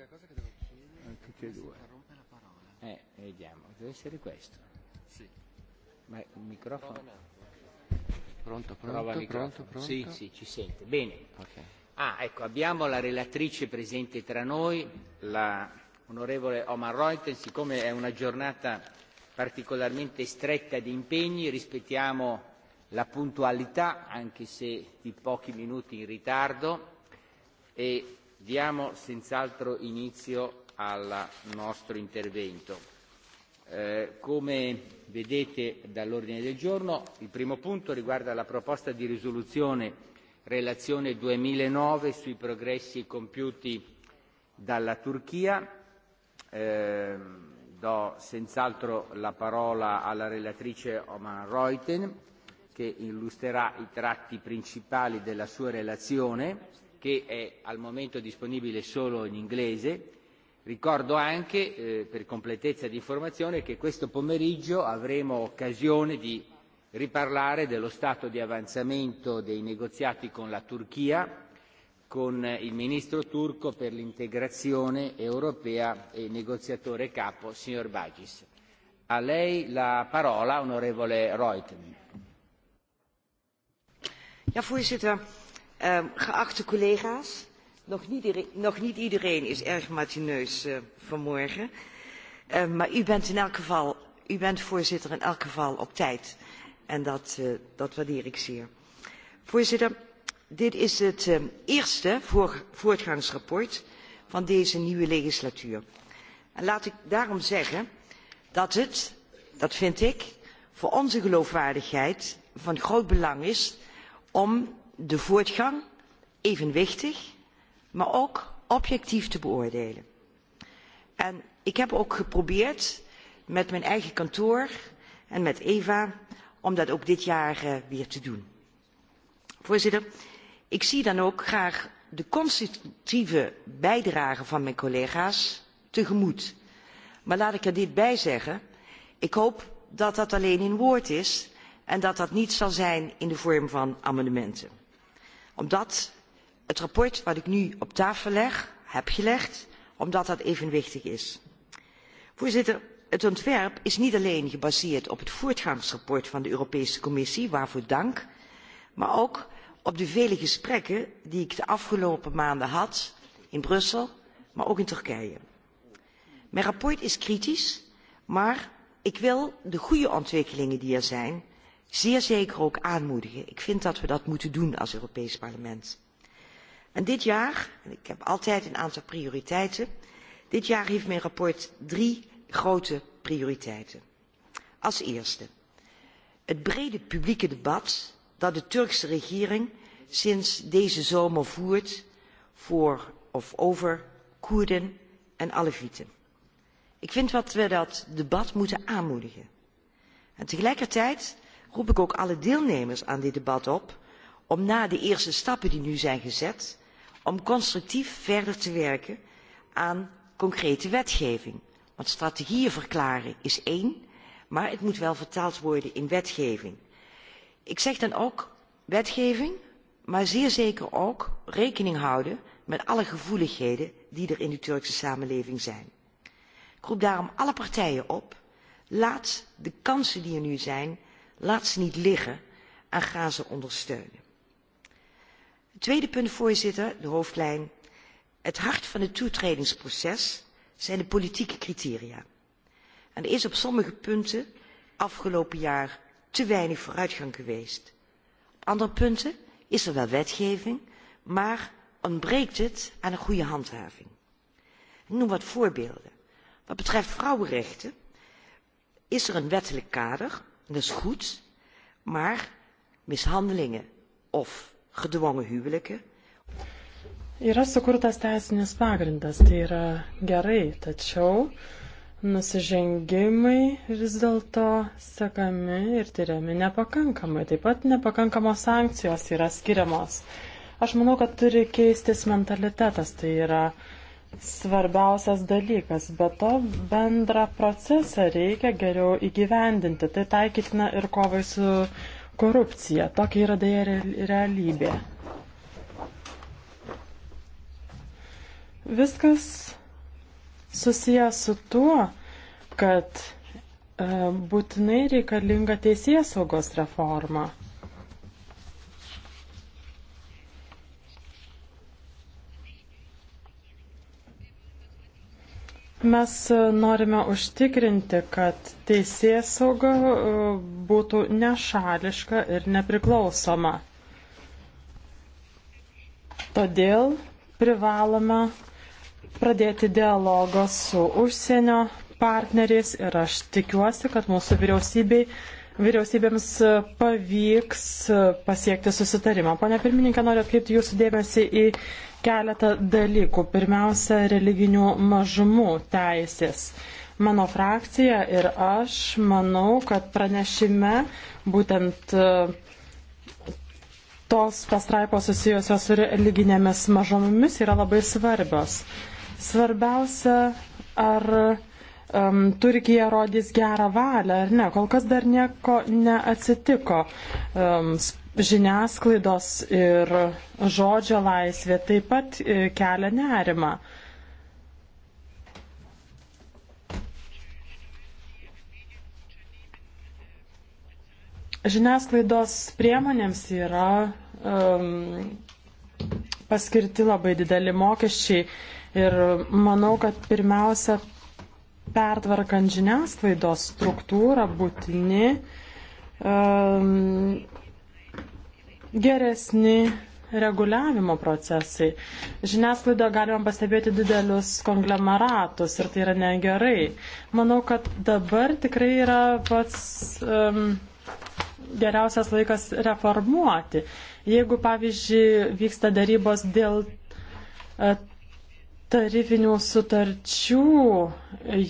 l'unica cosa che devo chiedere eh, è che si interrompe la parola. Eh, vediamo, deve essere questo. Sì. Ma il microfono... Prova pronto, pronto, Prova pronto, pronto, pronto. Sì, sì, ci sente. Bene. Okay. Ah, ecco, abbiamo la relatrice presente tra noi, la onorevole Omar Reuten, siccome è una giornata particolarmente stretta di impegni, rispettiamo la puntualità, anche se di pochi minuti in ritardo, e diamo senz'altro inizio al nostro intervento. Eh, come vedete dall'ordine del giorno, il primo punto riguarda la proposta di risoluzione relazione 2009 sui progressi compiuti dalla Turchia. Eh, do senz'altro la parola alla relatrice Oman Reuten che illustrerà i tratti principali della sua relazione che è al momento disponibile solo in inglese. Ricordo anche, eh, per completezza di informazione, che questo pomeriggio avremo occasione di riparlare dello stato di avanzamento dei negoziati con la Turchia, con il ministro turco per l'integrazione europea e negoziatore capo, signor Bagis. A lei la parola, onorevole Reuten. Ja, voorzitter. Um, geachte collega's, nog niet, iedereen, nog niet iedereen is erg matineus uh, vanmorgen. Uh, maar u bent in elk geval, u bent voorzitter in elk geval op tijd. En dat, uh, dat waardeer ik zeer. Voorzitter, dit is het uh, eerste voor, voortgangsrapport van deze nieuwe legislatuur. En laat ik daarom zeggen dat het, dat vind ik, voor onze geloofwaardigheid van groot belang is om de voortgang evenwichtig maar ook objectief te beoordelen. En ik heb ook geprobeerd met mijn eigen kantoor en met eva om dat ook dit jaar uh, weer te doen. voorzitter ik zie dan ook graag de constructieve bijdrage van mijn collega's tegemoet. maar laat ik er dit bij zeggen ik hoop dat dat alleen in woord is en dat dat niet zal zijn in de vorm van amendementen omdat het verslag dat ik nu op tafel leg, heb gelegd omdat dat evenwichtig is. Voorzitter, het ontwerp is niet alleen gebaseerd op het voortgangsrapport van de Europese Commissie, waarvoor dank, maar ook op de vele gesprekken die ik de afgelopen maanden had in Brussel, maar ook in Turkije. Mijn rapport is kritisch, maar ik wil de goede ontwikkelingen die er zijn zeer zeker ook aanmoedigen. Ik vind dat we dat moeten doen als Europees Parlement. En dit jaar, en ik heb altijd een aantal prioriteiten, dit jaar heeft mijn rapport drie grote prioriteiten. Als eerste het brede publieke debat dat de Turkse regering sinds deze zomer voert voor of over Koerden en Alevieten. Ik vind dat we dat debat moeten aanmoedigen. En tegelijkertijd roep ik ook alle deelnemers aan dit debat op om na de eerste stappen die nu zijn gezet constructief verder te werken aan concrete wetgeving want strategieën verklaren is één maar het moet wel vertaald worden in wetgeving. ik zeg dan ook wetgeving maar zeer zeker ook rekening houden met alle gevoeligheden die er in de turkse samenleving zijn. ik roep daarom alle partijen op laat de kansen die er nu zijn laat ze niet liggen en ga ze ondersteunen. het tweede punt voorzitter de hoofdlijn het hart van het toetredingsproces zijn de politieke criteria. er is op sommige punten afgelopen jaar te weinig vooruitgang geweest. op andere punten is er wel wetgeving maar ontbreekt het aan een goede handhaving. ik noem wat voorbeelden. wat betreft vrouwenrechten is er een wettelijk kader dat is goed, maar mishandelingen of gedwongen huwelijken. Yra sukurtas teisinis pagrindas, tai yra gerai, tačiau nusižengimai vis dėlto sekami ir tyriami nepakankamai. Taip pat nepakankamos sankcijos yra skiriamos. Aš manau, kad turi keistis mentalitetas, tai yra uh, svarbiausias dalykas, bet to bendrą procesą reikia geriau įgyvendinti. Tai taikytina ir kovai su korupcija. Tokia yra dėja realybė. Viskas susijęs su tuo, kad e, būtinai reikalinga teisės saugos reforma. Mes e, norime užtikrinti, kad teisės sauga e, būtų nešališka ir nepriklausoma. Todėl privalome pradėti dialogą su užsienio partneriais ir aš tikiuosi, kad mūsų vyriausybei vyriausybėms e, pavyks pasiekti susitarimą. Pone pirmininkė, noriu atkreipti jūsų dėmesį į keletą dalykų. Pirmiausia, religinių mažumų teisės. Mano frakcija ir aš manau, kad pranešime būtent e, tos pastraipos susijusios su religinėmis mažomomis yra labai svarbios. Svarbiausia, ar um, Turkija rodys gerą valią ar ne. Kol kas dar nieko neatsitiko. Um, žiniasklaidos ir žodžio laisvė taip pat e, kelia nerimą. Žiniasklaidos priemonėms yra um, paskirti labai dideli mokesčiai ir manau, kad pirmiausia, pertvarkant žiniasklaidos struktūrą būtini um, geresni reguliavimo procesai. Žiniasklaidoje galima pastebėti didelius konglomeratus ir tai yra negerai. Manau, kad dabar tikrai yra pats um, geriausias laikas reformuoti. Jeigu, pavyzdžiui, vyksta darybos dėl e, tarifinių sutarčių,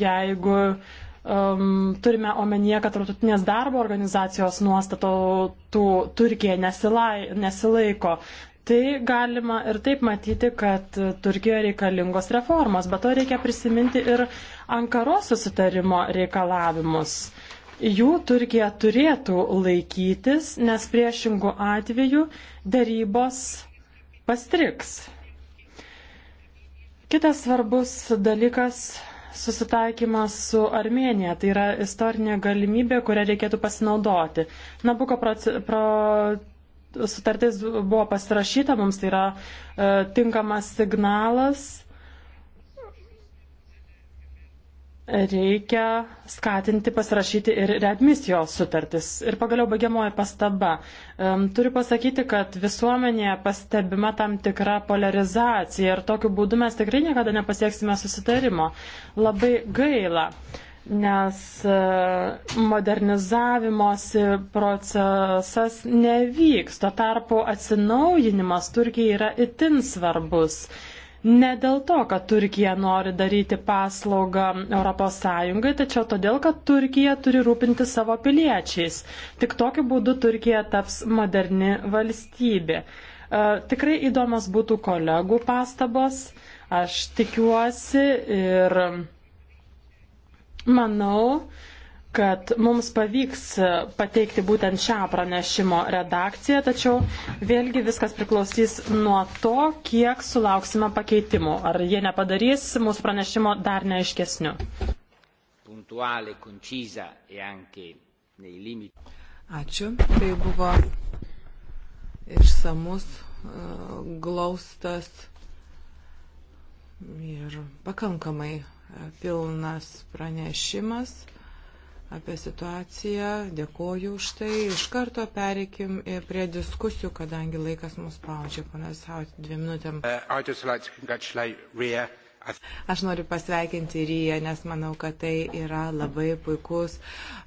jeigu uh, um, turime omenyje, kad tarptautinės darbo organizacijos nuostatų Turkija nesilai, nesilaiko. Tai galima ir taip matyti, kad Turkijoje reikalingos reformos, bet to reikia prisiminti ir Ankaros susitarimo reikalavimus. Jų Turkija turėtų laikytis, nes priešingų atveju darybos pastriks. Kitas svarbus dalykas susitaikymas su Armenija. Tai yra istorinė galimybė, kurią reikėtų pasinaudoti. Nabuko proces, pro, sutartis buvo pasirašyta, mums tai yra e, tinkamas signalas. reikia skatinti pasirašyti ir readmisijos sutartis. Ir pagaliau baigiamoji pastaba. Turiu pasakyti, kad visuomenėje pastebima tam tikra polarizacija ir tokiu būdu mes tikrai niekada nepasieksime susitarimo. Labai gaila nes e, modernizavimosi procesas nevyks. Tuo tarpu atsinaujinimas Turkijai yra itin svarbus ne dėl to, kad Turkija nori daryti paslaugą ES, tačiau todėl, kad Turkija turi rūpinti savo piliečiais. Tik tokiu būdu Turkija taps moderni valstybė. E, tikrai įdomas būtų kolegų pastabos, aš tikiuosi ir manau, kad mums pavyks pateikti būtent šią pranešimo redakciją, tačiau vėlgi viskas priklausys nuo to, kiek sulauksime pakeitimų. Ar jie nepadarys mūsų pranešimo dar neaiškesniu. E Ačiū. Tai buvo išsamus, e, glaustas ir pakankamai pilnas pranešimas apie situaciją. Dėkoju už tai. Iš karto pereikim e, prie diskusijų, kadangi laikas mus paučia. Panas, dvi minutėm. Uh, Aš noriu pasveikinti Ryją, nes manau, kad tai yra labai puikus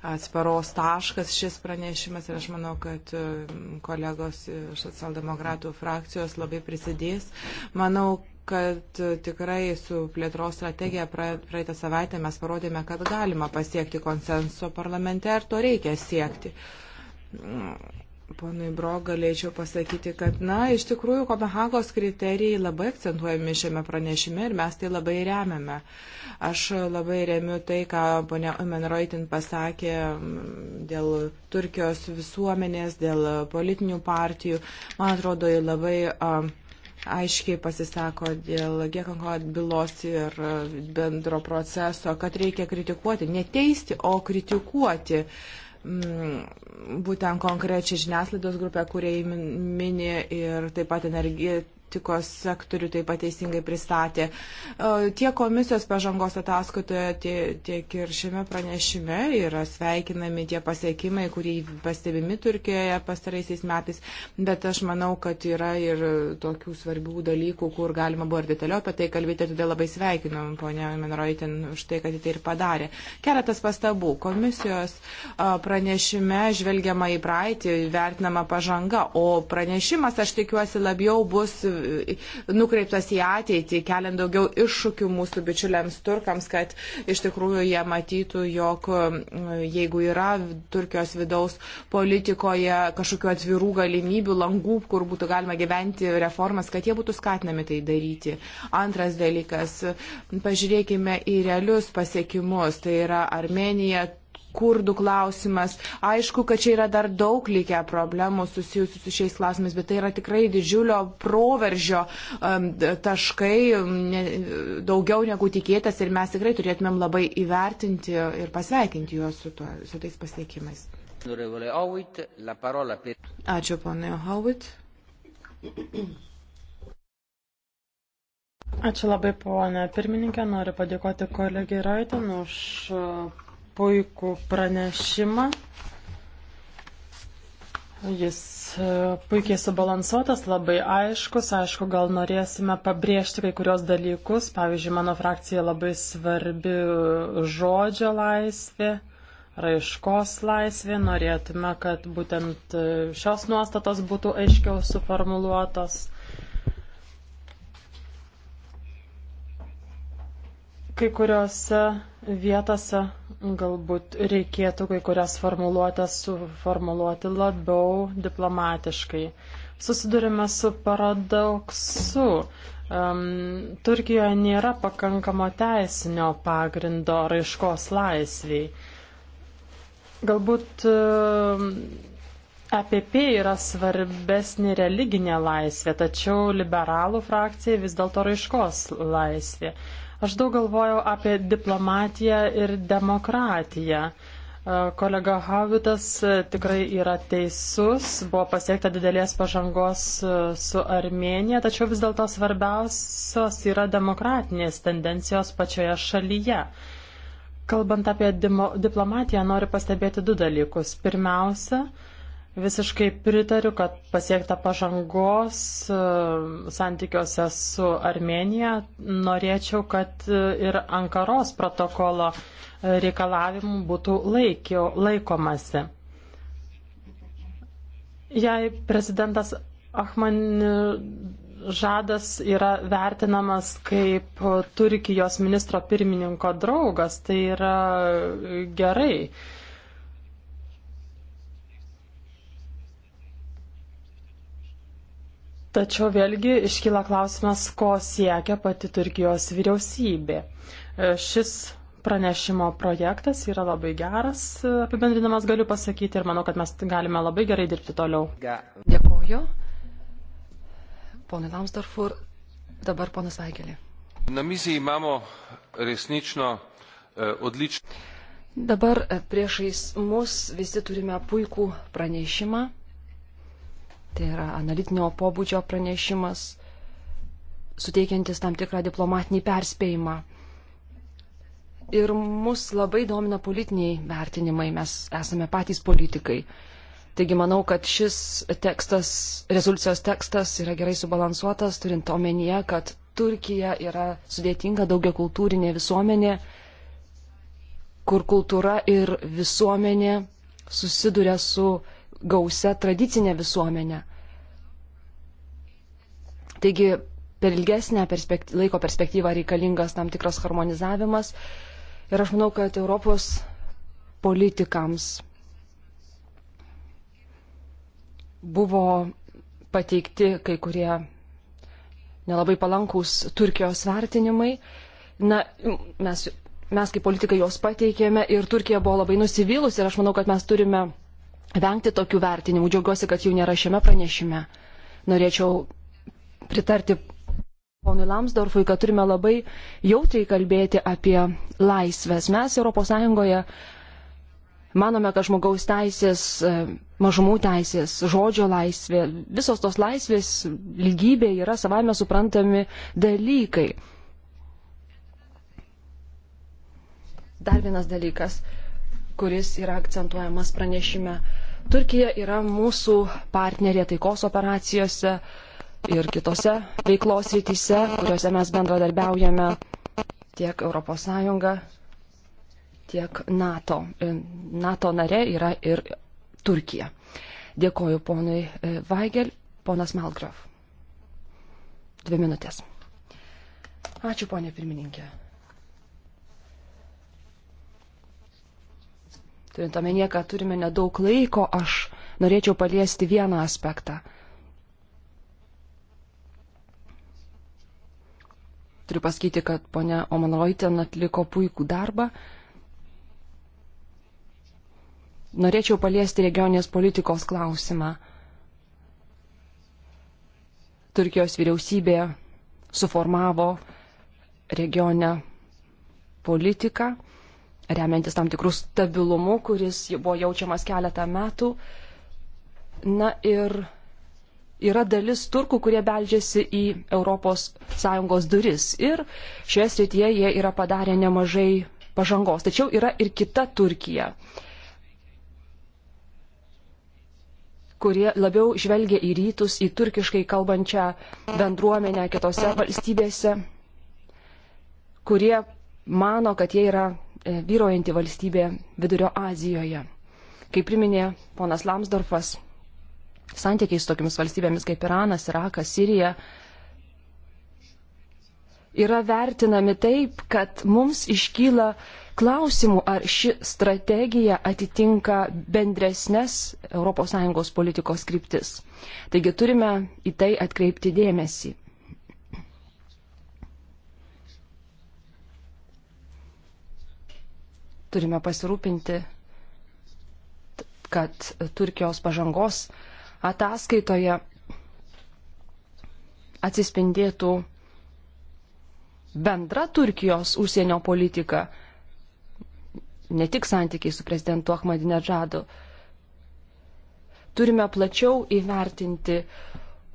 atsparos taškas šis pranešimas ir aš manau, kad um, kolegos iš socialdemokratų frakcijos labai prisidės. Manau, kad e, tikrai su plėtros strategija praeitą savaitę mes parodėme, kad galima pasiekti konsenso parlamente ir to reikia siekti. Mm, ponui Bro galėčiau pasakyti, kad, na, iš tikrųjų, Kopenhagos kriterijai labai akcentuojami šiame pranešime ir mes tai labai remiame. Aš labai remiu tai, ką ponia Omenroitin pasakė mm, dėl Turkijos visuomenės, dėl politinių partijų. Man atrodo, labai. Uh, aiškiai pasisako dėl Gekanko bylos ir bendro proceso, kad reikia kritikuoti, neteisti, o kritikuoti mm, būtent konkrečią žiniaslaidos grupę, kurie mini ir taip pat energi, energetikos sektorių taip pat teisingai pristatė. E, tiek komisijos pažangos ataskaitoje, tiek ir šiame pranešime yra sveikinami tie pasiekimai, kurie pastebimi Turkijoje pastaraisiais metais, bet aš manau, kad yra ir tokių svarbių dalykų, kur galima buvo ir detaliau apie tai kalbėti, todėl labai sveikinam ponia Menroitin už tai, kad ji tai ir padarė. Keletas pastabų. Komisijos e, pranešime žvelgiama į praeitį, vertinama pažanga, o pranešimas, aš tikiuosi, labiau bus nukreiptas į ateitį, keliant daugiau iššūkių mūsų bičiuliams turkams, kad iš tikrųjų jie matytų, jog jeigu yra Turkijos vidaus politikoje kažkokių atvirų galimybių, langų, kur būtų galima gyventi reformas, kad jie būtų skatinami tai daryti. Antras dalykas, pažiūrėkime į realius pasiekimus, tai yra Armenija, kurdų klausimas. Aišku, kad čia yra dar daug likę problemų susijusių su šiais klausimais, bet tai yra tikrai didžiulio proveržio um, taškai, um, ne, daugiau negu tikėtas ir mes tikrai turėtumėm labai įvertinti ir pasveikinti juos su, tuo, su tais pasiekimais. Ačiū, ponai Howitt. Ačiū labai, ponė pirmininkė. Noriu padėkoti kolegiai Raitin už puikų pranešimą. Jis e, puikiai subalansuotas, labai aiškus. Aišku, gal norėsime pabrėžti kai kurios dalykus. Pavyzdžiui, mano frakcija labai svarbi žodžio laisvė, raiškos laisvė. Norėtume, kad būtent e, šios nuostatos būtų aiškiau suformuluotos. Kai kuriuose vietose galbūt reikėtų kai kurias formuluotės suformuluoti labiau diplomatiškai. Susidurime su paradoksu. Um, Turkijoje nėra pakankamo teisinio pagrindo raiškos laisviai. Galbūt um, EPP yra svarbesnė religinė laisvė, tačiau liberalų frakcijai vis dėlto raiškos laisvė. Aš daug galvojau apie diplomatiją ir demokratiją. E, kolega Havitas e, tikrai yra teisus, buvo pasiekta didelės pažangos e, su Armenija, tačiau vis dėlto svarbiausios yra demokratinės tendencijos pačioje šalyje. Kalbant apie dimo, diplomatiją, noriu pastebėti du dalykus. Pirmiausia, Visiškai pritariu, kad pasiekta pažangos e, santykiuose su Armenija. Norėčiau, kad e, ir Ankaros protokolo reikalavimų būtų laikio, laikomasi. Jei prezidentas Ahmanžadas yra vertinamas kaip Turkijos ministro pirmininko draugas, tai yra gerai. Tačiau vėlgi iškyla klausimas, ko siekia pati Turkijos vyriausybė. E, šis pranešimo projektas yra labai geras, e, apibendrinamas galiu pasakyti ir manau, kad mes galime labai gerai dirbti toliau. Dėkuoju. Pone Lamsdorfur, dabar ponas Aigelė. Na miziji imamo resnično e, odlično. Dabar priešais mus visi turime puikų pranešimą. Tai yra analitinio pobūdžio pranešimas, suteikiantis tam tikrą diplomatinį perspėjimą. Ir mus labai domina politiniai vertinimai, mes esame patys politikai. Taigi manau, kad šis tekstas, rezoliucijos tekstas yra gerai subalansuotas, turint omenyje, kad Turkija yra sudėtinga daugia kultūrinė visuomenė, kur kultūra ir visuomenė susiduria su gausia tradicinė visuomenė. Taigi per ilgesnę perspekty laiko perspektyvą reikalingas tam tikras harmonizavimas ir aš manau, kad Europos politikams buvo pateikti kai kurie nelabai palankūs Turkijos vertinimai. Na, mes, mes kaip politikai juos pateikėme ir Turkija buvo labai nusivylusi ir aš manau, kad mes turime vengti tokių vertinimų. Džiaugiuosi, kad jų nėra šiame pranešime. Norėčiau pritarti ponui Lamsdorfui, kad turime labai jautriai kalbėti apie laisvės. Mes ES manome, kad žmogaus teisės, mažumų teisės, žodžio laisvė, visos tos laisvės lygybė yra savame suprantami dalykai. Dar vienas dalykas, kuris yra akcentuojamas pranešime Turkija yra mūsų partnerė taikos operacijose ir kitose veiklos rytise, kuriuose mes bendradarbiaujame tiek ES, tiek NATO. NATO nare yra ir Turkija. Dėkoju ponui Vaigel, e, ponas Malgraf. Dvi minutės. Ačiū, ponė pirmininkė. turint omenyje, kad turime nedaug laiko, aš norėčiau paliesti vieną aspektą. Turiu pasakyti, kad ponia Omanroiten atliko puikų darbą. Norėčiau paliesti regionės politikos klausimą. Turkijos vyriausybė suformavo regionę politiką remiantis tam tikrų stabilumu, kuris buvo jaučiamas keletą metų. Na ir yra dalis turkų, kurie beldžiasi į ES duris ir šioje srityje jie yra padarę nemažai pažangos. Tačiau yra ir kita Turkija, kurie labiau žvelgia į rytus, į turkiškai kalbančią bendruomenę kitose valstybėse, kurie mano, kad jie yra E, vyrojanti valstybė Vidurio Azijoje. Kaip priminė ponas Lamsdorfas, santykiai su tokiamis valstybėmis kaip Iranas, Irakas, Sirija yra vertinami taip, kad mums iškyla klausimų, ar ši strategija atitinka bendresnės ES politikos kryptis. Taigi turime į tai atkreipti dėmesį. Turime pasirūpinti, kad Turkijos pažangos ataskaitoje atsispindėtų bendra Turkijos užsienio politika, ne tik santykiai su prezidentu Ahmadinejadu. Turime plačiau įvertinti,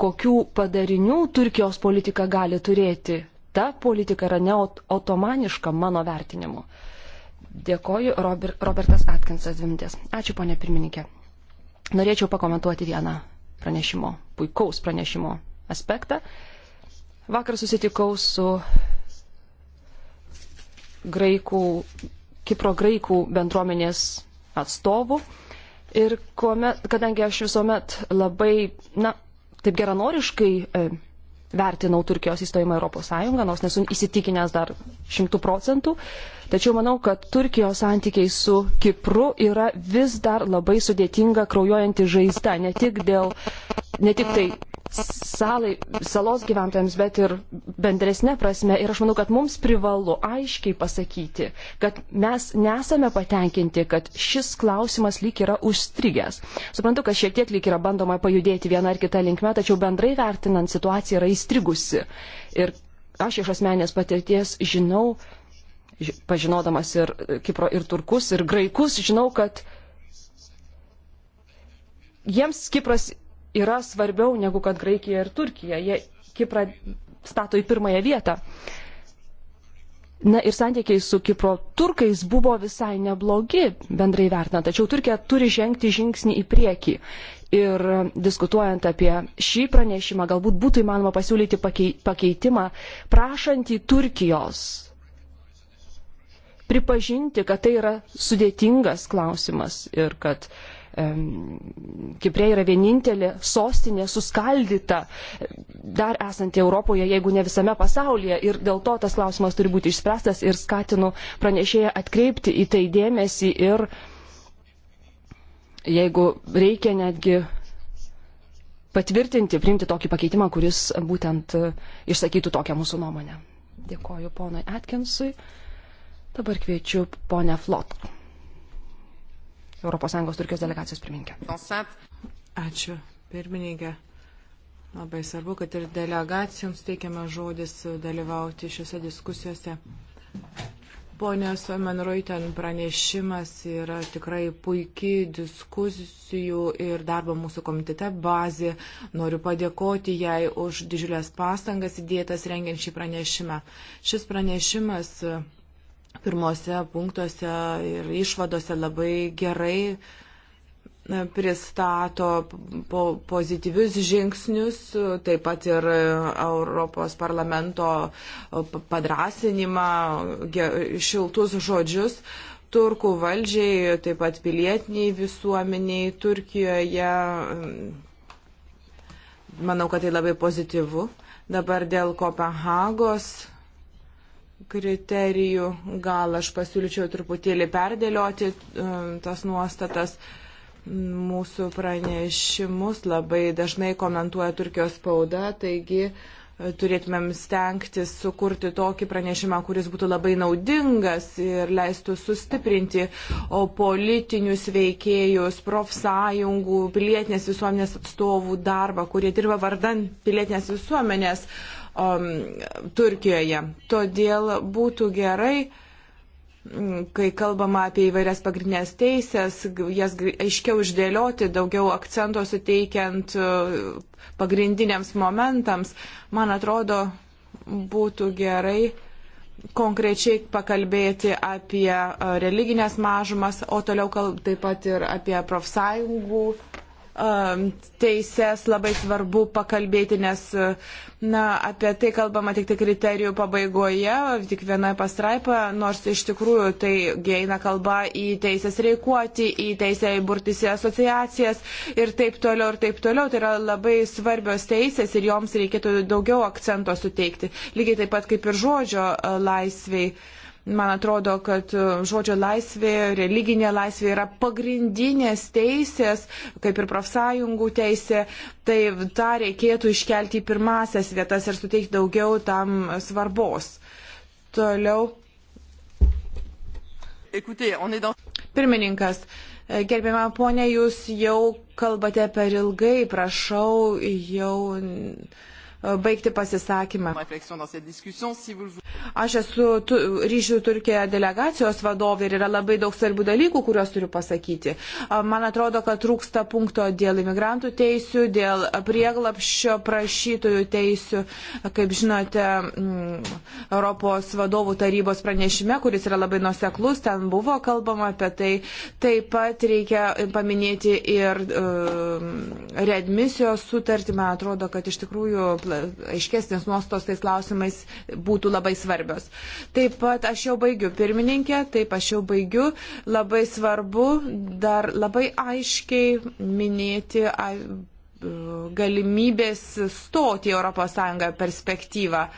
kokių padarinių Turkijos politika gali turėti. Ta politika yra neotomaniška mano vertinimu. Dėkoju, Robert, Robertas Atkinsas, dvi minutės. Ačiū, ponė pirmininkė. Norėčiau pakomentuoti vieną pranešimo, puikaus pranešimo aspektą. Vakar susitikau su graikų, Kipro graikų bendruomenės atstovų. Ir kuomet, kadangi aš visuomet labai, na, taip geranoriškai e, vertinau Turkijos įstojimą Europos Sąjungą, nors nesu įsitikinęs dar šimtų procentų. Tačiau manau, kad Turkijos santykiai su Kipru yra vis dar labai sudėtinga kraujuojanti žaizda, ne tik, dėl, ne tik tai salai, salos gyventojams, bet ir bendresnė prasme. Ir aš manau, kad mums privalu aiškiai pasakyti, kad mes nesame patenkinti, kad šis klausimas lyg yra užstrigęs. Suprantu, kad šiek tiek lyg yra bandoma pajudėti vieną ar kitą linkmę, tačiau bendrai vertinant situacija yra įstrigusi. Ir aš iš asmenės patirties žinau, pažinodamas ir Kipro, ir turkus, ir graikus, žinau, kad jiems Kipras yra svarbiau negu kad Graikija ir Turkija. Jie Kiprą stato į pirmąją vietą. Na ir santykiai su Kipro turkais buvo visai neblogi, bendrai vertinant, tačiau Turkija turi žengti žingsnį į priekį. Ir diskutuojant apie šį pranešimą, galbūt būtų įmanoma pasiūlyti pakeitimą, prašantį Turkijos pripažinti, kad tai yra sudėtingas klausimas ir kad uh, Kiprė yra vienintelė sostinė suskaldyta dar esanti Europoje, jeigu ne visame pasaulyje. Ir dėl to tas klausimas turi būti išspręstas ir skatinu pranešėją atkreipti į tai dėmesį ir jeigu reikia netgi patvirtinti, priimti tokį pakeitimą, kuris būtent e, išsakytų tokią mūsų nuomonę. Dėkoju ponui Atkinsui. Dabar kviečiu ponę Flotką. ES Turkijos delegacijos pirmininkė. Ačiū, pirmininkė. Labai svarbu, kad ir delegacijoms teikiame žodis dalyvauti šiuose diskusijose. Ponios Omenroiten pranešimas yra tikrai puikiai diskusijų ir darbo mūsų komitete bazė. Noriu padėkoti jai už didžiulės pastangas įdėtas rengiant šį pranešimą. Šis pranešimas pirmose punktuose ir išvadose labai gerai e, pristato po pozityvius žingsnius, taip pat ir Europos parlamento e, padrasinimą, šiltus žodžius turkų valdžiai, taip pat pilietiniai visuomeniai Turkijoje. E, manau, kad tai labai pozityvu. Dabar dėl Kopenhagos kriterijų, gal aš pasiūlyčiau truputėlį perdėlioti um, tas nuostatas. Mūsų pranešimus labai dažnai komentuoja Turkijos spauda, taigi e, turėtumėm stengtis sukurti tokį pranešimą, kuris būtų labai naudingas ir leistų sustiprinti politinius veikėjus, profsąjungų, pilietinės visuomenės atstovų darbą, kurie dirba vardan pilietinės visuomenės. Uh, um, Turkijoje. Todėl būtų gerai, mm, kai kalbama apie įvairias pagrindinės teisės, jas aiškiau išdėlioti, daugiau akcento suteikiant uh, pagrindiniams momentams, man atrodo, būtų gerai konkrečiai pakalbėti apie uh, religinės mažumas, o toliau taip pat ir apie profsąjungų teises labai svarbu pakalbėti, nes na, apie tai kalbama tik tai kriterijų pabaigoje, tik vienoje pastraipoje, nors iš tikrųjų tai eina kalba į teisės reikuoti, į teisę įburtis į asociacijas ir taip toliau ir taip toliau. Tai yra labai svarbios teisės ir joms reikėtų daugiau akcento suteikti. Lygiai taip pat kaip ir žodžio laisviai. Uh, Man atrodo, kad e, žodžio laisvė, religinė laisvė yra pagrindinės teisės, kaip ir profsąjungų teisė. Tai tą reikėtų iškelti į pirmasias vietas ir suteikti daugiau tam svarbos. Toliau. Pirmininkas, e, gerbiamą ponę, jūs jau kalbate per ilgai, prašau, jau E, baigti pasisakymą. Aš esu tu, ryšių Turkija delegacijos vadovė ir yra labai daug svarbių dalykų, kuriuos turiu pasakyti. E, man atrodo, kad trūksta punkto dėl imigrantų teisių, dėl prieglapščio prašytojų teisių. Kaip žinote, Europos vadovų tarybos pranešime, kuris yra labai nuseklus, ten buvo kalbama apie tai. Taip pat reikia paminėti ir uh, readmisijos sutartį. Man atrodo, kad iš tikrųjų aiškesnės nuostos tais klausimais būtų labai svarbios. Taip pat aš jau baigiu pirmininkę, taip aš jau baigiu. Labai svarbu dar labai aiškiai minėti galimybės stoti į ES perspektyvą.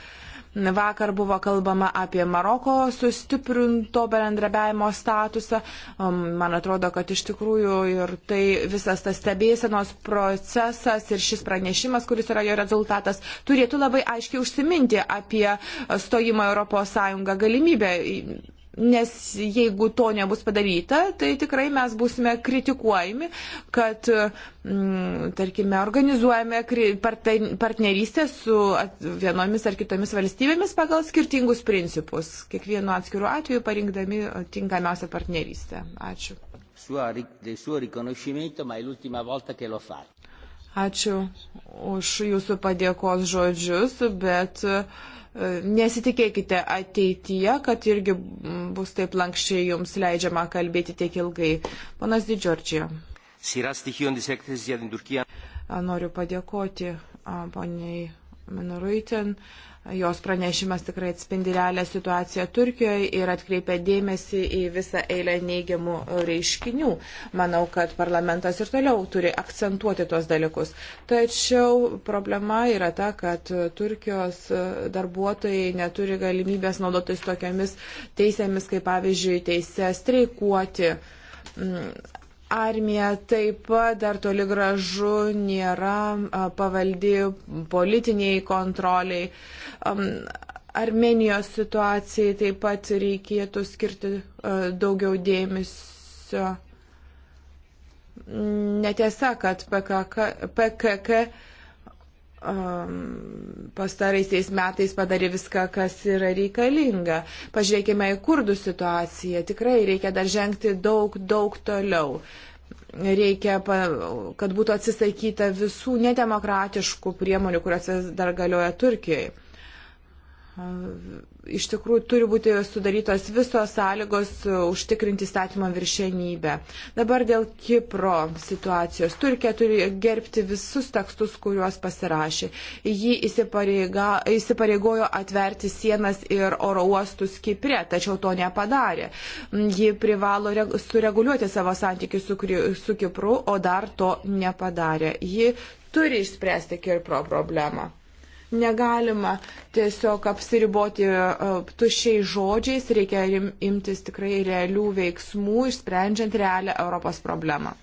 Vakar buvo kalbama apie Maroko sustiprinto bendrabiavimo statusą. Um, man atrodo, kad iš tikrųjų ir tai visas tas stebėsenos procesas ir šis pranešimas, kuris yra jo rezultatas, turėtų labai aiškiai užsiminti apie stojimą Europos Sąjungą galimybę nes jeigu to nebus padaryta, tai tikrai mes būsime kritikuojami, kad, mm, tarkime, organizuojame partnerystę su vienomis ar kitomis valstybėmis pagal skirtingus principus, kiekvienu atskiru atveju parinkdami tinkamiausią partnerystę. Ačiū. Ačiū už jūsų padėkos žodžius, bet uh, Nesitikėkite ateityje, kad irgi bus taip lankščiai jums leidžiama kalbėti tiek ilgai. Panas Didžordžija. Noriu padėkoti poniai Menuruitin Jos pranešimas tikrai atspindi realią situaciją Turkijoje ir atkreipia dėmesį į visą eilę neigiamų reiškinių. Manau, kad parlamentas ir toliau turi akcentuoti tuos dalykus. Tačiau problema yra ta, kad Turkijos darbuotojai neturi galimybės naudotis tokiamis teisėmis, kaip pavyzdžiui, teisė streikuoti mm, armija taip pat dar toli gražu nėra pavaldi politiniai kontroliai. Armenijos situacijai taip pat reikėtų skirti daugiau dėmesio. Netiesa, kad PKK, PKK um, pastaraisiais metais padarė viską, kas yra reikalinga. Pažiūrėkime į kurdų situaciją. Tikrai reikia dar žengti daug, daug toliau. Reikia, kad būtų atsisakyta visų nedemokratiškų priemonių, kurios dar galioja Turkijoje iš tikrųjų turi būti sudarytos visos sąlygos e, užtikrinti įstatymo viršenybę. Dabar dėl Kipro situacijos. Turkija turi gerbti visus tekstus, kuriuos pasirašė. Ji įsipareigojo atverti sienas ir oro uostus Kipre, tačiau to nepadarė. Ji privalo sureguliuoti savo santykius su, su Kipru, o dar to nepadarė. Ji turi išspręsti Kipro problemą. Negalima tiesiog apsiriboti e, tušiai žodžiais, reikia imtis tikrai realių veiksmų, išsprendžiant realią Europos problemą.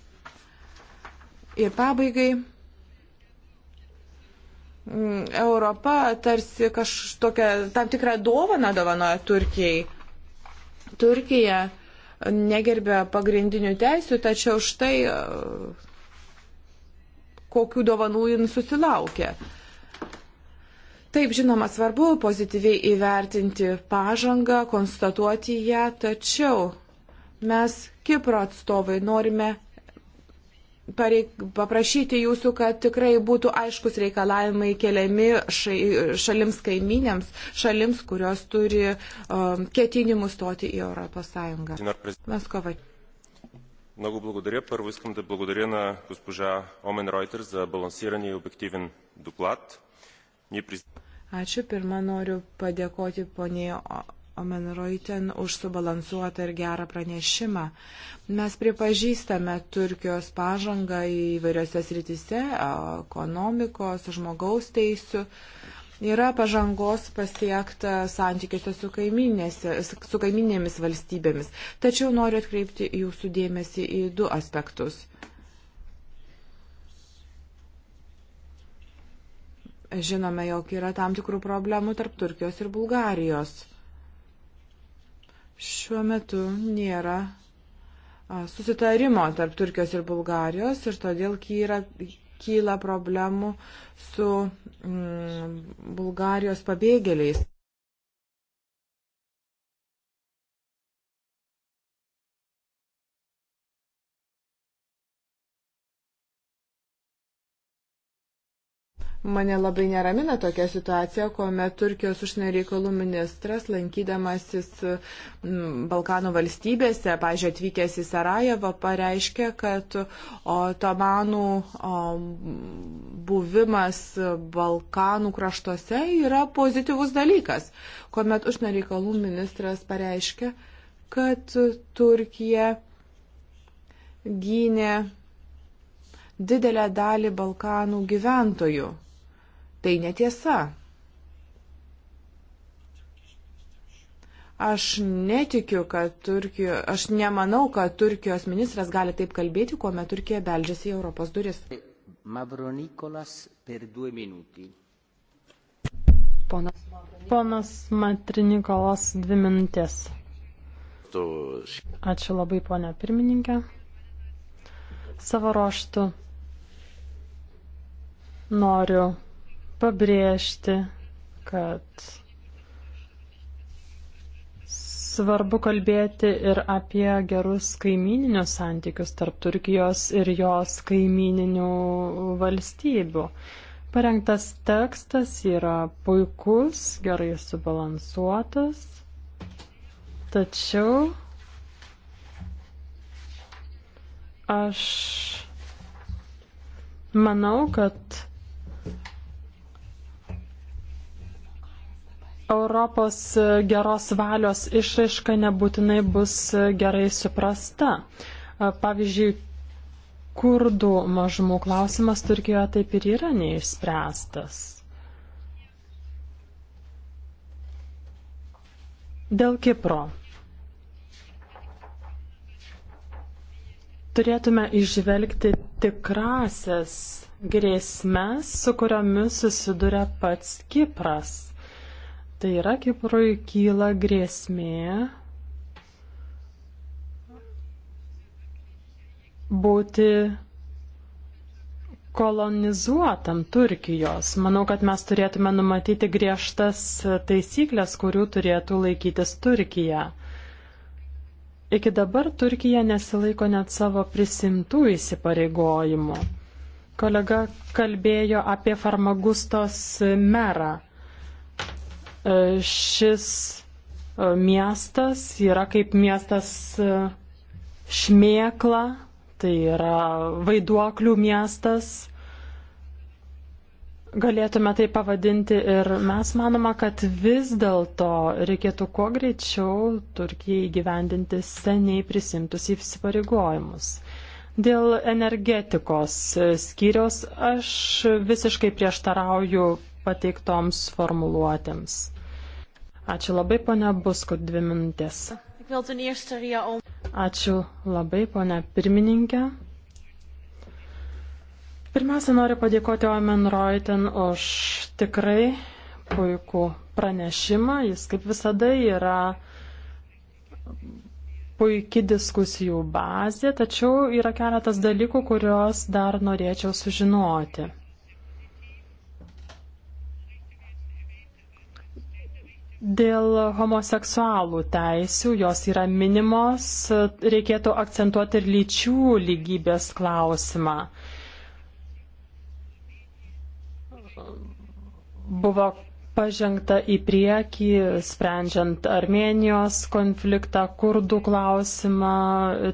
Ir pabaigai. Mm, Europa tarsi kažkokią tam tikrą dovaną dovanoja Turkijai. Turkija negerbė pagrindinių teisių, tačiau štai e, kokių dovanų jin susilaukė. Taip, žinoma, svarbu pozityviai įvertinti pažangą, konstatuoti ją, tačiau mes, Kipro atstovai, norime pareik, paprašyti jūsų, kad tikrai būtų aiškus reikalavimai keliami šai, šalims kaiminėms, šalims, kurios turi um, ketinimus stoti į Europos Sąjungą. Maskovai. Много благодаря. Първо искам да благодаря на госпожа Омен Ройтер за балансиран и обективен доклад. Ние признаваме Ačiū. Pirmą noriu padėkoti poniai Omenroiten už subalansuotą ir gerą pranešimą. Mes pripažįstame Turkijos pažangą įvairiose sritise - ekonomikos, žmogaus teisų. Yra pažangos pasiekta santykiuose su, su kaiminėmis valstybėmis. Tačiau noriu atkreipti jūsų dėmesį į du aspektus. Žinome, jog yra tam tikrų problemų tarp Turkijos ir Bulgarijos. Šiuo metu nėra susitarimo tarp Turkijos ir Bulgarijos ir todėl kyra, kyla problemų su mm, Bulgarijos pabėgėliais. Mane labai neramina tokia situacija, kuomet Turkijos užsienio reikalų ministras, lankydamasis mm, Balkanų valstybėse, pažiūrėjau, atvykęs į Sarajevą, pareiškė, kad otomanų buvimas Balkanų kraštuose yra pozityvus dalykas. Kuomet užsienio reikalų ministras pareiškė, kad Turkija gynė didelę dalį Balkanų gyventojų. Tai netiesa. Aš netikiu, kad Turkijo, aš nemanau, kad Turkijos ministras gali taip kalbėti, kuomet Turkija beldžiasi į Europos duris. Mavronikolas per du minutį. Ponas, Ponas Matrinikolas dvi minutės. Ačiū labai, ponia pirmininkė. Savo ruoštų noriu pabrėžti, kad svarbu kalbėti ir apie gerus kaimininius santykius tarp Turkijos ir jos kaimininių valstybių. Parengtas tekstas yra puikus, gerai subalansuotas, tačiau aš manau, kad Europos geros valios išraiška nebūtinai bus gerai suprasta. Pavyzdžiui, kurdų mažumų klausimas Turkijoje taip ir yra neišspręstas. Dėl Kipro. Turėtume išvelgti tikrasias grėsmes, su kuriomis susiduria pats Kipras. Tai yra Kiprui kyla grėsmė būti kolonizuotam Turkijos. Manau, kad mes turėtume numatyti griežtas taisyklės, kurių turėtų laikytis Turkija. Iki dabar Turkija nesilaiko net savo prisimtų įsipareigojimų. Kolega kalbėjo apie Farmagustos merą. E, šis e, miestas yra kaip miestas e, šmėkla, tai yra vaiduoklių miestas. Galėtume tai pavadinti ir mes manoma, kad vis dėlto reikėtų kuo greičiau Turkijai gyvendinti seniai prisimtus įsipareigojimus. Dėl energetikos skyrios aš visiškai prieštarauju pateiktoms formuluotėms. Ačiū labai, ponia Buskut, dvi minutės. Ačiū labai, ponia pirmininkė. Pirmiausia, noriu padėkoti Omen Reuten už tikrai puikų pranešimą. Jis kaip visada yra puikia diskusijų bazė, tačiau yra keletas dalykų, kuriuos dar norėčiau sužinoti. Dėl homoseksualų teisių, jos yra minimos, reikėtų akcentuoti ir lyčių lygybės klausimą. Buvo pažengta į priekį, sprendžiant Armenijos konfliktą, kurdų klausimą,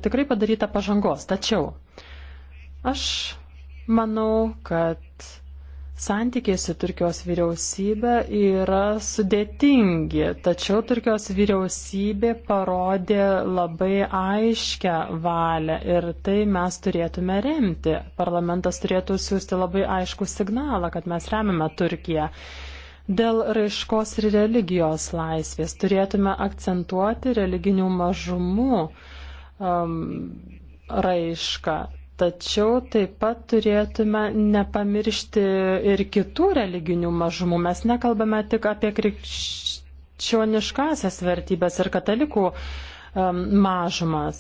tikrai padaryta pažangos. Tačiau aš manau, kad Santykiai su Turkijos vyriausybė yra sudėtingi, tačiau Turkijos vyriausybė parodė labai aiškę valią ir tai mes turėtume remti. Parlamentas turėtų siūsti labai aišku signalą, kad mes remiame Turkiją. Dėl raiškos ir religijos laisvės turėtume akcentuoti religinių mažumų um, raišką. Tačiau taip pat turėtume nepamiršti ir kitų religinių mažumų. Mes nekalbame tik apie krikščioniškasias vertybės ir katalikų um, mažumas.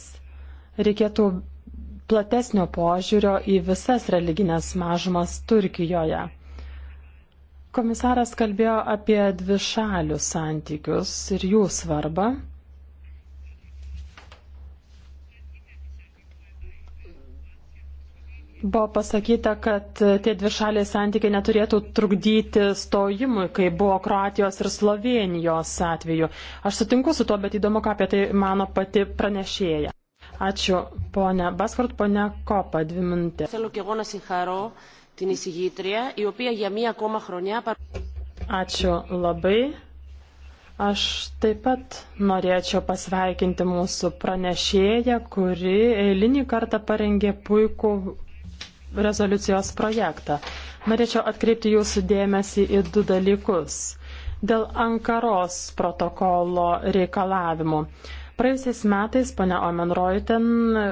Reikėtų platesnio požiūrio į visas religinės mažumas Turkijoje. Komisaras kalbėjo apie dvišalius santykius ir jų svarbą. Buvo pasakyta, kad tie dvišaliai santykiai neturėtų trukdyti stojimui, kai buvo Kroatijos ir Slovenijos atveju. Aš sutinku su tuo, bet įdomu, ką apie tai mano pati pranešėja. Ačiū, ponia Baskart, ponia Kopa, dvi minutės. Ačiū labai. Aš taip pat norėčiau pasveikinti mūsų pranešėją, kuri eilinį kartą parengė puikų rezoliucijos projektą. Norėčiau atkreipti jūsų dėmesį į du dalykus. Dėl Ankaros protokolo reikalavimų. Praėjusiais metais pane Omenroiten e,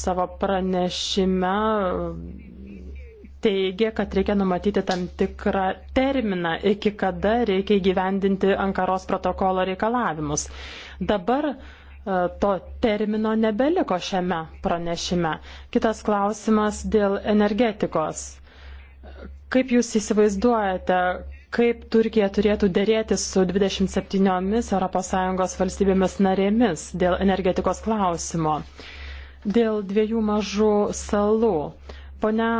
savo pranešime e, teigia, kad reikia numatyti tam tikrą terminą, iki kada reikia įgyvendinti Ankaros protokolo reikalavimus. Dabar E, to termino nebeliko šiame pranešime. Kitas klausimas dėl energetikos. Kaip Jūs įsivaizduojate, kaip Turkija turėtų dėrėti su 27 ES valstybėmis narėmis dėl energetikos klausimo? Dėl dviejų mažų salų. Pone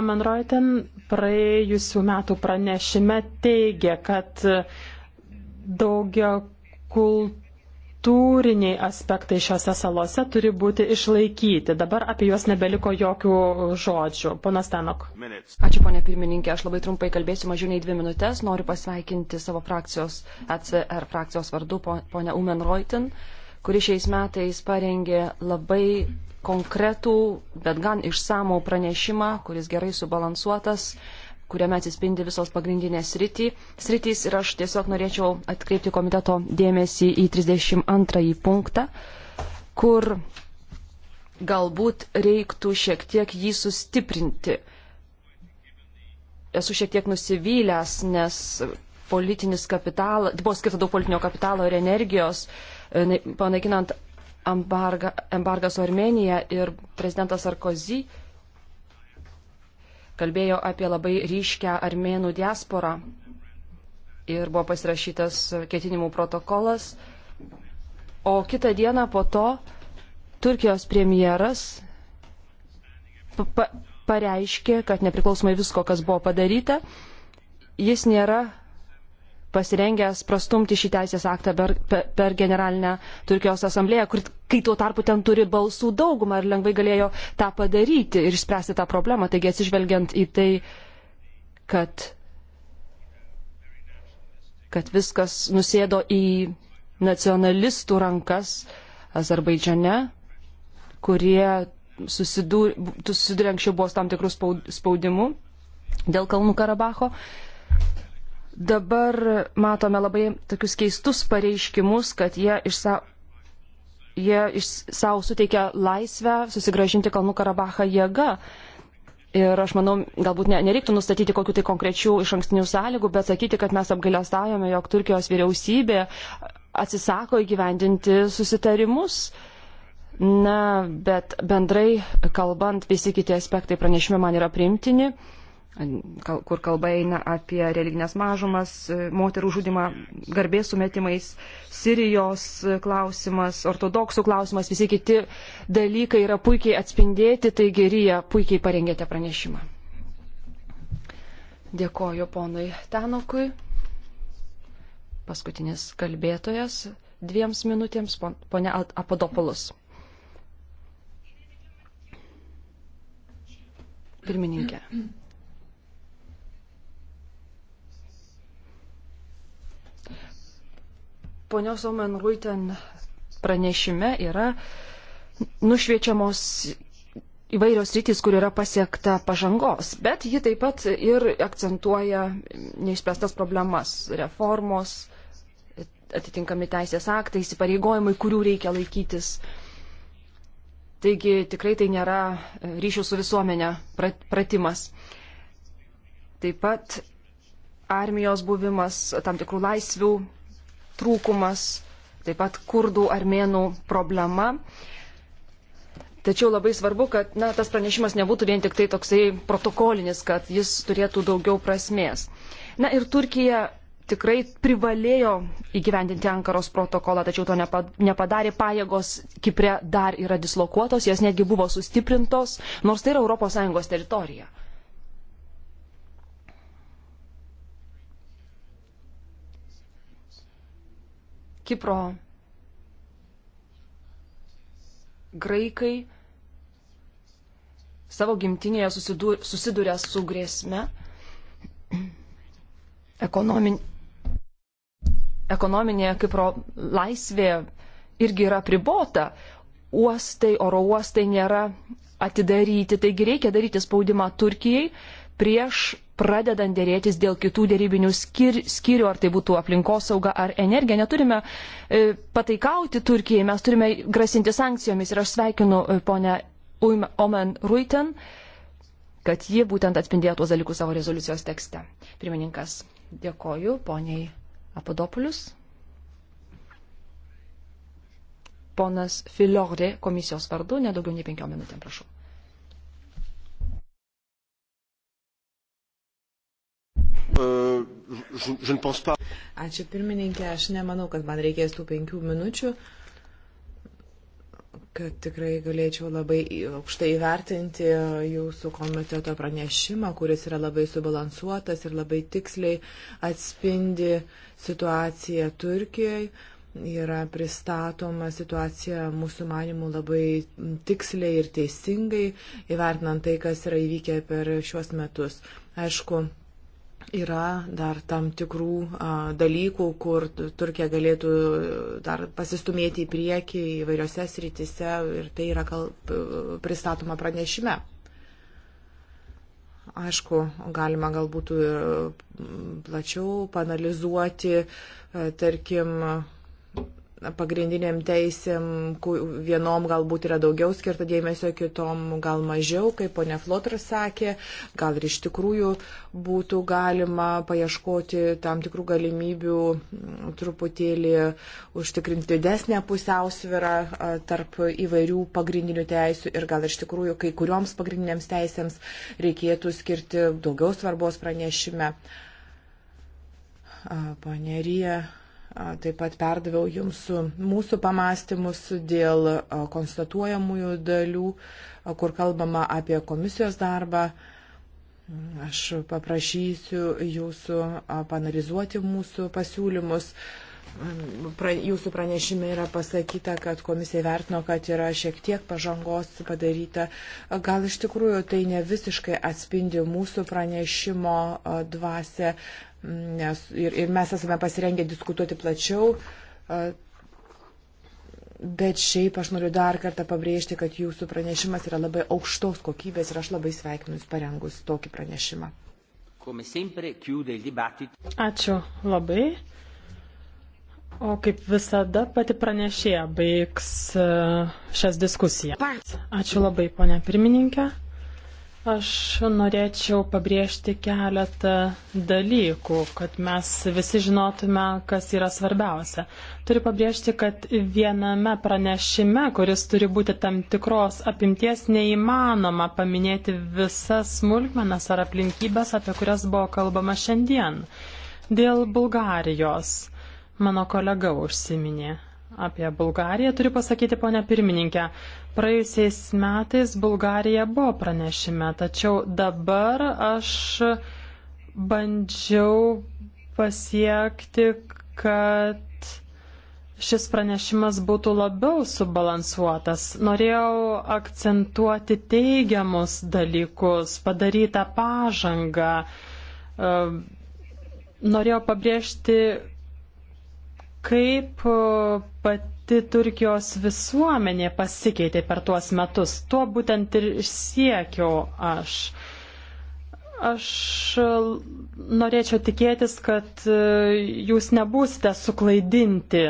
Omenroiten praėjusių metų pranešime teigia, kad daugia kultūrų kultūriniai aspektai šiuose salose turi būti išlaikyti. Dabar apie juos nebeliko jokių žodžių. Ponas Tenok. Ačiū, ponė pirmininkė. Aš labai trumpai kalbėsiu, mažiau nei dvi minutės. Noriu pasveikinti savo frakcijos, ECR frakcijos vardu, ponę Umen Reutin, kuri šiais metais parengė labai konkretų, bet gan išsamų pranešimą, kuris gerai subalansuotas kuriame atsispindi visos pagrindinės sritys ir aš tiesiog norėčiau atkreipti komiteto dėmesį į 32 punktą, kur galbūt reiktų šiek tiek jį sustiprinti. Esu šiek tiek nusivylęs, nes politinis kapitalas, buvo skirta daug politinio kapitalo ir energijos, e, panaikinant embargą, embargą su Armenija ir prezidentas Sarkozy kalbėjo apie labai ryškę armėnų diasporą ir buvo pasirašytas ketinimų protokolas. O kitą dieną po to Turkijos premjeras pa pareiškė, kad nepriklausomai visko, kas buvo padaryta, jis nėra pasirengęs prastumti šį teisės aktą per, per, per generalinę Turkijos asamblėją, kur, kai tuo tarpu ten turi balsų daugumą ir lengvai galėjo tą padaryti ir išspręsti tą problemą. Taigi atsižvelgiant į tai, kad, kad viskas nusėdo į nacionalistų rankas Azerbaidžiane, kurie susidūrė anksčiau buvo tam tikrų spaudimu dėl Kalnų Karabacho. Uh, Dabar matome labai tokius keistus pareiškimus, kad jie iš savo jie iš savo suteikia laisvę susigražinti Kalnų Karabachą jėga. Ir aš manau, galbūt ne, nereiktų nustatyti kokiu tai konkrečių iš ankstinių sąlygų, bet sakyti, kad mes apgailestavome, jog Turkijos vyriausybė atsisako įgyvendinti susitarimus. Na, bet bendrai kalbant, visi kiti aspektai pranešime man yra primtini. Uh, kur kalba eina apie religinės mažumas, e, moterų žudimą garbės sumetimais, Sirijos e, klausimas, ortodoksų klausimas, visi kiti dalykai yra puikiai atspindėti, taigi Rija puikiai parengėte pranešimą. Dėkoju ponui Tenokui. Paskutinis kalbėtojas dviems minutėms, ponia Apodopolus. Pirmininkė. Mm -hmm. ponios Omen Ruiten pranešime yra nušviečiamos įvairios rytis, kur yra pasiekta pažangos, bet ji taip pat ir akcentuoja neišspręstas problemas, reformos, atitinkami teisės aktai, įsipareigojimai, kurių reikia laikytis. Taigi tikrai tai nėra ryšių su visuomenė pratimas. Taip pat armijos buvimas, tam tikrų laisvių trūkumas, taip pat kurdų armėnų problema. Tačiau labai svarbu, kad na, tas pranešimas nebūtų vien tik tai toksai protokolinis, kad jis turėtų daugiau prasmės. Na ir Turkija tikrai privalėjo įgyvendinti Ankaros protokolą, tačiau to nepadarė. Pajėgos Kipre dar yra dislokuotos, jos netgi buvo sustiprintos, nors tai yra ES teritorija. Kipro graikai savo gimtinėje susiduria su grėsme ekonomin, ekonominė Kipro laisvė irgi yra pribota. Uostai, oro uostai nėra atidaryti, taigi reikia daryti spaudimą Turkijai, prieš pradedant dėrėtis dėl kitų dėrybinių skir, skyrių, ar tai būtų aplinkosauga ar energija. Neturime e, pataikauti Turkijai, mes turime grasinti sankcijomis ir aš sveikinu e, ponę Omen Ruiten, kad ji būtent atspindėjo tuos dalykus savo rezoliucijos tekste. Pirmininkas, dėkoju poniai Apodopulius. Ponas Filiorė komisijos vardu, nedaugiau nei penkiom minutėm, prašau. je, je ne pense pas. Ačiū pirmininkė, aš nemanau, kad man reikės tų penkių minučių, kad tikrai galėčiau labai aukštai įvertinti jūsų komiteto pranešimą, kuris yra labai subalansuotas ir labai tiksliai atspindi situaciją Turkijoje yra pristatoma situacija mūsų manimų labai tiksliai ir teisingai, įvertinant tai, kas yra įvykę per šiuos metus. Aišku, yra dar tam tikrų a, dalykų, kur Turkija galėtų e, dar pasistumėti į priekį įvairiose srityse ir tai yra kal, pristatoma pranešime. Aišku, galima galbūt ir e, plačiau panalizuoti, e, tarkim, pagrindiniam teisėm, vienom galbūt yra daugiau skirta dėmesio, kitom gal mažiau, kaip ponia Flotras sakė, gal ir iš tikrųjų būtų galima paieškoti tam tikrų galimybių mm, truputėlį užtikrinti didesnę pusiausvyrą tarp įvairių pagrindinių teisų ir gal iš tikrųjų kai kurioms pagrindiniams teisėms reikėtų skirti daugiau svarbos pranešime. Ponerija Taip pat perdaviau jums mūsų pamastymus dėl konstatuojamųjų dalių, kur kalbama apie komisijos darbą. Aš paprašysiu jūsų panalizuoti mūsų pasiūlymus. Jūsų pranešime yra pasakyta, kad komisija vertino, kad yra šiek tiek pažangos padaryta. Gal iš tikrųjų tai ne visiškai atspindi mūsų pranešimo dvasę, nes ir, ir mes esame pasirengę diskutuoti plačiau. Bet šiaip aš noriu dar kartą pabrėžti, kad jūsų pranešimas yra labai aukštos kokybės ir aš labai sveikinu jūs parengus tokį pranešimą. Ačiū labai. O kaip visada pati pranešėja baigs šias diskusijas. Ačiū labai, ponia pirmininkė. Aš norėčiau pabrėžti keletą dalykų, kad mes visi žinotume, kas yra svarbiausia. Turiu pabrėžti, kad viename pranešime, kuris turi būti tam tikros apimties, neįmanoma paminėti visas smulkmenas ar aplinkybės, apie kurias buvo kalbama šiandien. Dėl Bulgarijos mano kolega užsiminė apie Bulgariją. Turiu pasakyti, ponia pirmininkė, Praėjusiais metais Bulgarija buvo pranešime, tačiau dabar aš bandžiau pasiekti, kad šis pranešimas būtų labiau subalansuotas. Norėjau akcentuoti teigiamus dalykus, padarytą pažangą. Ehm, norėjau pabrėžti, kaip e, pat pati Turkijos visuomenė pasikeitė per tuos metus. Tuo būtent ir siekiau aš. Aš norėčiau tikėtis, kad e, jūs nebūsite suklaidinti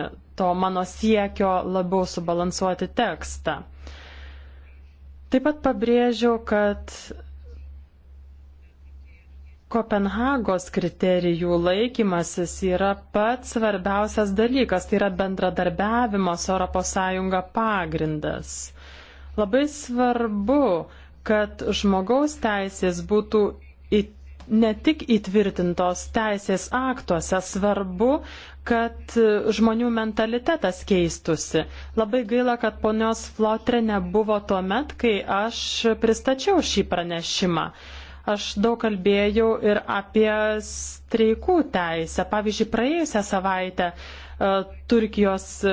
to mano siekio labiau subalansuoti tekstą. Taip pat pabrėžiau, kad Kopenhagos kriterijų laikymasis yra pats svarbiausias dalykas, tai yra bendradarbiavimas ES pagrindas. Labai svarbu, kad žmogaus teisės būtų į, ne tik įtvirtintos teisės aktuose, svarbu, kad žmonių mentalitetas keistusi. Labai gaila, kad ponios Flotre nebuvo tuo met, kai aš pristačiau šį pranešimą. Aš daug kalbėjau ir apie streikų teisę. Pavyzdžiui, praėjusią savaitę e, Turkijos e,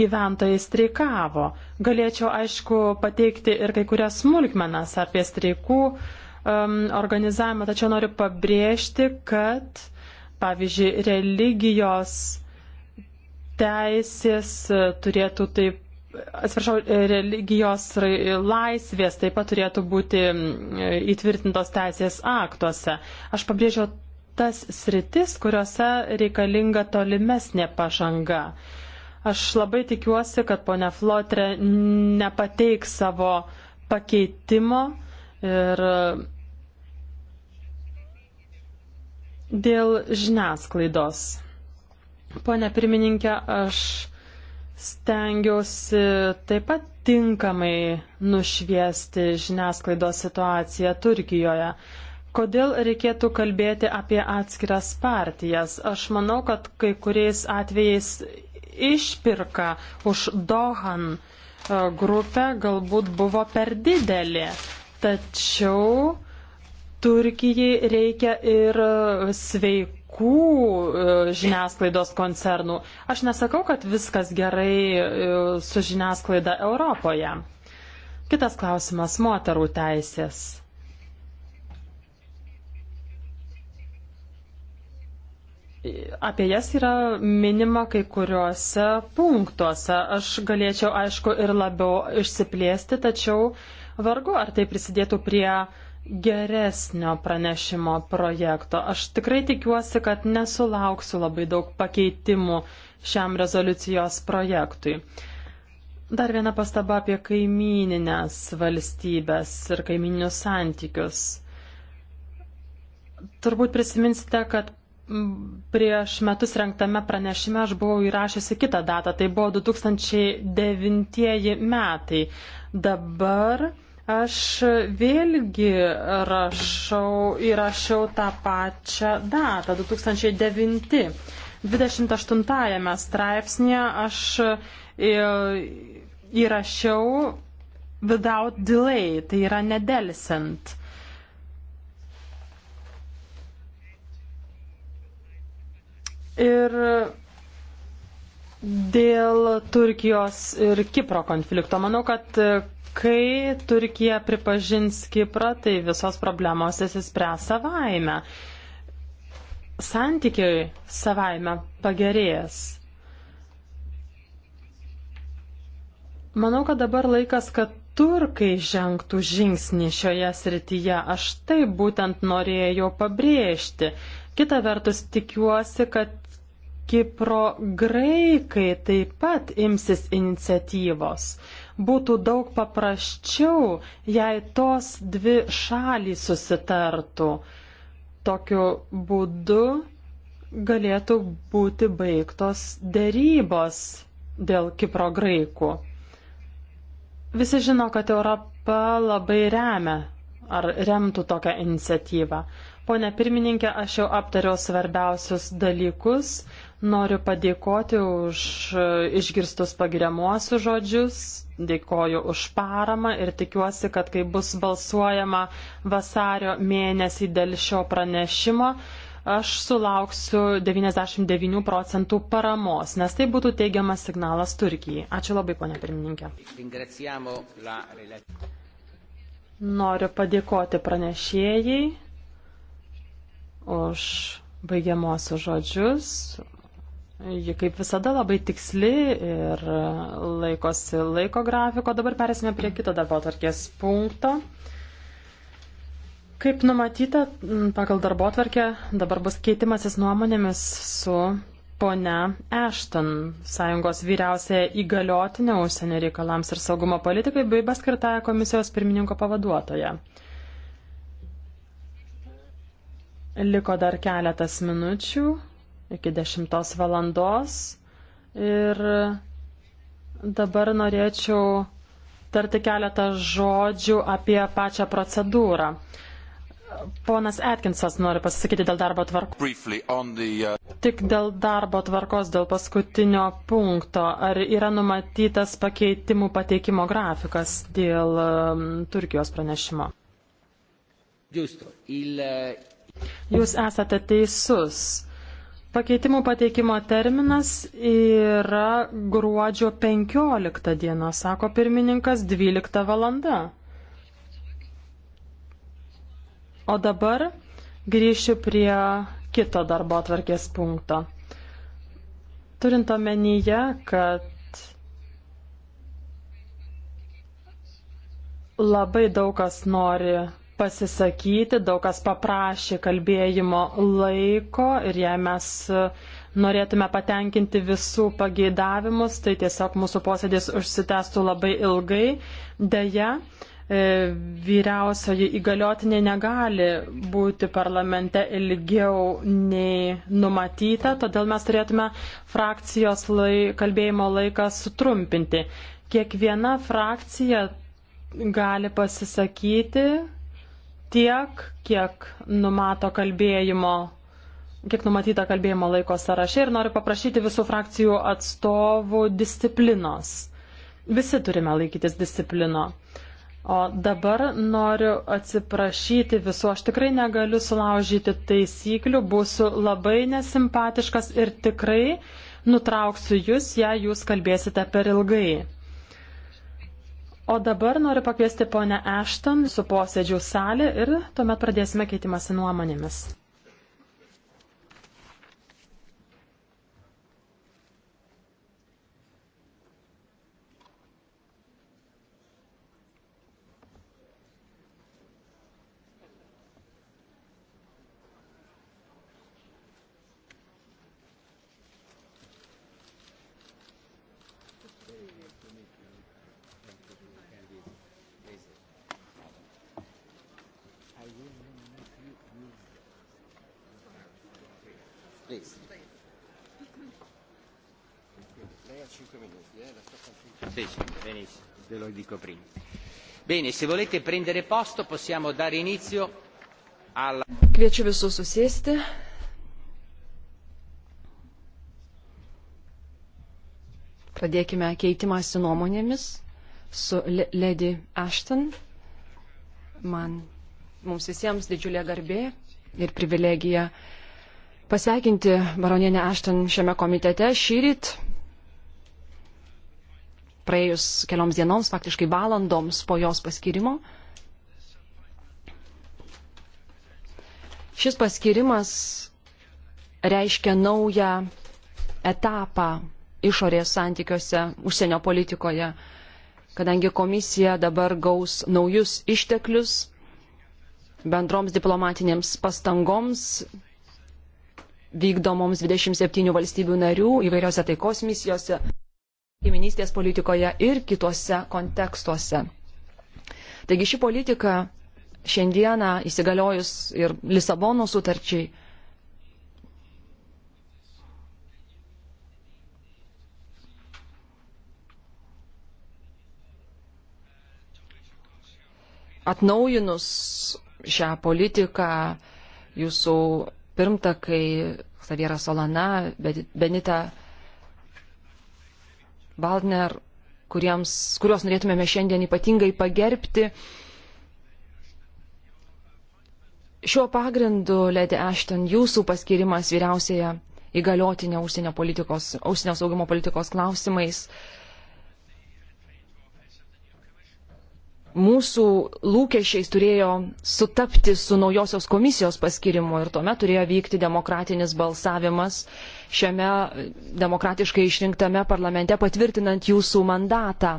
gyventojai streikavo. Galėčiau, aišku, pateikti ir kai kurias smulkmenas apie streikų um, organizavimą, tačiau noriu pabrėžti, kad, pavyzdžiui, religijos teisės e, turėtų taip atsiprašau, religijos laisvės taip pat turėtų būti įtvirtintos teisės aktuose. Aš pabrėžiau tas sritis, kuriuose reikalinga tolimesnė pažanga. Aš labai tikiuosi, kad ponia Flotre nepateiks savo pakeitimo ir dėl žiniasklaidos. Pone pirmininkė, aš stengiausi taip pat tinkamai nušviesti žiniasklaidos situaciją Turkijoje. Kodėl reikėtų kalbėti apie atskiras partijas? Aš manau, kad kai kuriais atvejais išpirka už Dohan e, grupę galbūt buvo per didelė. Tačiau Turkijai reikia ir sveikų smulkų e, žiniasklaidos koncernų. Aš nesakau, kad viskas gerai e, su žiniasklaida Europoje. Kitas klausimas - moterų teisės. Apie jas yra minima kai kuriuose punktuose. Aš galėčiau, aišku, ir labiau išsiplėsti, tačiau vargu, ar tai prisidėtų prie uh, geresnio pranešimo projekto. Aš tikrai tikiuosi, kad nesulauksiu labai daug pakeitimų šiam rezoliucijos projektui. Dar viena pastaba apie kaimininės valstybės ir kaimininius santykius. Turbūt prisiminsite, kad prieš metus renktame pranešime aš buvau įrašęs kitą datą, tai buvo 2009 metai. Dabar Aš vėlgi rašau, įrašiau tą pačią datą, 2009. 28 straipsnėje aš e, įrašiau without delay, tai yra nedelsint. Ir dėl Turkijos ir Kipro konflikto. Manau, kad Kai Turkija pripažins Kiprą, tai visos problemos įsispręs savaime. Santykiai savaime pagerės. Manau, kad dabar laikas, kad turkai žengtų žingsnį šioje srityje. Aš tai būtent norėjau pabrėžti. Kita vertus, tikiuosi, kad Kipro graikai taip pat imsis iniciatyvos. Būtų daug paprasčiau, jei tos dvi šalys susitartų. Tokiu būdu galėtų būti baigtos dėrybos dėl Kipro graikų. Visi žino, kad Europa labai remia ar remtų tokią iniciatyvą. Pone pirmininkė, aš jau aptariau svarbiausius dalykus. Noriu padėkoti už išgirstus pagiriamuosius žodžius, dėkoju už paramą ir tikiuosi, kad kai bus balsuojama vasario mėnesį dėl šio pranešimo, aš sulauksiu 99 procentų paramos, nes tai būtų teigiamas signalas Turkijai. Ačiū labai, ponė pirmininkė. Noriu padėkoti pranešėjai už baigiamosius žodžius. Ji kaip visada labai tiksli ir laikosi laiko grafiko. Dabar perėsime prie kito darbo atvarkės punkto. Kaip numatyta, pagal darbo atvarkę dabar bus keitimasis nuomonėmis su Pone Ešton, sąjungos vyriausiaja įgaliotinė užsienio reikalams ir saugumo politikai bei paskirtąją komisijos pirmininko pavaduotoją. Liko dar keletas minučių iki 10 valandos ir dabar norėčiau tarti keletą žodžių apie pačią procedūrą. Ponas Atkinsas nori pasisakyti dėl darbo tvarkos. Uh... Tik dėl darbo tvarkos, dėl paskutinio punkto. Ar yra numatytas pakeitimų pateikimo grafikas dėl um, Turkijos pranešimo? Giusto. Il, uh... Jūs esate teisus. Pakeitimų pateikimo terminas yra gruodžio 15 diena, sako pirmininkas, 12 valanda. O dabar grįšiu prie kito darbo atvarkės punkto. Turint omenyje, kad labai daug kas nori pasisakyti, daug kas paprašė kalbėjimo laiko ir jei mes norėtume patenkinti visų pageidavimus, tai tiesiog mūsų posėdis užsitęstų labai ilgai. Deja, e, vyriausioji įgaliotinė negali būti parlamente ilgiau nei numatyta, todėl mes turėtume frakcijos lai, kalbėjimo laiką sutrumpinti. Kiekviena frakcija gali pasisakyti tiek, kiek numato kalbėjimo kiek numatyta kalbėjimo laiko sąraše ir noriu paprašyti visų frakcijų atstovų disciplinos. Visi turime laikytis disciplino. O dabar noriu atsiprašyti visų, aš tikrai negaliu sulaužyti taisyklių, būsiu labai nesimpatiškas ir tikrai nutrauksiu jūs, jei jūs kalbėsite per ilgai. O dabar noriu pakviesti ponę Ešton su posėdžių salė ir tuomet pradėsime keitimąsi nuomonėmis. please. Lei ha 5 minuti, eh? la sto confrontando. Sì, sì, benissimo, ve lo dico prima. Bene, se volete prendere posto possiamo dare inizio alla... Kviečiu visus susėsti. Pradėkime keitimąsi nuomonėmis su Lady Ashton. Man, mums visiems didžiulė garbė ir privilegija uh, pasveikinti baronienę Ašten šiame komitete šį ryt. Praėjus kelioms dienoms, faktiškai valandoms po jos paskirimo. Šis paskirimas reiškia naują etapą išorės santykiuose užsienio politikoje, kadangi komisija dabar gaus naujus išteklius bendroms diplomatinėms pastangoms vykdomoms 27 valstybių narių įvairiose taikos misijose, kaiminystės politikoje ir kitose kontekstuose. Taigi ši politika šiandieną įsigaliojus ir Lisabono sutarčiai atnaujinus šią politiką, jūsų pirmtakai Saviera Solana, Benita Baldner, kuriems, kuriuos norėtumėme šiandien ypatingai pagerbti. Šiuo pagrindu, Lady Ashton, jūsų paskirimas vyriausiaja įgaliotinė užsienio, politikos, užsienio saugumo politikos klausimais mūsų lūkesčiais turėjo sutapti su naujosios komisijos paskirimu ir tuomet turėjo vykti demokratinis balsavimas šiame demokratiškai išrinktame parlamente patvirtinant jūsų mandatą.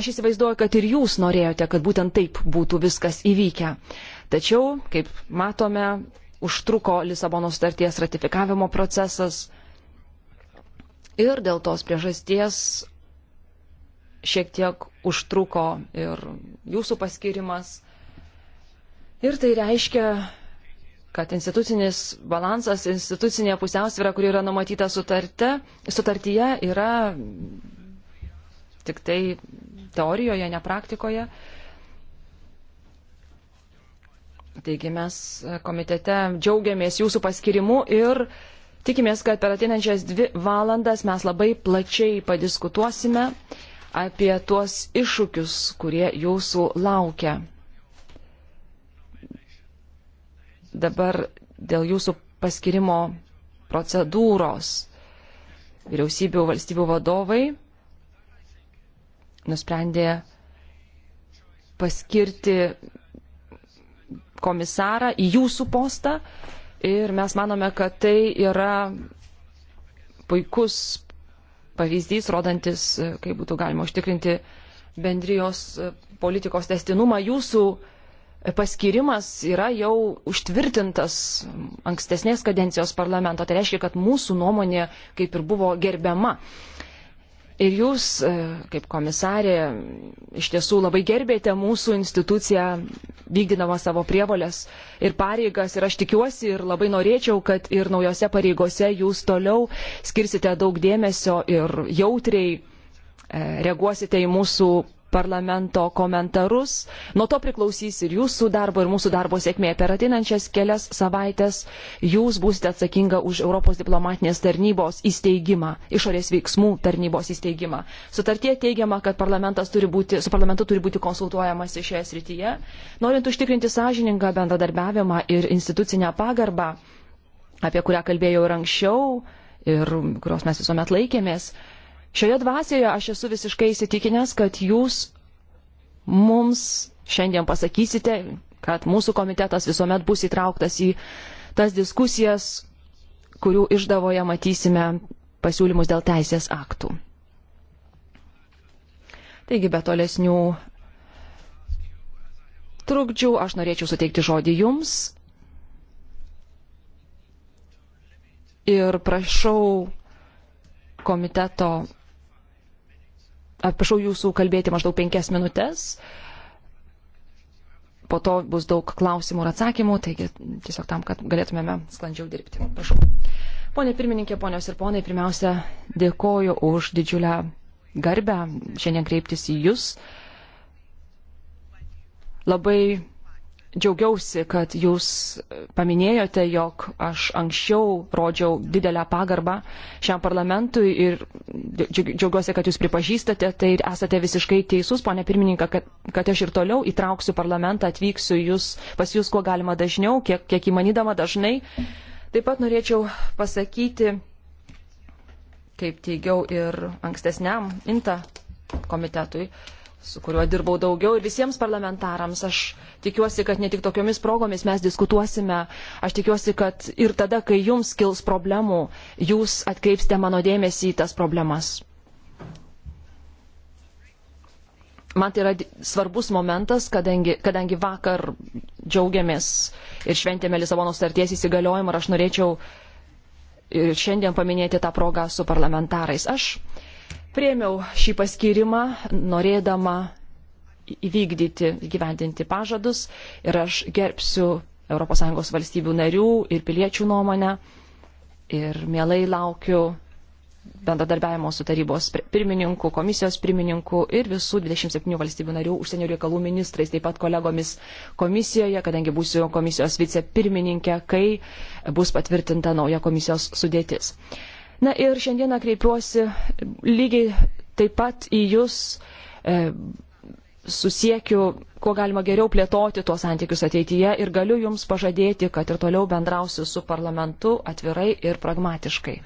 Aš įsivaizduoju, kad ir jūs norėjote, kad būtent taip būtų viskas įvykę. Tačiau, kaip matome, užtruko Lisabono sutarties ratifikavimo procesas ir dėl tos priežasties šiek tiek užtruko ir jūsų paskirimas. Ir tai reiškia, kad institucinis balansas, institucinė pusiausvyrą, kuri yra numatyta sutarte, sutartyje, yra tik tai teorijoje, ne praktikoje. Taigi mes komitete džiaugiamės jūsų paskirimu ir tikimės, kad per ateinančias dvi valandas mes labai plačiai padiskutuosime. Uh, apie tuos iššūkius, kurie jūsų laukia. Dabar dėl jūsų paskirimo procedūros vyriausybių valstybių vadovai nusprendė paskirti komisarą į jūsų postą ir mes manome, kad tai yra puikus pavyzdys, rodantis, e, kaip būtų galima užtikrinti bendrijos e, politikos testinumą. Jūsų e, paskirimas yra jau užtvirtintas ankstesnės kadencijos parlamento. Tai reiškia, kad mūsų nuomonė kaip ir buvo gerbiama. Uh, Ir jūs, e, kaip komisarė, iš tiesų labai gerbėte mūsų instituciją, vykdydama savo prievolės ir pareigas. Ir aš tikiuosi ir labai norėčiau, kad ir naujose pareigose jūs toliau skirsite daug dėmesio ir jautriai e, reaguosite į mūsų parlamento komentarus. Nuo to priklausys ir jūsų darbo, ir mūsų darbo sėkmė. Per ateinančias kelias savaitės jūs būsite atsakinga už Europos diplomatinės tarnybos įsteigimą, išorės veiksmų tarnybos įsteigimą. Sutartie teigiama, kad būti, su parlamentu turi būti konsultuojamas šioje srityje. Norint užtikrinti sąžiningą bendradarbiavimą ir institucinę pagarbą, apie kurią kalbėjau ir anksčiau, ir kurios mes visuomet laikėmės, Šioje dvasioje aš esu visiškai įsitikinęs, kad jūs mums šiandien pasakysite, kad mūsų komitetas visuomet bus įtrauktas į tas diskusijas, kurių išdavoje matysime pasiūlymus dėl teisės aktų. Taigi be tolesnių trukdžių aš norėčiau suteikti žodį jums ir prašau komiteto prašau jūsų kalbėti maždaug penkias minutės. Po to bus daug klausimų ir atsakymų, taigi tiesiog tam, kad galėtumėme sklandžiau dirbti. Prašau. Pone pirmininkė, ponios ir ponai, pirmiausia, dėkoju už didžiulę garbę šiandien kreiptis į Jūs. Labai džiaugiausi, kad jūs paminėjote, jog aš anksčiau rodžiau didelę pagarbą šiam parlamentui ir džiaugiuosi, kad jūs pripažįstate tai ir esate visiškai teisus, ponė pirmininka, kad, kad aš ir toliau įtrauksiu parlamentą, atvyksiu jūs, pas jūs kuo galima dažniau, kiek, kiek įmanydama dažnai. Taip pat norėčiau pasakyti, kaip teigiau ir ankstesniam INTA komitetui, uh, su kuriuo dirbau daugiau ir visiems parlamentarams. Aš tikiuosi, kad ne tik tokiomis progomis mes diskutuosime, aš tikiuosi, kad ir tada, kai jums kils problemų, jūs atkreipsite mano dėmesį į tas problemas. Man tai yra svarbus momentas, kadangi, kadangi vakar džiaugiamės ir šventėme Lisabono starties įsigaliojimą ir aš norėčiau ir šiandien paminėti tą progą su parlamentarais. Aš Priemiau šį paskirimą, norėdama įvykdyti, gyvendinti pažadus ir aš gerbsiu ES valstybių narių ir piliečių nuomonę ir mielai laukiu bendradarbiavimo su tarybos pirmininku, komisijos pirmininku ir visų 27 valstybių narių užsienio reikalų ministrais, taip pat kolegomis komisijoje, kadangi būsiu komisijos vicepirmininkė, kai bus patvirtinta nauja komisijos sudėtis. Na ir šiandieną kreipiuosi lygiai taip pat į Jūs e, susiekiu, kuo galima geriau plėtoti tuos santykius ateityje ir galiu Jums pažadėti, kad ir toliau bendrausiu su parlamentu atvirai ir pragmatiškai.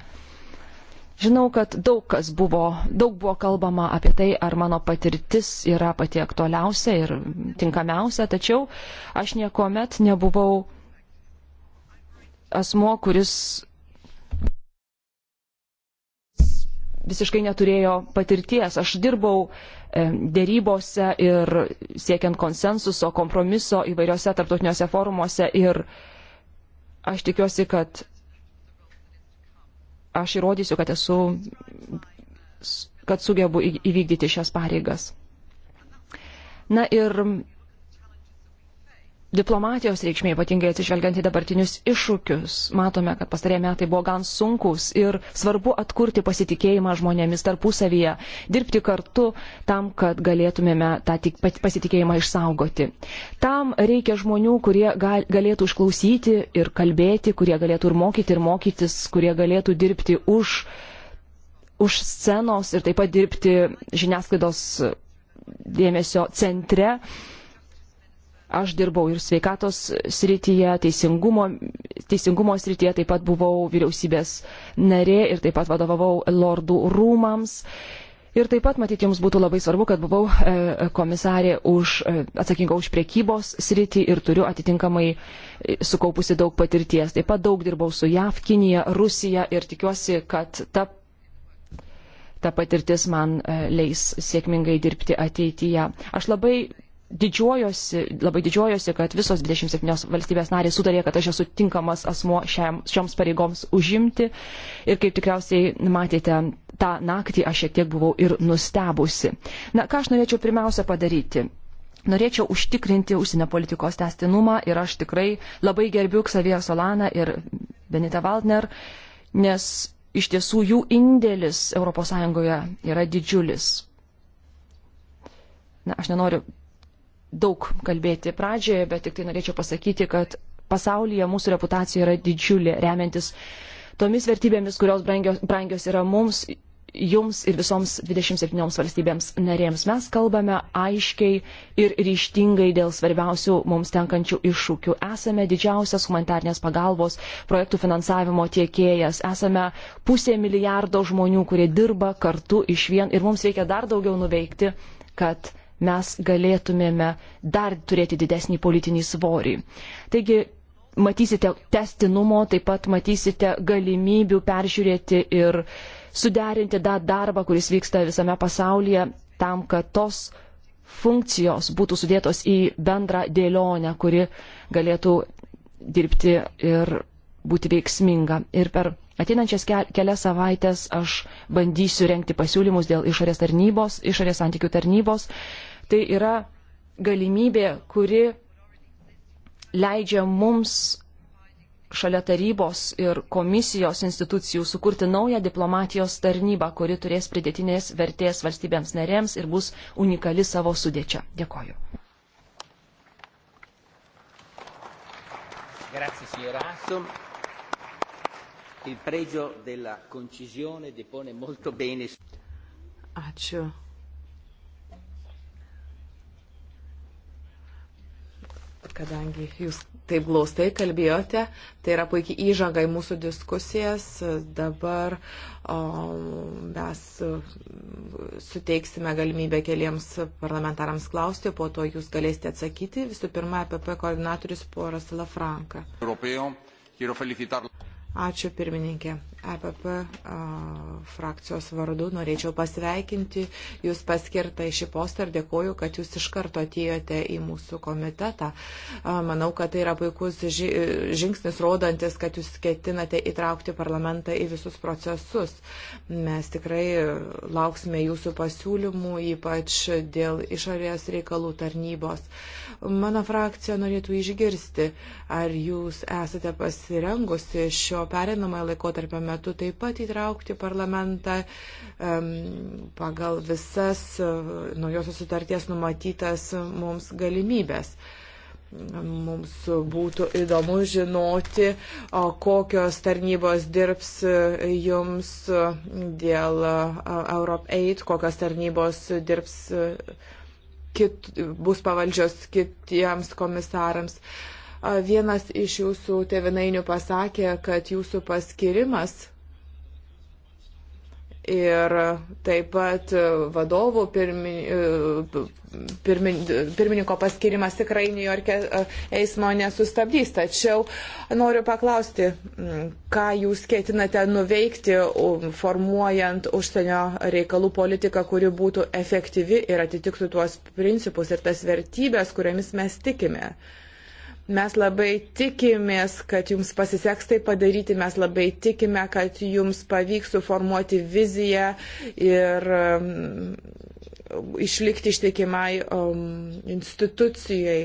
Žinau, kad daug kas buvo, daug buvo kalbama apie tai, ar mano patirtis yra pati aktualiausia ir tinkamiausia, tačiau aš niekuomet nebuvau asmo, kuris visiškai neturėjo patirties. Aš dirbau e, dėrybose ir siekiant konsensuso, kompromiso įvairiose tarptautiniuose forumuose ir aš tikiuosi, kad aš įrodysiu, kad esu, kad sugebu įvykdyti šias pareigas. Na ir diplomatijos reikšmė, ypatingai atsižvelgiant į dabartinius iššūkius. Matome, kad pastarėjai metai buvo gan sunkus ir svarbu atkurti pasitikėjimą žmonėmis tarpusavyje, dirbti kartu tam, kad galėtumėme tą pasitikėjimą išsaugoti. Tam reikia žmonių, kurie galėtų išklausyti ir kalbėti, kurie galėtų ir mokyti ir mokytis, kurie galėtų dirbti už, už scenos ir taip pat dirbti žiniasklaidos dėmesio centre Aš dirbau ir sveikatos srityje, teisingumo, teisingumo srityje, taip pat buvau vyriausybės narė ir taip pat vadovavau lordų rūmams. Ir taip pat, matyt, jums būtų labai svarbu, kad buvau e, komisarė už, e, atsakinga už priekybos sritį ir turiu atitinkamai e, sukaupusi daug patirties. Taip pat daug dirbau su JAV, Kinija, Rusija ir tikiuosi, kad ta, ta patirtis man leis sėkmingai dirbti ateityje. Aš labai didžiuojosi, labai didžiuojosi, kad visos 27 valstybės narės sutarė, kad aš esu tinkamas asmo šiam, šioms pareigoms užimti. Ir kaip tikriausiai matėte, tą naktį aš šiek tiek buvau ir nustebusi. Na, ką aš norėčiau pirmiausia padaryti? Norėčiau užtikrinti užsienio politikos testinumą ir aš tikrai labai gerbiu Xavier Solaną ir Benita Waldner, nes iš tiesų jų indėlis ES yra didžiulis. Na, aš nenoriu daug kalbėti pradžioje, bet tik tai norėčiau pasakyti, kad pasaulyje mūsų reputacija yra didžiulė, remiantis tomis vertybėmis, kurios brangios, brangios yra mums, jums ir visoms 27 valstybėms narėms. Mes kalbame aiškiai ir ryštingai dėl svarbiausių mums tenkančių iššūkių. Esame didžiausias humanitarnės pagalbos projektų finansavimo tiekėjas. Esame pusė milijardo žmonių, kurie dirba kartu iš vien ir mums reikia dar daugiau nuveikti, kad mes galėtumėme dar turėti didesnį politinį svorį. Taigi, matysite testinumo, taip pat matysite galimybių peržiūrėti ir suderinti tą darbą, kuris vyksta visame pasaulyje, tam, kad tos funkcijos būtų sudėtos į bendrą dėlionę, kuri galėtų dirbti ir būti veiksminga. Ir per ateinančias kelias savaitės aš bandysiu renkti pasiūlymus dėl išorės tarnybos, išorės santykių tarnybos, tai yra galimybė, kuri leidžia mums šalia tarybos ir komisijos institucijų sukurti naują diplomatijos tarnybą, kuri turės pridėtinės vertės valstybėms narėms ir bus unikali savo sudėčia. Dėkoju. Grazie, signora Assom. Il pregio della concisione depone molto bene. Ačiū. kadangi jūs taip glaustai kalbėjote, tai yra puikiai įžanga į mūsų diskusijas. Dabar o, mes suteiksime galimybę keliems parlamentarams klausti, po to jūs galėsite atsakyti. Visų pirma, APP e koordinatorius Poras Lafranka. Ačiū pirmininkė. EPP frakcijos vardu norėčiau pasveikinti Jūs paskirtą į šį postą ir dėkoju, kad Jūs iš karto atėjote į mūsų komitetą. Manau, kad tai yra puikus žingsnis rodantis, kad Jūs ketinate įtraukti parlamentą į visus procesus. Mes tikrai lauksime Jūsų pasiūlymų, ypač dėl išorės reikalų tarnybos. Mano frakcija norėtų išgirsti, ar Jūs esate pasirengusi šio perinamojo laikotarpio metu metu taip pat įtraukti parlamentą pagal visas e, naujosios sutarties numatytas mums galimybės. Mums būtų įdomu žinoti, kokios tarnybos dirbs e, jums dėl e, Europe 8, kokios tarnybos dirbs, kit, bus pavaldžios kitiems komisarams. Uh, Vienas iš jūsų tevinainių pasakė, kad jūsų paskirimas ir taip pat vadovų pirmin, pirmin, pirmininko paskirimas tikrai New York'e eismo nesustabdys. Tačiau noriu paklausti, ką jūs ketinate nuveikti, formuojant užsienio reikalų politiką, kuri būtų efektyvi ir atitiktų tuos principus ir tas vertybės, kuriamis mes tikime. Uh, Mes labai tikimės, kad jums pasiseks tai padaryti, mes labai tikime, kad jums pavyks suformuoti viziją ir um, išlikti ištikimai um, institucijai.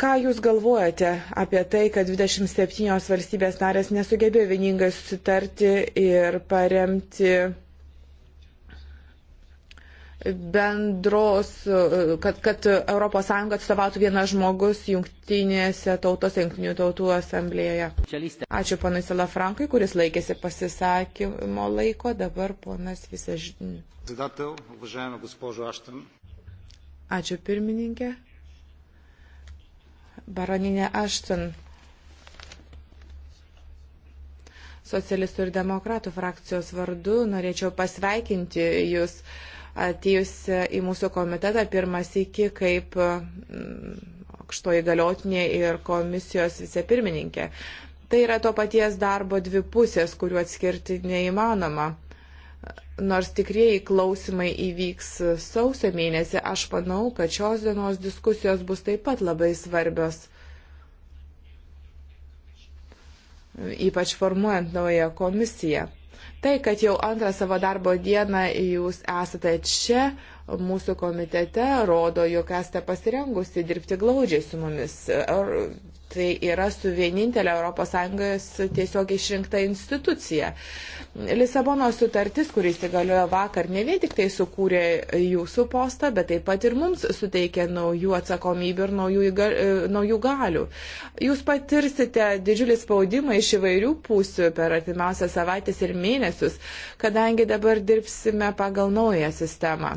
Ką Jūs galvojate apie tai, kad 27 valstybės narės nesugebėjo vieningai susitarti ir paremti bendros, kad, kad ES atstovautų vienas žmogus jungtinėse tautose, jungtinių tautų asamblėje. Ačiū ponui Salafrankui, kuris laikėsi pasisakymo laiko, dabar ponas Visažin. Ačiū pirmininkė. Baroninė Ašton. Socialistų ir demokratų frakcijos vardu norėčiau pasveikinti jūs. Uh, atėjus į mūsų komitetą pirmas iki kaip mm, aukštoji galiotinė ir komisijos vicepirmininkė. Tai yra to paties darbo dvi pusės, kuriuo atskirti neįmanoma. Nors tikrieji klausimai įvyks sausio mėnesį, aš manau, kad šios dienos diskusijos bus taip pat labai svarbios. Ypač formuojant naują komisiją tai, kad jau antrą savo darbo dieną jūs esate čia mūsų komitete, rodo, jog esate pasirengusi dirbti glaudžiai su mumis tai yra su vienintelė ES tiesiog išrinkta institucija. Lisabono sutartis, kuris įgaliojo vakar, ne vien tik tai sukūrė jūsų postą, bet taip pat ir mums suteikė naujų atsakomybių ir naujų, įgal, e, naujų galių. Jūs patirsite didžiulį spaudimą iš įvairių pusių per artimiausias savaitės ir mėnesius, kadangi dabar dirbsime pagal naują sistemą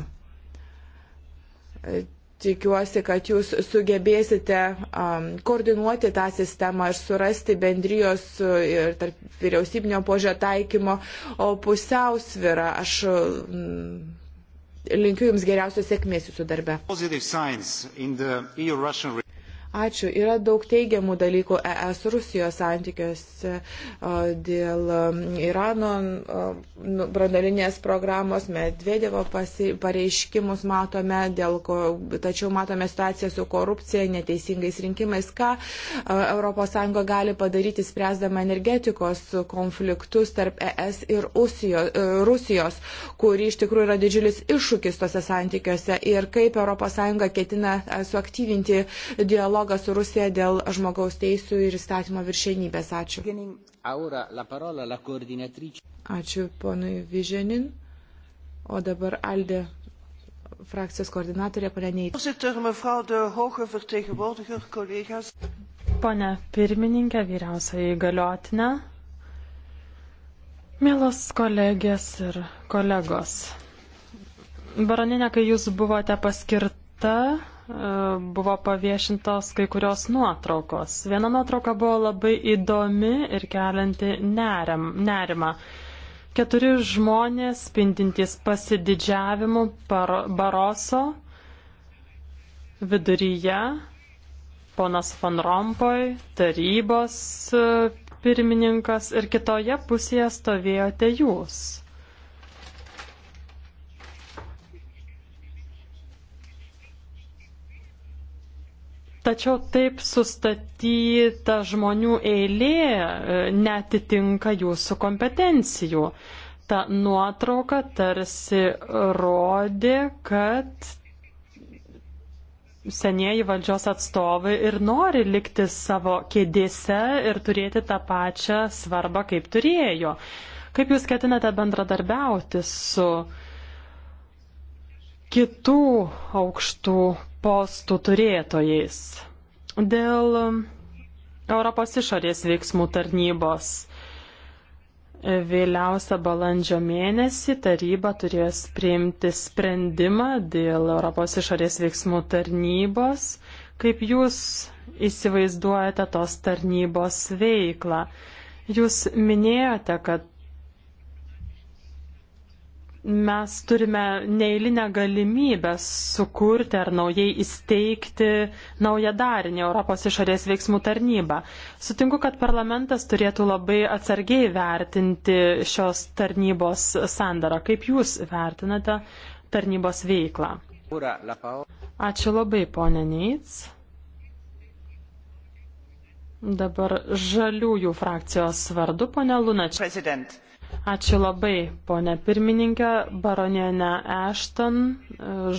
tikiuosi, kad jūs sugebėsite um, koordinuoti tą sistemą ir surasti bendrijos e, ir tarp vyriausybinio požio taikymo pusiausvirą. Aš mm, linkiu Jums geriausios sėkmės Jūsų darbe. Ačiū. Yra daug teigiamų dalykų ES Rusijos santykiuose dėl Irano nu, brandalinės programos, Medvedevo pareiškimus matome, dėl, tačiau matome situaciją su korupcija, neteisingais rinkimais, ką ES gali padaryti spręsdama energetikos konfliktus tarp ES ir e, Rusijos, kuri iš tikrųjų yra didžiulis iššūkis tose santykiuose ir kaip ES ketina e, suaktyvinti dialogą dialogą su Rusija dėl žmogaus teisų ir įstatymo viršenybės. Ačiū. Ačiū ponui Viženin. O dabar Aldė frakcijos koordinatorė, ponė Neit. Pone pirmininkė, vyriausiai galiotinė, mielos kolegės ir kolegos. Baroninė, kai jūs buvote paskirta, buvo paviešintos kai kurios nuotraukos. Viena nuotrauka buvo labai įdomi ir kelianti nerim, nerimą. Keturi žmonės spindintys pasididžiavimu baroso viduryje, ponas Van Rompoj, tarybos e, pirmininkas ir kitoje pusėje stovėjote jūs. Tačiau taip sustatyta žmonių eilė e, netitinka jūsų kompetencijų. Ta nuotrauka tarsi rodė, kad senieji valdžios atstovai ir nori likti savo kėdėse ir turėti tą pačią svarbą, kaip turėjo. Kaip jūs ketinate bendradarbiauti su kitų aukštų postų turėtojais. Dėl Europos išorės veiksmų tarnybos vėliausia balandžio mėnesį taryba turės priimti sprendimą dėl Europos išorės veiksmų tarnybos. Kaip jūs įsivaizduojate tos tarnybos veiklą? Jūs minėjote, kad mes turime neįlinę galimybę sukurti ar naujai įsteigti naują darinį Europos išorės veiksmų tarnybą. Sutinku, kad parlamentas turėtų labai atsargiai vertinti šios tarnybos sandarą. Kaip jūs vertinate tarnybos veiklą? Ačiū labai, ponė Neits. Dabar žaliųjų frakcijos vardu, ponė Lunačiai. Ačiū labai, ponė pirmininkė, baronienė Ešton,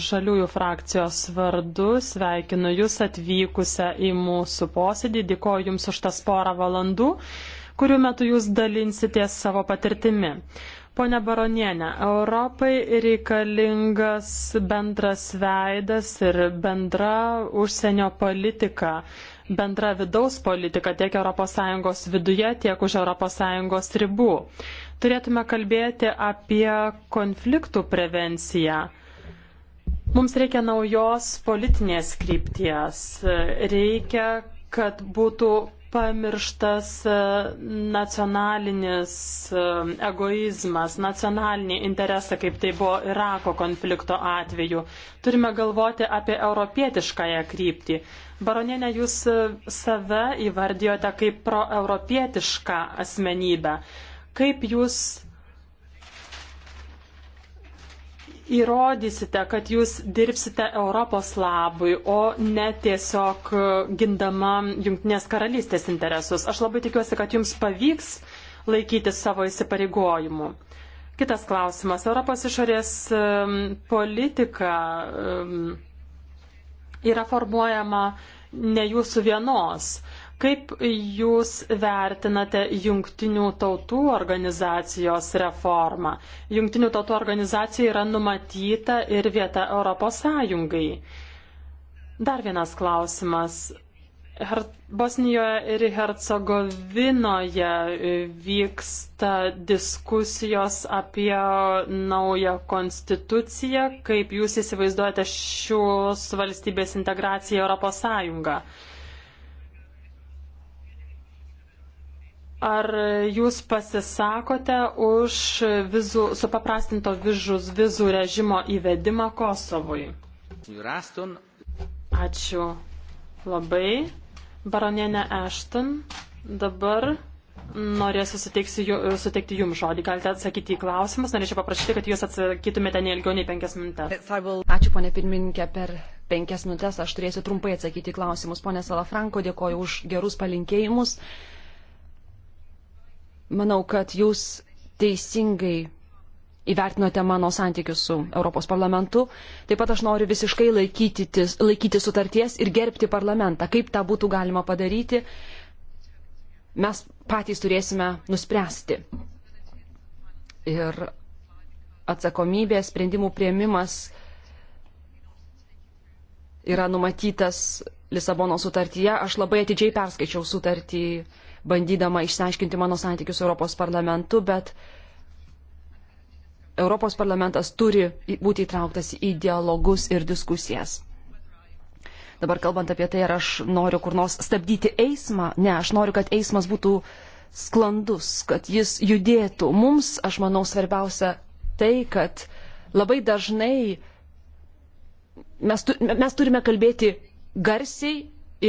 žaliųjų frakcijos vardu, sveikinu Jūs atvykusią į mūsų posėdį, dėkoju Jums už tas porą valandų, kurių metu Jūs dalinsitės savo patirtimi. Pone baronienė, Europai reikalingas bendras veidas ir bendra užsienio politika bendra vidaus politika tiek ES viduje, tiek už ES ribų turėtume kalbėti apie konfliktų prevenciją. Mums reikia naujos politinės krypties. Reikia, kad būtų pamirštas e, nacionalinis e, egoizmas, nacionaliniai interesai, kaip tai buvo Irako konflikto atveju. Turime galvoti apie europietiškąją kryptį. Baronienė, jūs e, save įvardijote kaip proeuropietišką asmenybę. Kaip jūs įrodysite, kad jūs dirbsite Europos labui, o ne tiesiog gindama Junktinės karalystės interesus. Aš labai tikiuosi, kad jums pavyks laikyti savo įsipareigojimų. Kitas klausimas. Europos išorės politika yra formuojama ne jūsų vienos. Kaip Jūs vertinate jungtinių tautų organizacijos reformą? Jungtinių tautų organizacija yra numatyta ir vieta Europos Sąjungai. Dar vienas klausimas. Her Bosnijoje ir Hercegovinoje vyksta diskusijos apie naują konstituciją. Kaip Jūs įsivaizduojate šios valstybės integraciją Europos Sąjungą? Ar jūs pasisakote už vizų, supaprastinto vizus, vizų režimo įvedimą Kosovui? Ačiū labai. Baronienė Ešton, dabar norėsiu suteikti jums žodį. Galite atsakyti į klausimus. Norėčiau paprašyti, kad jūs atsakytumėte ne ilgiau nei penkias minutės. Ačiū, ponė pirmininkė, per penkias minutės aš turėsiu trumpai atsakyti į klausimus. Pone Salafranko, dėkoju už gerus palinkėjimus. Manau, kad jūs teisingai įvertinote mano santykius su Europos parlamentu. Taip pat aš noriu visiškai laikyti, laikyti sutarties ir gerbti parlamentą. Kaip tą būtų galima padaryti, mes patys turėsime nuspręsti. Ir atsakomybė, sprendimų prieimimas yra numatytas Lisabono sutartyje. Aš labai atidžiai perskaičiau sutartį bandydama išsiaiškinti mano santykius su Europos parlamentu, bet Europos parlamentas turi būti įtrauktas į dialogus ir diskusijas. Dabar kalbant apie tai, ar aš noriu kur nors stabdyti eismą, ne, aš noriu, kad eismas būtų sklandus, kad jis judėtų. Mums, aš manau, svarbiausia tai, kad labai dažnai mes, tu, mes turime kalbėti garsiai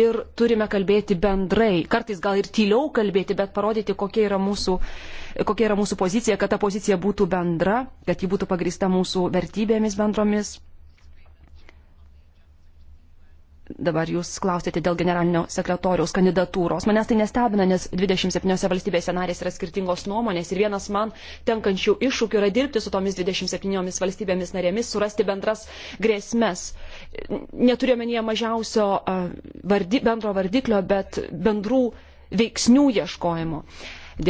ir turime kalbėti bendrai. Kartais gal ir tyliau kalbėti, bet parodyti, kokia yra mūsų, kokia yra mūsų pozicija, kad ta pozicija būtų bendra, kad ji būtų pagrįsta mūsų vertybėmis bendromis, Dabar jūs klausėte dėl generalinio sekretoriaus kandidatūros. Manęs tai nestebina, nes 27 valstybėse narės yra skirtingos nuomonės ir vienas man tenkančių iššūkių yra dirbti su tomis 27 valstybėmis narėmis, surasti bendras grėsmes. Neturėjome nie mažiausio vardi, bendro vardiklio, bet bendrų veiksnių ieškojimo.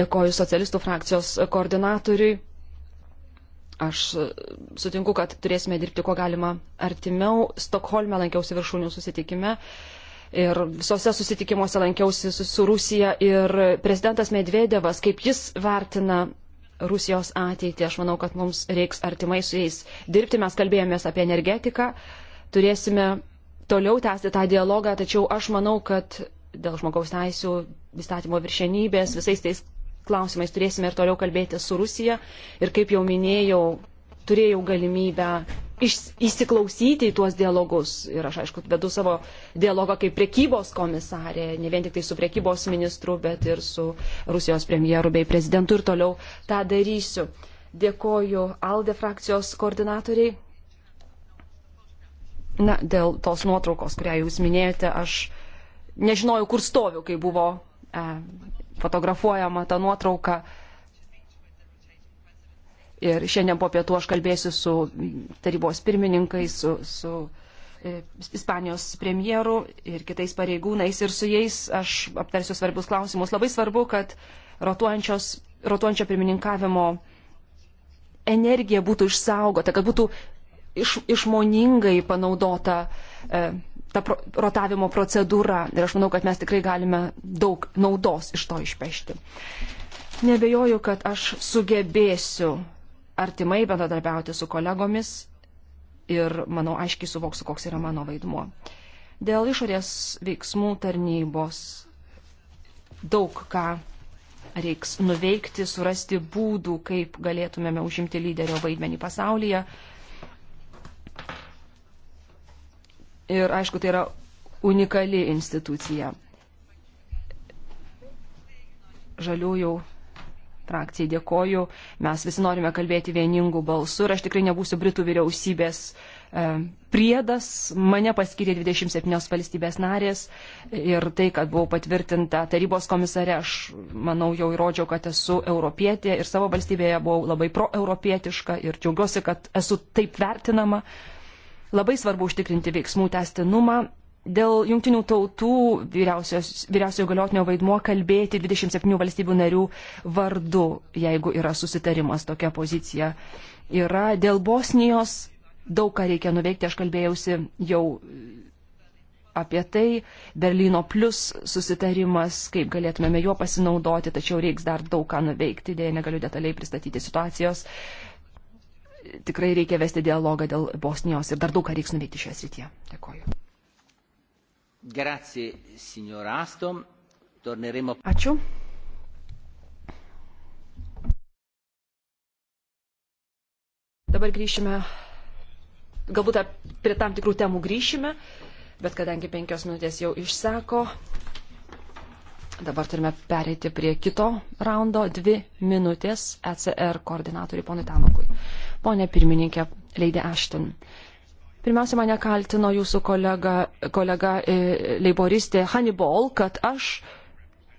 Dėkoju socialistų frakcijos koordinatoriui Aš sutinku, kad turėsime dirbti kuo galima artimiau. Stokholme lankiausi viršūnių susitikime ir visose susitikimuose lankiausi su, su Rusija ir prezidentas Medvedevas, kaip jis vertina Rusijos ateitį, aš manau, kad mums reiks artimai su jais dirbti. Mes kalbėjomės apie energetiką, turėsime toliau tęsti tą dialogą, tačiau aš manau, kad dėl žmogaus teisų, įstatymo viršenybės, visais tais klausimais turėsime ir toliau kalbėti su Rusija. Ir kaip jau minėjau, turėjau galimybę iš, įsiklausyti į tuos dialogus. Ir aš, aišku, vedu savo dialogą kaip priekybos komisarė, ne vien tik tai su priekybos ministru, bet ir su Rusijos premjeru bei prezidentu ir toliau tą darysiu. Dėkoju Alde frakcijos koordinatoriai. Na, dėl tos nuotraukos, kurią jūs minėjote, aš nežinojau, kur stoviu, kai buvo e, fotografuojama ta nuotrauka. Ir šiandien po pietų aš kalbėsiu su tarybos pirmininkai, su, su e, Ispanijos premjeru ir kitais pareigūnais ir su jais aš aptarsiu svarbius klausimus. Labai svarbu, kad rotuojančio pirmininkavimo energija būtų išsaugota, kad būtų iš, išmoningai panaudota e, ta pro, rotavimo procedūra. Ir aš manau, kad mes tikrai galime daug naudos iš to išpešti. Nebejoju, kad aš sugebėsiu artimai bendradarbiauti su kolegomis ir, manau, aiškiai suvoksiu, koks yra mano vaidmuo. Dėl išorės veiksmų tarnybos daug ką reiks nuveikti, surasti būdų, kaip galėtumėme užimti lyderio vaidmenį pasaulyje. Ir aišku, tai yra unikali institucija. Žaliųjų frakcijai dėkoju. Mes visi norime kalbėti vieningų balsų ir aš tikrai nebūsiu Britų vyriausybės e, priedas. Mane paskyrė 27 valstybės narės ir tai, kad buvau patvirtinta tarybos komisare, aš manau jau įrodžiau, kad esu europietė ir savo valstybėje buvau labai proeuropietiška ir džiaugiuosi, kad esu taip vertinama. E, Labai svarbu užtikrinti veiksmų testinumą. Dėl jungtinių tautų vyriausiojo galiotinio vaidmuo kalbėti 27 valstybių narių vardu, jeigu yra susitarimas tokia pozicija. Yra dėl Bosnijos daug ką reikia nuveikti, aš kalbėjausi jau apie tai. Berlyno plus susitarimas, kaip galėtumėme juo pasinaudoti, tačiau reiks dar daug ką nuveikti, dėja negaliu detaliai pristatyti situacijos tikrai reikia vesti dialogą dėl Bosnijos ir dar daug ką reiks nuveikti šioje srityje. Dėkoju. Grazie, signor Astom. Torneremo... Ačiū. Dabar grįšime, galbūt prie tam tikrų temų grįšime, bet kadangi penkios minutės jau išseko, Dabar turime pereiti prie kito raundo. Dvi minutės ECR koordinatoriui ponui Tanukui. Pone pirmininkė, Leidė Ashton. Pirmiausia, mane kaltino jūsų kolega, kolega e, leiboristė Hannibal, kad aš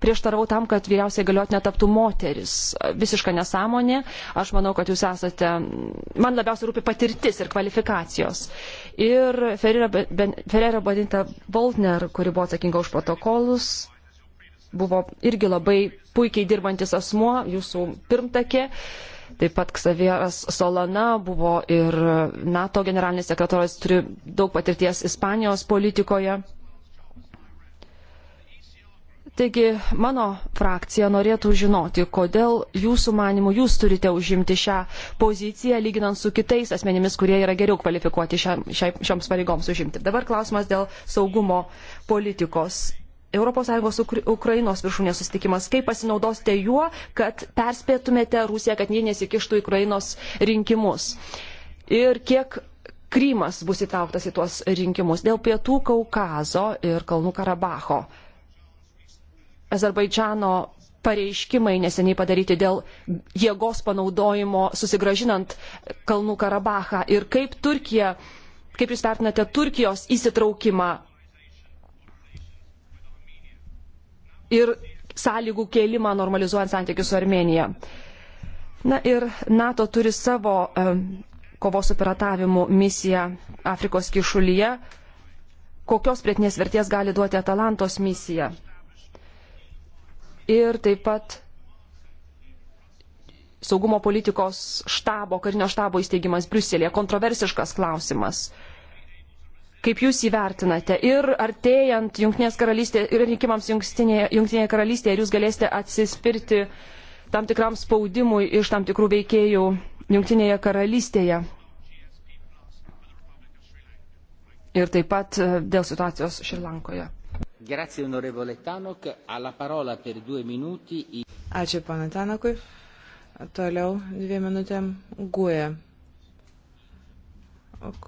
prieštaravau tam, kad vyriausiai galiot netaptų moteris. Visiška nesąmonė. Aš manau, kad jūs esate, man labiausiai rūpi patirtis ir kvalifikacijos. Ir Ferrera Badinta Boltner, kuri buvo atsakinga už protokolus, buvo irgi labai puikiai dirbantis asmuo, jūsų pirmtakė. E, Taip pat Ksavieras Solana buvo ir NATO generalinis sekretorius, turi daug patirties Ispanijos politikoje. Taigi mano frakcija norėtų žinoti, kodėl jūsų manimų jūs turite užimti šią poziciją, lyginant su kitais asmenimis, kurie yra geriau kvalifikuoti šiam, šiam, šioms pareigoms užimti. Dabar klausimas dėl saugumo politikos ES Ukrainos viršūnės susitikimas. Kaip pasinaudosite juo, kad perspėtumėte Rusiją, kad ji nesikištų į Ukrainos rinkimus? Ir kiek Krymas bus įtrauktas į tuos rinkimus dėl Pietų Kaukazo ir Kalnų Karabacho. Azerbaidžano pareiškimai neseniai padaryti dėl jėgos panaudojimo susigražinant Kalnų Karabachą ir kaip Turkija, kaip jūs vertinate Turkijos įsitraukimą ir sąlygų kėlimą normalizuojant santykius su Armenija. Na ir NATO turi savo e, kovos su piratavimu misiją Afrikos kišulyje. Kokios prietinės vertės gali duoti Atalantos misija? Ir taip pat saugumo politikos štabo, karinio štabo įsteigimas Briuselėje. Kontroversiškas klausimas. Kaip jūs įvertinate? Ir artėjant Junktinės karalystės ir rinkimams Junktinėje, Junktinėje karalystėje, ar jūs galėsite atsispirti tam tikram spaudimui iš tam tikrų veikėjų Junktinėje karalystėje? Ir taip pat e, dėl situacijos Šrilankoje. Ačiū, pana Tanakui. Toliau dviem minutėm guoja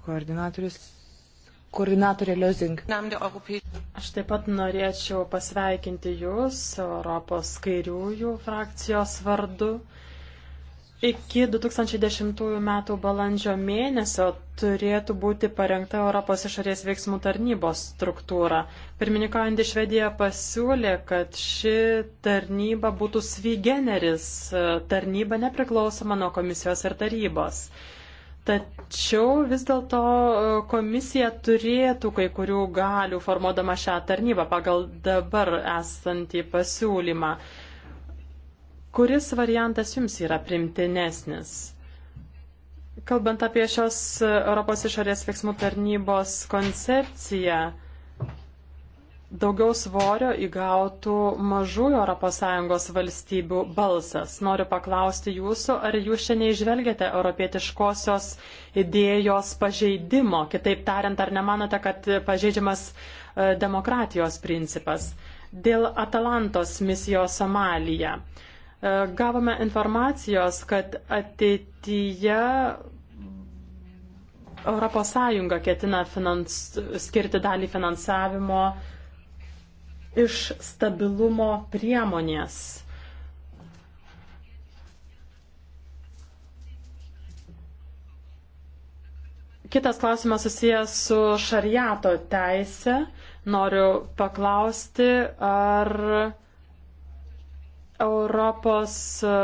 koordinatorius koordinatorė Liozink. Aš taip pat norėčiau pasveikinti Jūs Europos kairiųjų frakcijos vardu. Iki 2010 m. balandžio mėnesio turėtų būti parengta Europos išorės veiksmų tarnybos struktūra. Pirmininkaujantį Švediją pasiūlė, kad ši tarnyba būtų svygeneris, tarnyba nepriklausoma nuo komisijos ir tarybos. Tačiau vis dėlto e, komisija turėtų kai kurių galių formuodama šią tarnybą pagal dabar esantį pasiūlymą. Kuris variantas jums yra primtinesnis? Kalbant apie šios Europos išorės veiksmų tarnybos koncepciją, daugiau svorio įgautų mažųjų ES valstybių balsas. Noriu paklausti jūsų, ar jūs čia neižvelgiate europietiškosios idėjos pažeidimo, kitaip tariant, ar nemanote, kad pažeidžiamas e, demokratijos principas. Dėl Atalantos misijos Somalija. E, gavome informacijos, kad ateityje ES ketina finans, skirti dalį finansavimo uh, iš stabilumo priemonės. Kitas klausimas susijęs su šariato teise. Noriu paklausti, ar Europos e,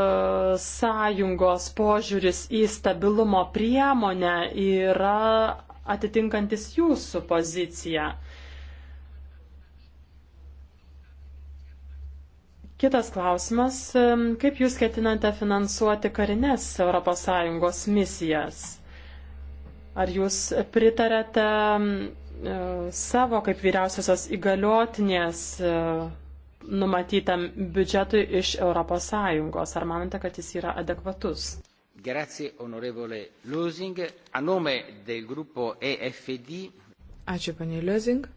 Sąjungos požiūris į stabilumo priemonę yra atitinkantis jūsų poziciją. Kitas klausimas, kaip jūs ketinate finansuoti karines ES misijas? Ar jūs pritarėte e, savo kaip vyriausiosios įgaliotinės e, numatytam biudžetui iš ES? Ar manote, kad jis yra adekvatus? Grazie, onorevole Lusing. A nome del gruppo EFD. Ačiū, panė Lusing.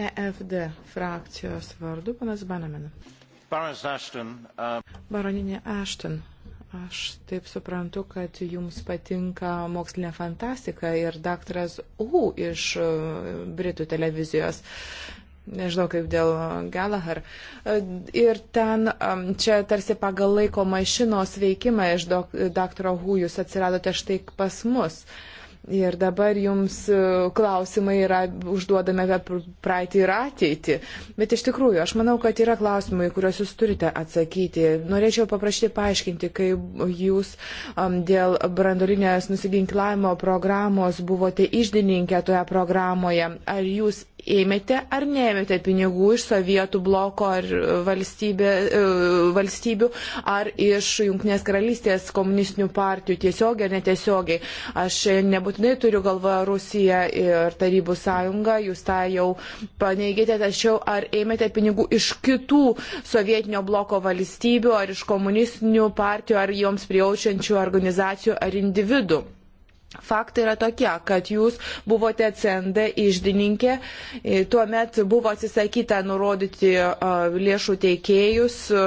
EFD frakcijos vardu, panas Banamina. Uh, Baroninė Ashton, Aš taip suprantu, kad jums patinka mokslinė fantastika ir daktaras U iš uh, Britų televizijos nežinau kaip dėl Galahar. Uh, ir ten um, čia tarsi pagal laiko mašinos veikimą iš daktaro Hujus atsiradote štai pas mus. Uh, Ir dabar jums e, klausimai yra užduodami apie praeitį ir ateitį. Bet iš tikrųjų, aš manau, kad yra klausimai, kuriuos jūs turite atsakyti. Norėčiau paprašyti paaiškinti, kaip jūs um, dėl brandolinės nusiginklavimo programos buvote išdininkė toje programoje. Ar jūs ėmėte ar neėmėte pinigų iš sovietų bloko ar valstybė, e, valstybių, ar iš Junktinės karalystės komunistinių partijų tiesiogiai ar netiesiogiai. Aš nebūtinai turiu galvoje Rusiją ir Tarybų sąjungą, jūs tą jau paneigėte, tačiau ar ėmėte pinigų iš kitų sovietinio bloko valstybių, ar iš komunistinių partijų, ar joms prijaučiančių organizacijų, ar individų. Faktai yra tokie, kad jūs buvote CND išdininkė, e, tuomet buvo atsisakyta nurodyti e, lėšų teikėjus, e,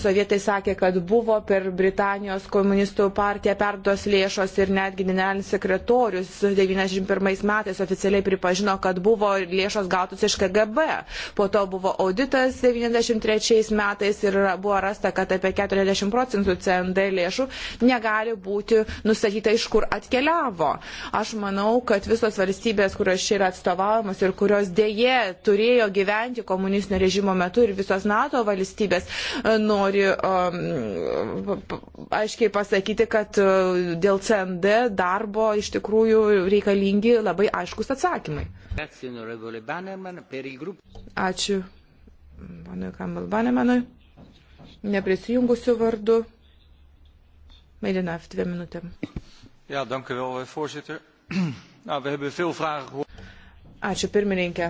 sovietai sakė, kad buvo per Britanijos komunistų partiją perduos lėšos ir netgi generalinis sekretorius 1991 metais oficialiai pripažino, kad buvo lėšos gautus iš KGB. Po to buvo auditas 1993 metais ir buvo rasta, kad apie 40 procentų CND lėšų negali būti nustatyta iš kur atkeliauja iškeliavo. Aš manau, kad visos valstybės, kurios čia yra atstovavimas ir kurios dėje turėjo gyventi komunistinio režimo metu ir visos NATO valstybės e, nori um, aiškiai pasakyti, kad e, dėl CND darbo iš tikrųjų reikalingi labai aiškus atsakymai. Ačiū. Manui Kambal Banemanui, neprisijungusiu vardu. Mėlyna, dvi minutėm. Ja, dank u wel, eh, voorzitter. nou, we hebben veel vragen gehoord. Ačiū pirmininkė.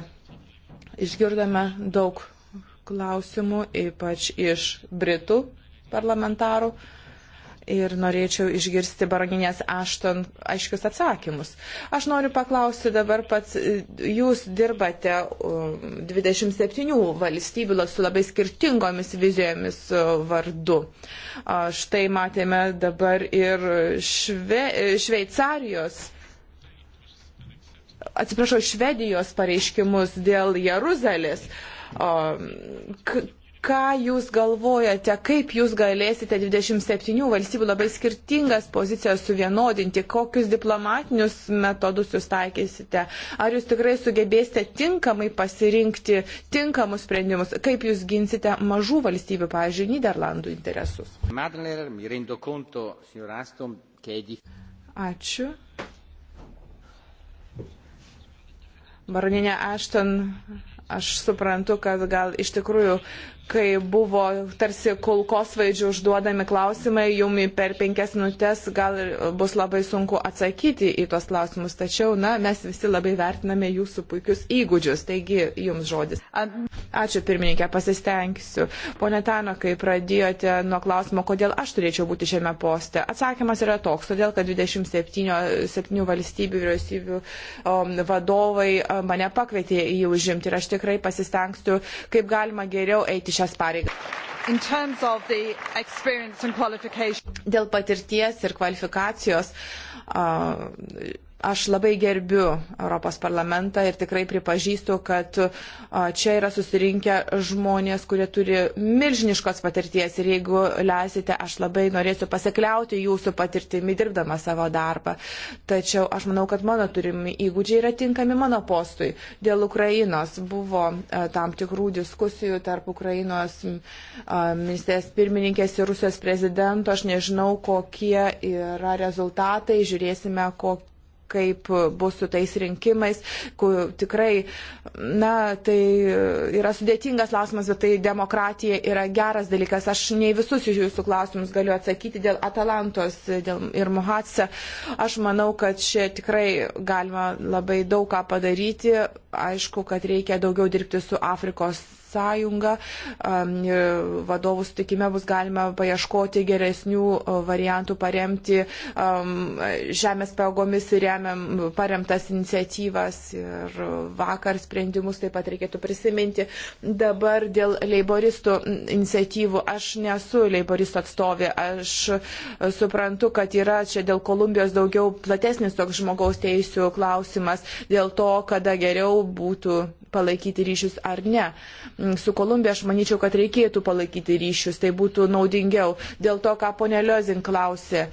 Išgirdome daug klausimų, ypač iš Britų parlamentarų. Uh, ir norėčiau išgirsti baroninės Ašton aiškius atsakymus. Aš noriu paklausti dabar pats, e, jūs dirbate 27 valstybių su labai skirtingomis vizijomis e, vardu. Štai matėme dabar ir šve, e, Šveicarijos atsiprašau, Švedijos pareiškimus dėl Jeruzalės ką jūs galvojate, kaip jūs galėsite 27 valstybių labai skirtingas pozicijas suvienodinti, kokius diplomatinius metodus jūs taikysite, ar jūs tikrai sugebėsite tinkamai pasirinkti tinkamus sprendimus, kaip jūs ginsite mažų valstybių, pavyzdžiui, Niderlandų interesus. Ačiū. Baroninė Ašton, aš suprantu, kad gal iš tikrųjų kai buvo tarsi kulkosvaidžių užduodami klausimai, jumi per penkias minutės gal bus labai sunku atsakyti į tuos klausimus, tačiau, na, mes visi labai vertiname jūsų puikius įgūdžius, taigi jums žodis. Ačiū pirmininkė, pasistengsiu. Pone Tano, kai pradėjote nuo klausimo, kodėl aš turėčiau būti šiame poste, atsakymas yra toks, todėl kad 27 valstybių vyriausybių um, vadovai uh, mane pakvietė į jį užimti ir aš tikrai pasistengsiu, kaip galima geriau eiti šiame šias pareigas. Dėl patirties ir kvalifikacijos. Uh, Aš labai gerbiu Europos parlamentą ir tikrai pripažįstu, kad čia yra susirinkę žmonės, kurie turi milžiniškos patirties ir jeigu leisite, aš labai norėsiu pasikliauti jūsų patirtimi dirbdama savo darbą. Tačiau aš manau, kad mano turimi įgūdžiai yra tinkami mano postui. Dėl Ukrainos buvo tam tikrų diskusijų tarp Ukrainos ministės pirmininkės ir Rusijos prezidento. Aš nežinau, kokie yra rezultatai, žiūrėsime, kokie kaip bus su tais rinkimais. Tikrai, na, tai yra sudėtingas klausimas, bet tai demokratija yra geras dalykas. Aš ne visus iš jūsų klausimus galiu atsakyti dėl Atalantos dėl ir Muhatse. Aš manau, kad čia tikrai galima labai daug ką padaryti. Aišku, kad reikia daugiau dirbti su Afrikos sąjungą. E, vadovų sutikime bus galima paieškoti geresnių e, variantų, paremti žemės pėgomis paremtas iniciatyvas ir vakar sprendimus taip pat reikėtų prisiminti. Dabar dėl leiboristų iniciatyvų aš nesu leiboristų atstovė. Aš suprantu, kad yra čia dėl Kolumbijos daugiau platesnis toks žmogaus teisų klausimas, dėl to, kada geriau būtų palaikyti ryšius ar ne. Mm, su Kolumbija aš manyčiau, kad reikėtų palaikyti ryšius, tai būtų naudingiau. Dėl to, ką ponė Liozin klausė,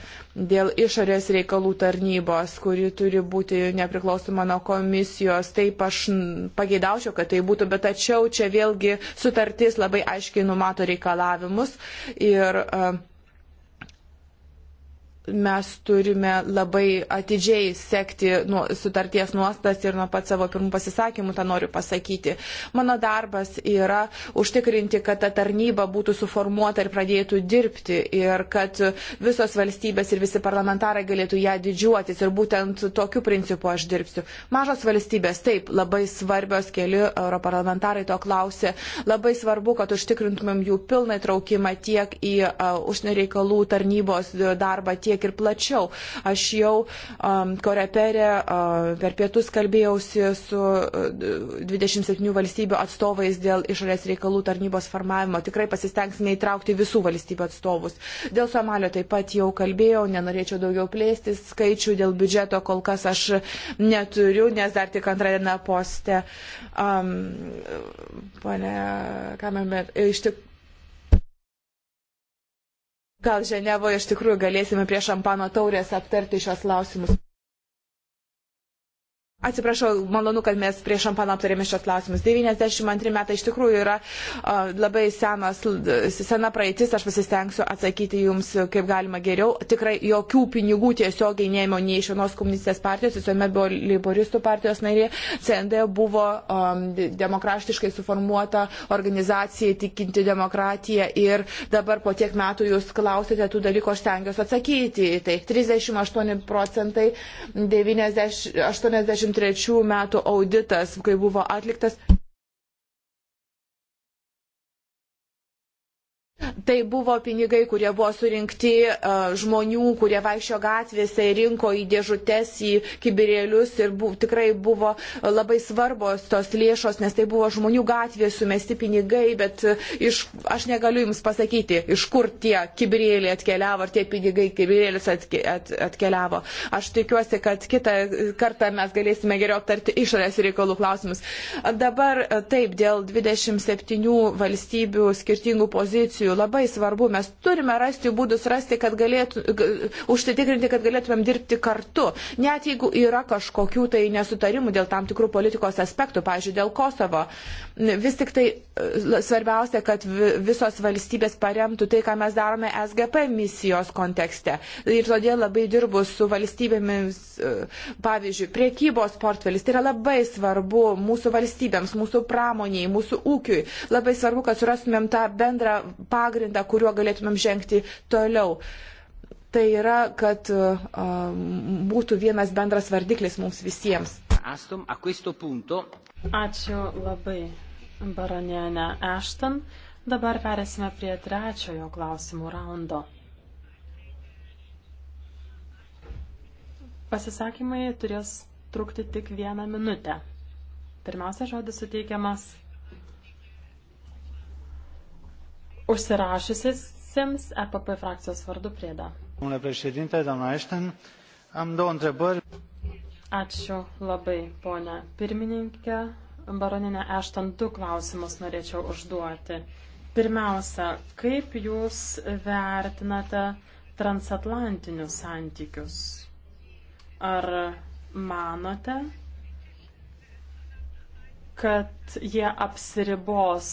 dėl išorės reikalų tarnybos, kuri turi būti nepriklausoma nuo komisijos, taip aš pageidaučiau, kad tai būtų, bet tačiau čia vėlgi sutartis labai aiškiai numato reikalavimus. Ir, uh, mes turime labai atidžiai sekti nu, sutarties nuostas ir nuo pat savo pirmų pasisakymų tą noriu pasakyti. Mano darbas yra užtikrinti, kad ta tarnyba būtų suformuota ir pradėtų dirbti ir kad visos valstybės ir visi parlamentarai galėtų ją didžiuotis ir būtent tokiu principu aš dirbsiu. Mažos valstybės, taip, labai svarbios keli europarlamentarai to klausė. Labai svarbu, kad užtikrintumėm jų pilną įtraukimą tiek į uh, užsienio reikalų tarnybos darbą, tiek tiek ir plačiau. Aš jau um, koreperė uh, per pietus kalbėjausi su uh, 27 valstybių atstovais dėl išorės reikalų tarnybos formavimo. Tikrai pasistengsime įtraukti visų valstybių atstovus. Dėl Somalio taip pat jau kalbėjau, nenorėčiau daugiau plėstis. Skaičių dėl biudžeto kol kas aš neturiu, nes dar tik antrą dieną poste. Um, pane Kamermet, iš tik Gal Ženevoje iš tikrųjų galėsime prie šampano taurės aptarti šios klausimus. Atsiprašau, malonu, kad mes prieš šampaną aptarėme šios klausimus. 92 metai iš tikrųjų yra uh, labai senas, sena praeitis, aš pasistengsiu atsakyti jums kaip galima geriau. Tikrai jokių pinigų tiesiogiai neėmiau nei iš vienos komunistės partijos, visuomet buvo Liboristų partijos narė, CND buvo um, demokratiškai suformuota organizacija, tikinti demokratiją ir dabar po tiek metų jūs klausite tų dalykų, aš stengiuosi atsakyti. Tai 38 procentai, 90, 80. 2003 metų auditas, kai buvo atliktas, Tai buvo pinigai, kurie buvo surinkti e, žmonių, kurie vaikščio gatvėse, rinko į dėžutes, į kibirėlius ir bu, tikrai buvo e, labai svarbos tos lėšos, nes tai buvo žmonių gatvėje sumesti pinigai, bet e, iš, aš negaliu Jums pasakyti, iš kur tie kibirėliai atkeliavo, ar tie pinigai kibirėlius atke, at, atkeliavo. Aš tikiuosi, kad kitą kartą mes galėsime geriau aptarti išorės reikalų klausimus. Dabar taip, dėl 27 valstybių skirtingų pozicijų labai svarbu. Mes turime rasti būdus, rasti, kad galėtų, užsitikrinti, kad galėtumėm dirbti kartu. Net jeigu yra kažkokių tai nesutarimų dėl tam tikrų politikos aspektų, pavyzdžiui, dėl Kosovo. Vis tik tai e, svarbiausia, kad visos valstybės paremtų tai, ką mes darome SGP misijos kontekste. Ir todėl labai dirbu su valstybėmis, e, pavyzdžiui, priekybos portfelis. Tai yra labai svarbu mūsų valstybėms, mūsų pramoniai, mūsų ūkiui. Labai svarbu, kad surastumėm tą bendrą pagrindą, kuriuo galėtumėm žengti toliau tai yra, kad e, būtų vienas bendras vardiklis mums visiems. Ačiū labai baronienę Ešton. Dabar perėsime prie trečiojo klausimų raundo. Pasisakymai turės trukti tik vieną minutę. Pirmiausia žodis suteikiamas užsirašysiems EPP frakcijos vardu priedą. Domnule președinte, doamna Ashton, am două întrebări. Ačiū labai, ponia pirmininkė, baroninė Ešton, du klausimus norėčiau užduoti. Pirmiausia, kaip Jūs vertinate transatlantinius santykius? Ar manote, kad jie apsiribos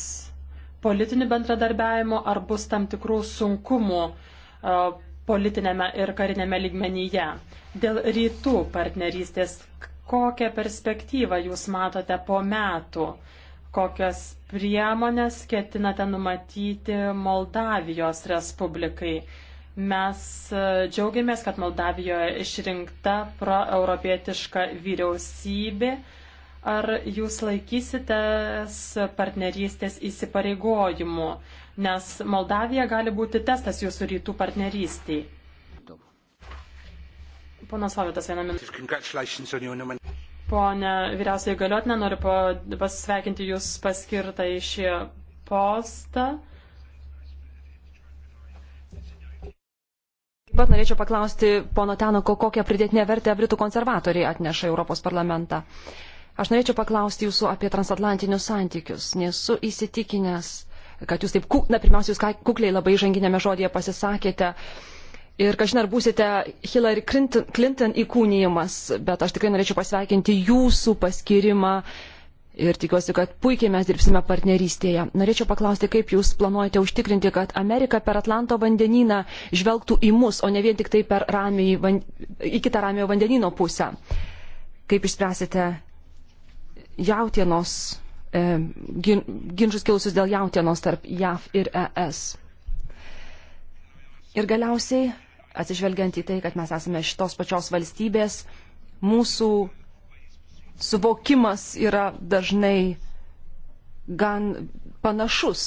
politiniu bendradarbiavimu ar bus tam tikrų sunkumų politinėme ir karinėme lygmenyje? Dėl rytų partnerystės, kokią perspektyvą jūs matote po metų, kokias priemonės ketinate numatyti Moldavijos Respublikai. Mes e, džiaugiamės, kad Moldavijoje išrinkta proeuropietiška vyriausybė. Ar jūs laikysitės partnerystės įsipareigojimų, nes Moldavija gali būti testas jūsų rytų partnerystiai? Ponas Vavitas, vieną minutę. Pone vyriausiai galiotinė, noriu pasveikinti Jūs paskirtą į šį postą. Taip pat norėčiau paklausti pono Tenoko, kokią pridėtinę vertę Britų konservatoriai atneša Europos parlamentą. Aš norėčiau paklausti jūsų apie transatlantinius santykius, nesu įsitikinęs, kad jūs taip, na, pirmiausia, jūs kukliai labai žanginėme žodėje pasisakėte Ir kažin ar būsite Hillary Clinton įkūnijimas, bet aš tikrai norėčiau pasveikinti jūsų paskirimą ir tikiuosi, kad puikiai mes dirbsime partnerystėje. Norėčiau paklausti, kaip jūs planuojate užtikrinti, kad Amerika per Atlanto vandenyną žvelgtų į mus, o ne vien tik tai per ramiai, van... į kitą ramiojo vandenino pusę. Kaip išspręsite jautienos, e, gin... ginčius kilusius dėl jautienos tarp JAV ir ES? Ir galiausiai, atsižvelgiant į tai, kad mes esame šitos pačios valstybės, mūsų suvokimas yra dažnai gan panašus.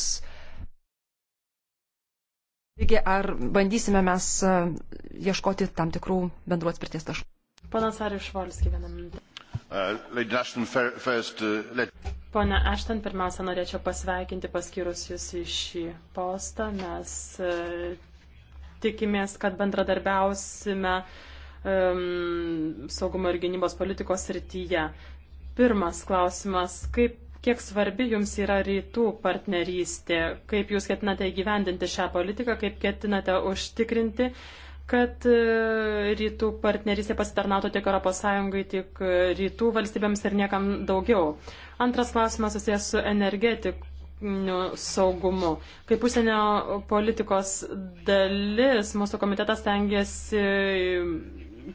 Taigi, ar bandysime mes e, ieškoti tam tikrų bendrų atspirties taškų? Ponas Arius Švalski, vieną minutę. Uh, uh, Pone Ashton, pirmiausia, norėčiau pasveikinti paskirus Jūs į šį postą, nes uh, tikimės, kad bendradarbiausime um, saugumo ir gynybos politikos srityje. Pirmas klausimas, kaip, kiek svarbi jums yra rytų partnerystė, kaip jūs ketinate įgyvendinti šią politiką, kaip ketinate užtikrinti, kad e, rytų partnerystė pasitarnautų tiek ES, tiek rytų valstybėms ir niekam daugiau. Antras klausimas susijęs su energetiku saugumu. Kaip užsienio politikos dalis, mūsų komitetas tengiasi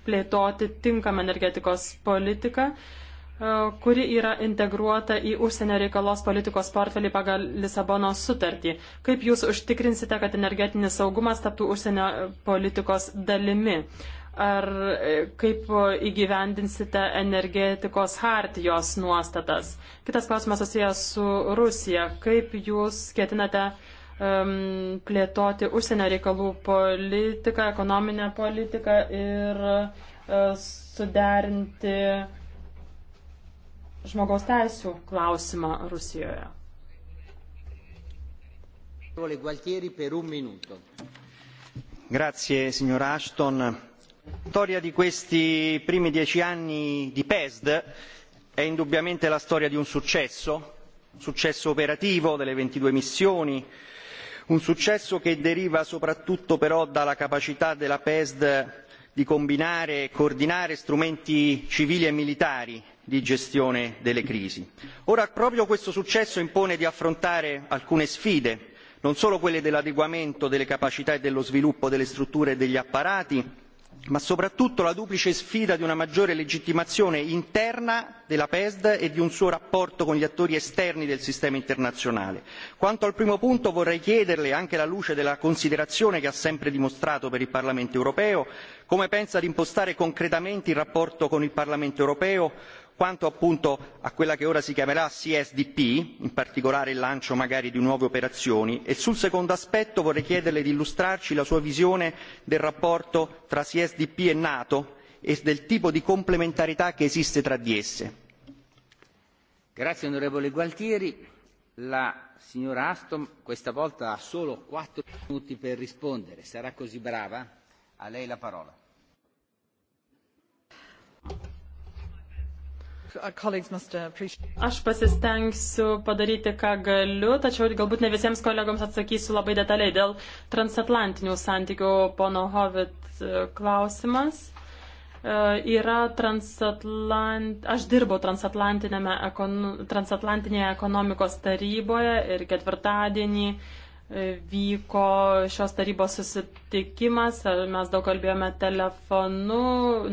plėtoti tinkamą energetikos politiką, e, kuri yra integruota į užsienio reikalos politikos portfelį pagal Lisabono sutartį. Kaip jūs užtikrinsite, kad energetinis saugumas taptų užsienio politikos dalimi? ar e, kaip įgyvendinsite energetikos hartijos nuostatas. Kitas klausimas susijęs su Rusija. Kaip jūs ketinate um, plėtoti užsienio reikalų politiką, ekonominę politiką ir uh, suderinti žmogaus teisų klausimą Rusijoje? Grazie, signora Ashton storia di questi primi dieci anni di pesd è indubbiamente la storia di un successo un successo operativo delle ventidue missioni un successo che deriva soprattutto però dalla capacità della pesd di combinare e coordinare strumenti civili e militari di gestione delle crisi. ora proprio questo successo impone di affrontare alcune sfide non solo quelle dell'adeguamento delle capacità e dello sviluppo delle strutture e degli apparati ma soprattutto la duplice sfida di una maggiore legittimazione interna della pesd e di un suo rapporto con gli attori esterni del sistema internazionale. quanto al primo punto vorrei chiederle anche alla luce della considerazione che ha sempre dimostrato per il parlamento europeo come pensa di impostare concretamente il rapporto con il parlamento europeo quanto appunto a quella che ora si chiamerà csdp in particolare il lancio magari di nuove operazioni e sul secondo aspetto vorrei chiederle di illustrarci la sua visione del rapporto tra csdp e nato e del tipo di complementarietà che esiste tra di esse. onorevole gualtieri la signora ashton questa volta ha solo quattro minuti per rispondere sarà così brava? a lei la parola. Uh, aš pasistengsiu padaryti, ką galiu, tačiau galbūt ne visiems kolegoms atsakysiu labai detaliai dėl transatlantinių santykių pono Hovit e, klausimas. E, yra transatlant... Aš dirbau transatlantinėje ekon... transatlantinėje ekonomikos taryboje ir ketvirtadienį uh, vyko šios tarybos susitikimas, mes daug kalbėjome telefonu,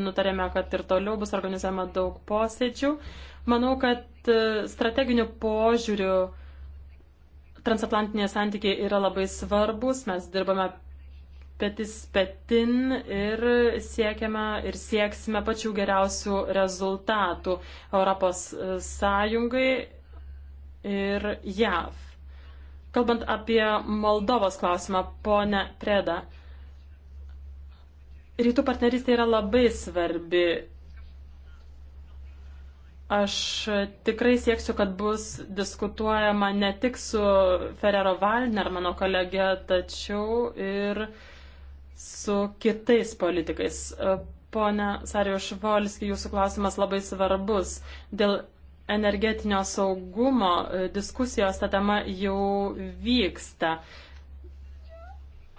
nutarėme, kad ir toliau bus organizuojama daug posėdžių. Manau, kad e, strateginių požiūrių transatlantiniai santykiai yra labai svarbus, mes dirbame petis petin ir siekiame ir sieksime pačių geriausių rezultatų Europos e, Sąjungai ir JAV. Kalbant apie Moldovos klausimą, ponę Preda, rytų partnerystė yra labai svarbi. Aš tikrai sieksiu, kad bus diskutuojama ne tik su Ferrero Valner, mano kolege, tačiau ir su kitais politikais. Pone Sarijus Volski, jūsų klausimas labai svarbus dėl energetinio saugumo e, diskusijos ta tema jau vyksta.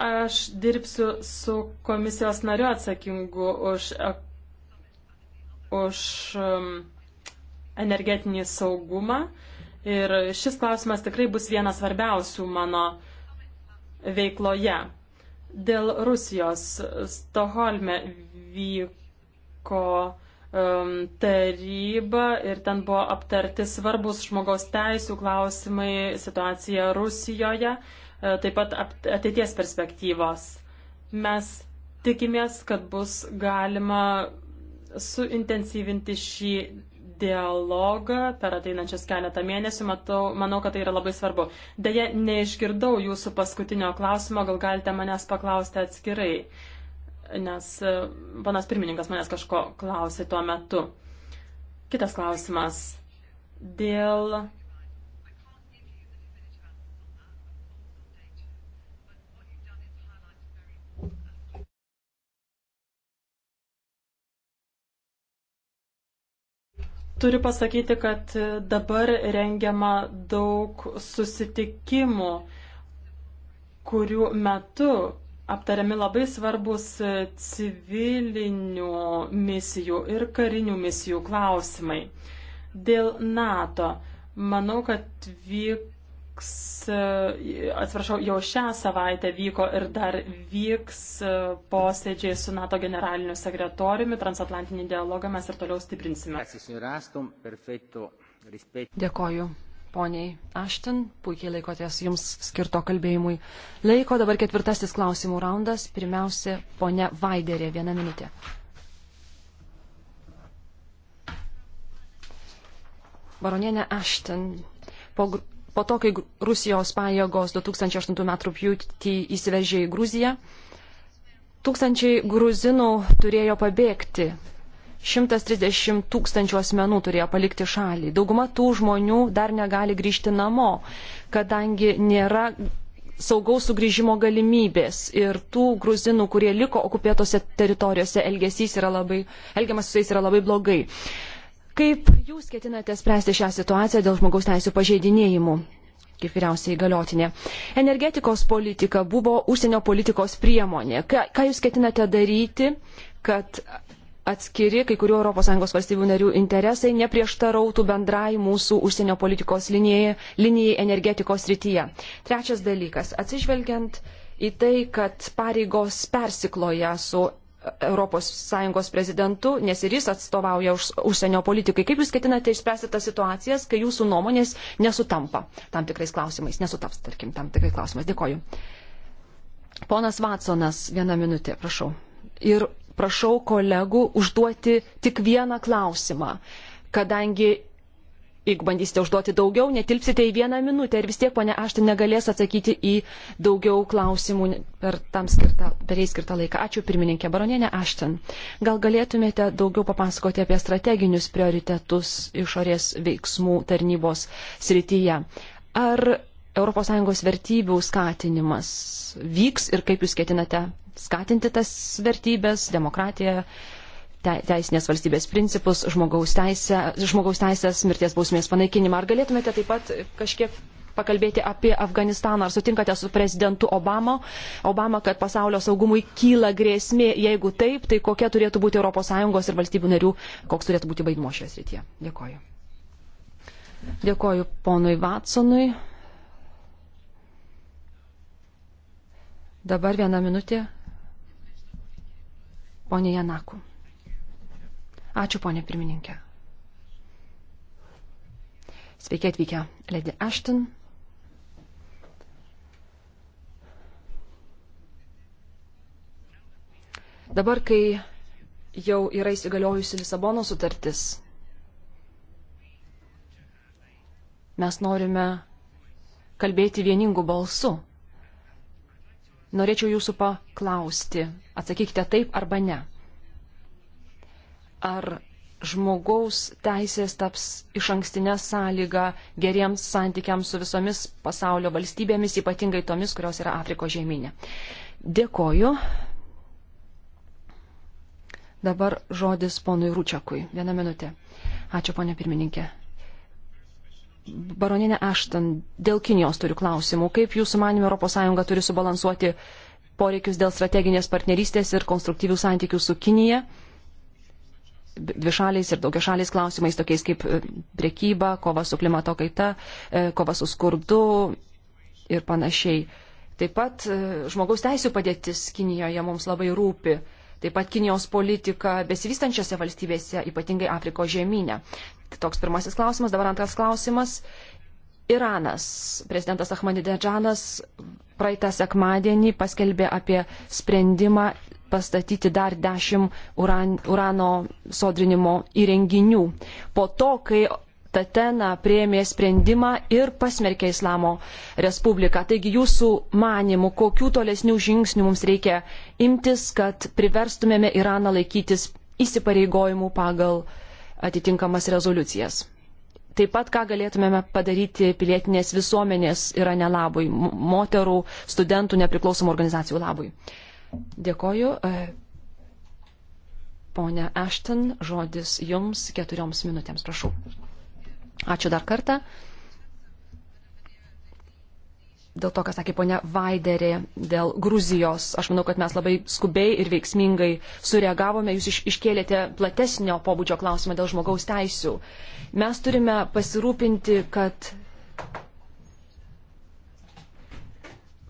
Aš dirbsiu su komisijos nariu atsakingu už, e, už um, energetinį saugumą ir šis klausimas tikrai bus vienas svarbiausių mano veikloje. Dėl Rusijos Stoholme vyko uh, Um, taryba ir ten buvo aptarti svarbus žmogaus teisų klausimai, situacija Rusijoje, e, taip pat ateities perspektyvos. Mes tikimės, kad bus galima suintensyvinti šį dialogą per ateinančias keletą mėnesių. Matau, manau, kad tai yra labai svarbu. Deja, neišgirdau jūsų paskutinio klausimo, gal galite manęs paklausti atskirai nes e, panas pirmininkas manęs kažko klausė tuo metu. Kitas klausimas. Dėl. Turiu pasakyti, kad dabar rengiama daug susitikimų, kurių metu aptariami labai svarbus e, civilinių misijų ir karinių misijų klausimai. Dėl NATO, manau, kad vyks, e, atsiprašau, jau šią savaitę vyko ir dar vyks e, posėdžiai su NATO generaliniu sekretoriumi, transatlantinį dialogą mes ir toliau stiprinsime. Dėkoju poniai Ašten. Puikiai laikotės jums skirto kalbėjimui. Laiko dabar ketvirtasis klausimų raundas. Pirmiausia, ponia Vaiderė, vieną minutę. Baronienė Ašten, po, po to, kai Rusijos pajėgos 2008 m. rūpjūtį įsiveržė į Gruziją, tūkstančiai gruzinų turėjo pabėgti 130 tūkstančių asmenų turėjo palikti šalį. Dauguma tų žmonių dar negali grįžti namo, kadangi nėra saugaus sugrįžimo galimybės. Ir tų gruzinų, kurie liko okupėtose teritorijose, elgesys yra labai, elgiamas su jais yra labai blogai. Kaip jūs ketinate spręsti šią situaciją dėl žmogaus teisų pažeidinėjimų? kaip vyriausiai galiotinė. Energetikos politika buvo užsienio politikos priemonė. Ką, ką jūs ketinate daryti, kad atskiri kai kurių ES valstybių narių interesai neprieštarautų bendrai mūsų užsienio politikos linijai, linijai energetikos rytyje. Trečias dalykas. Atsižvelgiant į tai, kad pareigos persikloja su ES prezidentu, nes ir jis atstovauja už, užsienio politikai, kaip jūs ketinate išspręsti tas situacijas, kai jūsų nuomonės nesutampa tam tikrais klausimais, nesutaps, tarkim, tam tikrais klausimais. Dėkoju. Ponas Vatsonas, vieną minutę, prašau. Ir prašau kolegų užduoti tik vieną klausimą, kadangi jeigu bandysite užduoti daugiau, netilpsite į vieną minutę ir vis tiek ponia Aštin negalės atsakyti į daugiau klausimų per, skirtą, per jai skirtą laiką. Ačiū pirmininkė Baronienė Aštin. Gal galėtumėte daugiau papasakoti apie strateginius prioritetus išorės veiksmų tarnybos srityje? Ar ES vertybių skatinimas vyks ir kaip jūs ketinate skatinti tas vertybės, demokratiją, teisinės valstybės principus, žmogaus, teisę, žmogaus teisės, mirties bausmės panaikinimą. Ar galėtumėte taip pat kažkiek pakalbėti apie Afganistaną. Ar sutinkate su prezidentu Obama, Obama, kad pasaulio saugumui kyla grėsmė? Jeigu taip, tai kokia turėtų būti ES ir valstybių narių, koks turėtų būti vaidmuo šioje srityje? Dėkoju. Dėkoju ponui Vatsonui. Dabar viena minutė Pone Janaku. Ačiū, ponė pirmininkė. Sveiki atvykę, Lady Ashton. Dabar, kai jau yra įsigaliojusi Lisabono sutartis, mes norime kalbėti vieningu balsu. Norėčiau jūsų paklausti, Atsakykite taip arba ne. Ar žmogaus teisės taps iš ankstinę sąlygą geriems santykiams su visomis pasaulio valstybėmis, ypatingai tomis, kurios yra Afrikos žemynė. Dėkoju. Dabar žodis ponui Rūčiakui. Vieną minutę. Ačiū, ponė pirmininkė. Baroninė Ašton, dėl Kinijos turiu klausimų. Kaip jūsų manimi ES turi subalansuoti poreikius dėl strateginės partnerystės ir konstruktyvių santykių su Kinija, dvišaliais ir daugiašaliais klausimais, tokiais kaip e, priekyba, kova su klimato kaita, e, kova su skurdu ir panašiai. Taip pat e, žmogaus teisų padėtis Kinijoje mums labai rūpi. Taip pat Kinijos politika besivystančiose valstybėse, ypatingai Afrikos žemynė. Tai toks pirmasis klausimas, dabar antras klausimas. Iranas. Prezidentas Ahmadinedžanas praeitą sekmadienį paskelbė apie sprendimą pastatyti dar dešimt uran, urano sodrinimo įrenginių. Po to, kai Tatena prieėmė sprendimą ir pasmerkė Islamo Respubliką. Taigi jūsų manimų, kokių tolesnių žingsnių mums reikia imtis, kad priverstumėme Iraną laikytis įsipareigojimų pagal atitinkamas rezoliucijas. Taip pat, ką galėtumėme padaryti pilietinės visuomenės yra nelabui, moterų, studentų, nepriklausomų organizacijų labui. Dėkoju. Pone Ashton, žodis jums keturioms minutėms, prašau. Ačiū dar kartą dėl to, ką sakė ponia Vaiderė, dėl Gruzijos. Aš manau, kad mes labai skubiai ir veiksmingai sureagavome. Jūs iš, iškėlėte platesnio pobūdžio klausimą dėl žmogaus teisų. Mes turime pasirūpinti, kad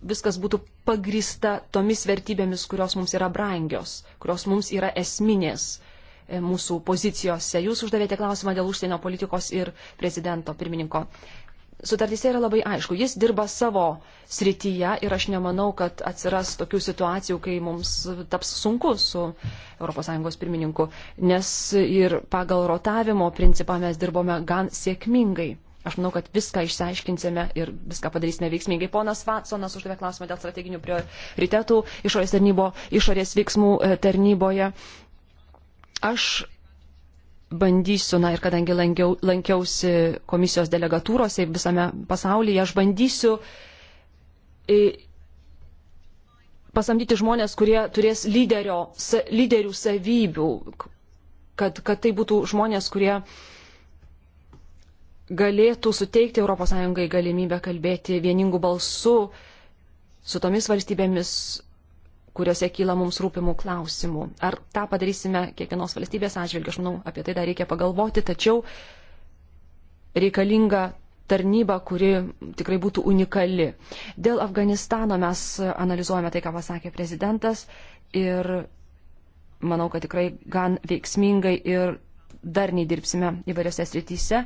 viskas būtų pagrįsta tomis vertybėmis, kurios mums yra brangios, kurios mums yra esminės e, mūsų pozicijose. Jūs uždavėte klausimą dėl užsienio politikos ir prezidento pirmininko sutartyse yra labai aišku, jis dirba savo srityje ir aš nemanau, kad atsiras tokių situacijų, kai mums taps sunku su ES pirmininku, nes ir pagal rotavimo principą mes dirbome gan sėkmingai. Aš manau, kad viską išsiaiškinsime ir viską padarysime veiksmingai. Ponas Vatsonas uždavė klausimą dėl strateginių prioritetų išorės, tarnybo, išorės veiksmų e, tarnyboje. Aš bandysiu, na ir kadangi lankiau, lankiausi komisijos delegatūrose visame pasaulyje, aš bandysiu e, pasamdyti žmonės, kurie turės lyderio, sa, lyderių savybių, kad, kad tai būtų žmonės, kurie galėtų suteikti ES galimybę kalbėti vieningų balsų su tomis valstybėmis, kuriuose kyla mums rūpimų klausimų. Ar tą padarysime kiekvienos valstybės atžvilgiu, aš manau, apie tai dar reikia pagalvoti, tačiau reikalinga tarnyba, kuri tikrai būtų unikali. Dėl Afganistano mes analizuojame tai, ką pasakė prezidentas ir manau, kad tikrai gan veiksmingai ir darniai dirbsime įvairiose srityse.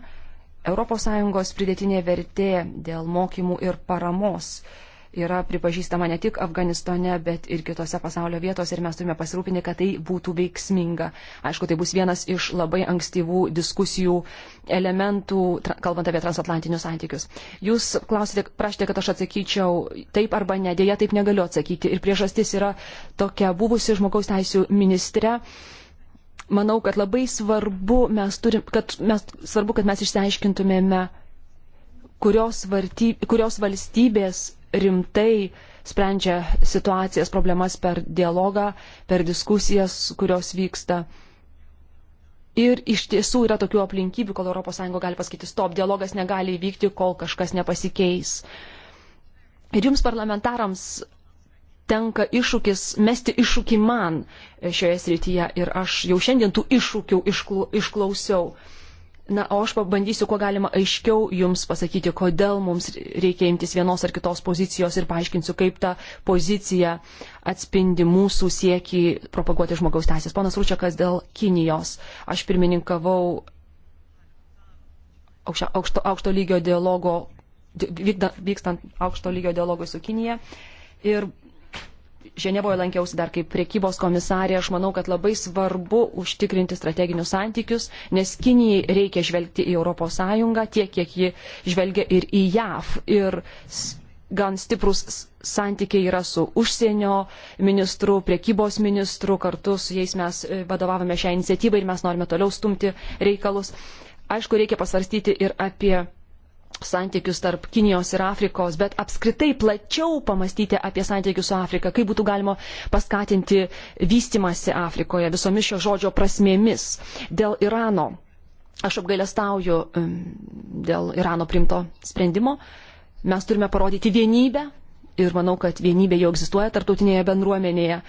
ES pridėtinė vertė dėl mokymų ir paramos yra pripažįstama ne tik Afganistane, bet ir kitose pasaulio vietose ir mes turime pasirūpinti, kad tai būtų veiksminga. Aišku, tai bus vienas iš labai ankstyvų diskusijų elementų, kalbant apie transatlantinius santykius. Jūs klausite, prašėte, kad aš atsakyčiau taip arba ne, dėja taip negaliu atsakyti. Ir priežastis yra tokia buvusi žmogaus teisų ministrė manau, kad labai svarbu mes, turim, kad, mes, svarbu, kad mes išsiaiškintumėme, kurios, varty, kurios valstybės rimtai sprendžia situacijas, problemas per dialogą, per diskusijas, kurios vyksta. Ir iš tiesų yra tokių aplinkybių, kol ES gali pasakyti, stop, dialogas negali įvykti, kol kažkas nepasikeis. Ir jums parlamentarams tenka iššūkis mesti iššūkį man šioje srityje ir aš jau šiandien tų iššūkių išklausiau. Na, o aš pabandysiu, kuo galima aiškiau jums pasakyti, kodėl mums reikia imtis vienos ar kitos pozicijos ir paaiškinsiu, kaip ta pozicija atspindi mūsų siekį propaguoti žmogaus teisės. Ponas Rūčiakas dėl Kinijos. Aš pirmininkavau aukšto, aukšto lygio dialogo, vykda, vykstant aukšto lygio dialogui su Kinija. Ir Ženevoje lankiausi dar kaip priekybos komisarė, aš manau, kad labai svarbu užtikrinti strateginius santykius, nes Kinijai reikia žvelgti į ES tiek, kiek ji žvelgia ir į JAV. Ir gan stiprus santykiai yra su užsienio ministru, priekybos ministru, kartu su jais mes e, vadovavome šią iniciatyvą ir mes norime toliau stumti reikalus. Aišku, reikia pasvarstyti ir apie santykius tarp Kinijos ir Afrikos, bet apskritai plačiau pamastyti apie santykius su Afrika, kaip būtų galima paskatinti vystimasi Afrikoje visomis šio žodžio prasmėmis. Dėl Irano, aš apgailestauju dėl Irano primto sprendimo, mes turime parodyti vienybę ir manau, kad vienybė jau egzistuoja tarptautinėje bendruomenėje,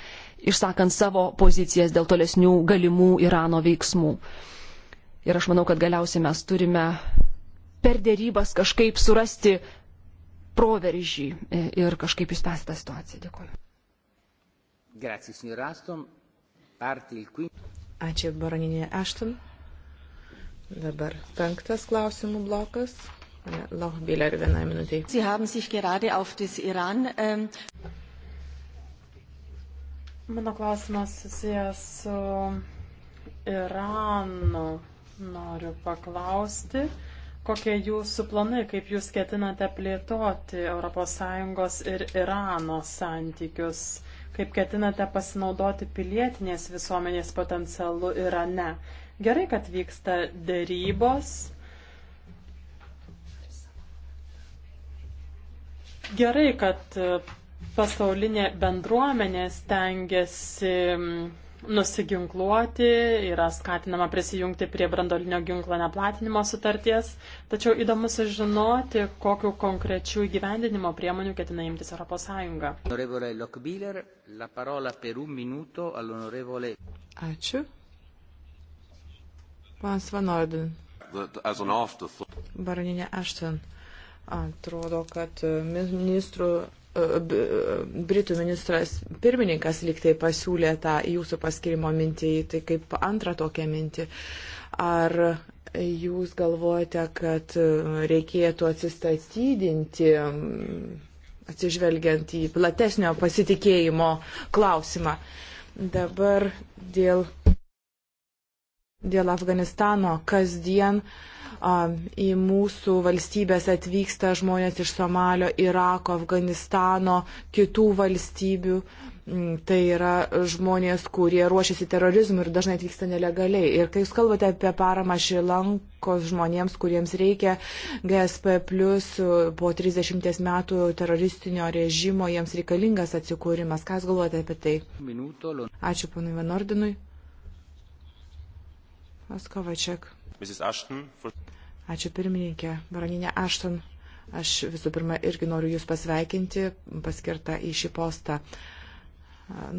išsakant savo pozicijas dėl tolesnių galimų Irano veiksmų. Ir aš manau, kad galiausiai mes turime per dėrybas kažkaip surasti proveržį e, ir kažkaip išspręsti tą situaciją. Dėkuoju. Ačiū, baroninė Ašton. Dabar penktas klausimų blokas. Lochbiller, vienai minutiai. Sie haben sich gerade auf das Iran. Ähm Mano klausimas susijęs su Iranu. Noriu paklausti kokie jūsų planai, kaip jūs ketinate plėtoti ES ir Irano santykius, kaip ketinate pasinaudoti pilietinės visuomenės potencialu Irane. Gerai, kad vyksta dėrybos. Gerai, kad pasaulinė bendruomenė stengiasi nusiginkluoti, yra skatinama prisijungti prie brandolinio ginklo neplatinimo sutarties, tačiau įdomu sužinoti, kokiu konkrečiu įgyvendinimo priemonių ketina imtis ES. Ačiū. Pans Van Orden. Baroninė Ashton. Atrodo, kad ministrų Britų ministras pirmininkas liktai pasiūlė tą jūsų paskirimo mintį, tai kaip antrą tokią mintį. Ar jūs galvojate, kad reikėtų atsistatydinti, atsižvelgiant į platesnio pasitikėjimo klausimą? Dabar dėl dėl Afganistano kasdien um, į mūsų valstybės atvyksta žmonės iš Somalio, Irako, Afganistano, kitų valstybių. Mm, tai yra žmonės, kurie ruošiasi terorizmui ir dažnai atvyksta nelegaliai. Ir kai jūs kalbate apie paramą Šilankos žmonėms, kuriems reikia GSP, po 30 metų teroristinio režimo jiems reikalingas atsikūrimas, ką jūs galvojate apie tai? Ačiū panui Venordinui. Askovačiak. Ačiū pirmininkė, Baroninė Ašton. Aš visų pirma irgi noriu Jūs pasveikinti, paskirtą į šį postą. Uh,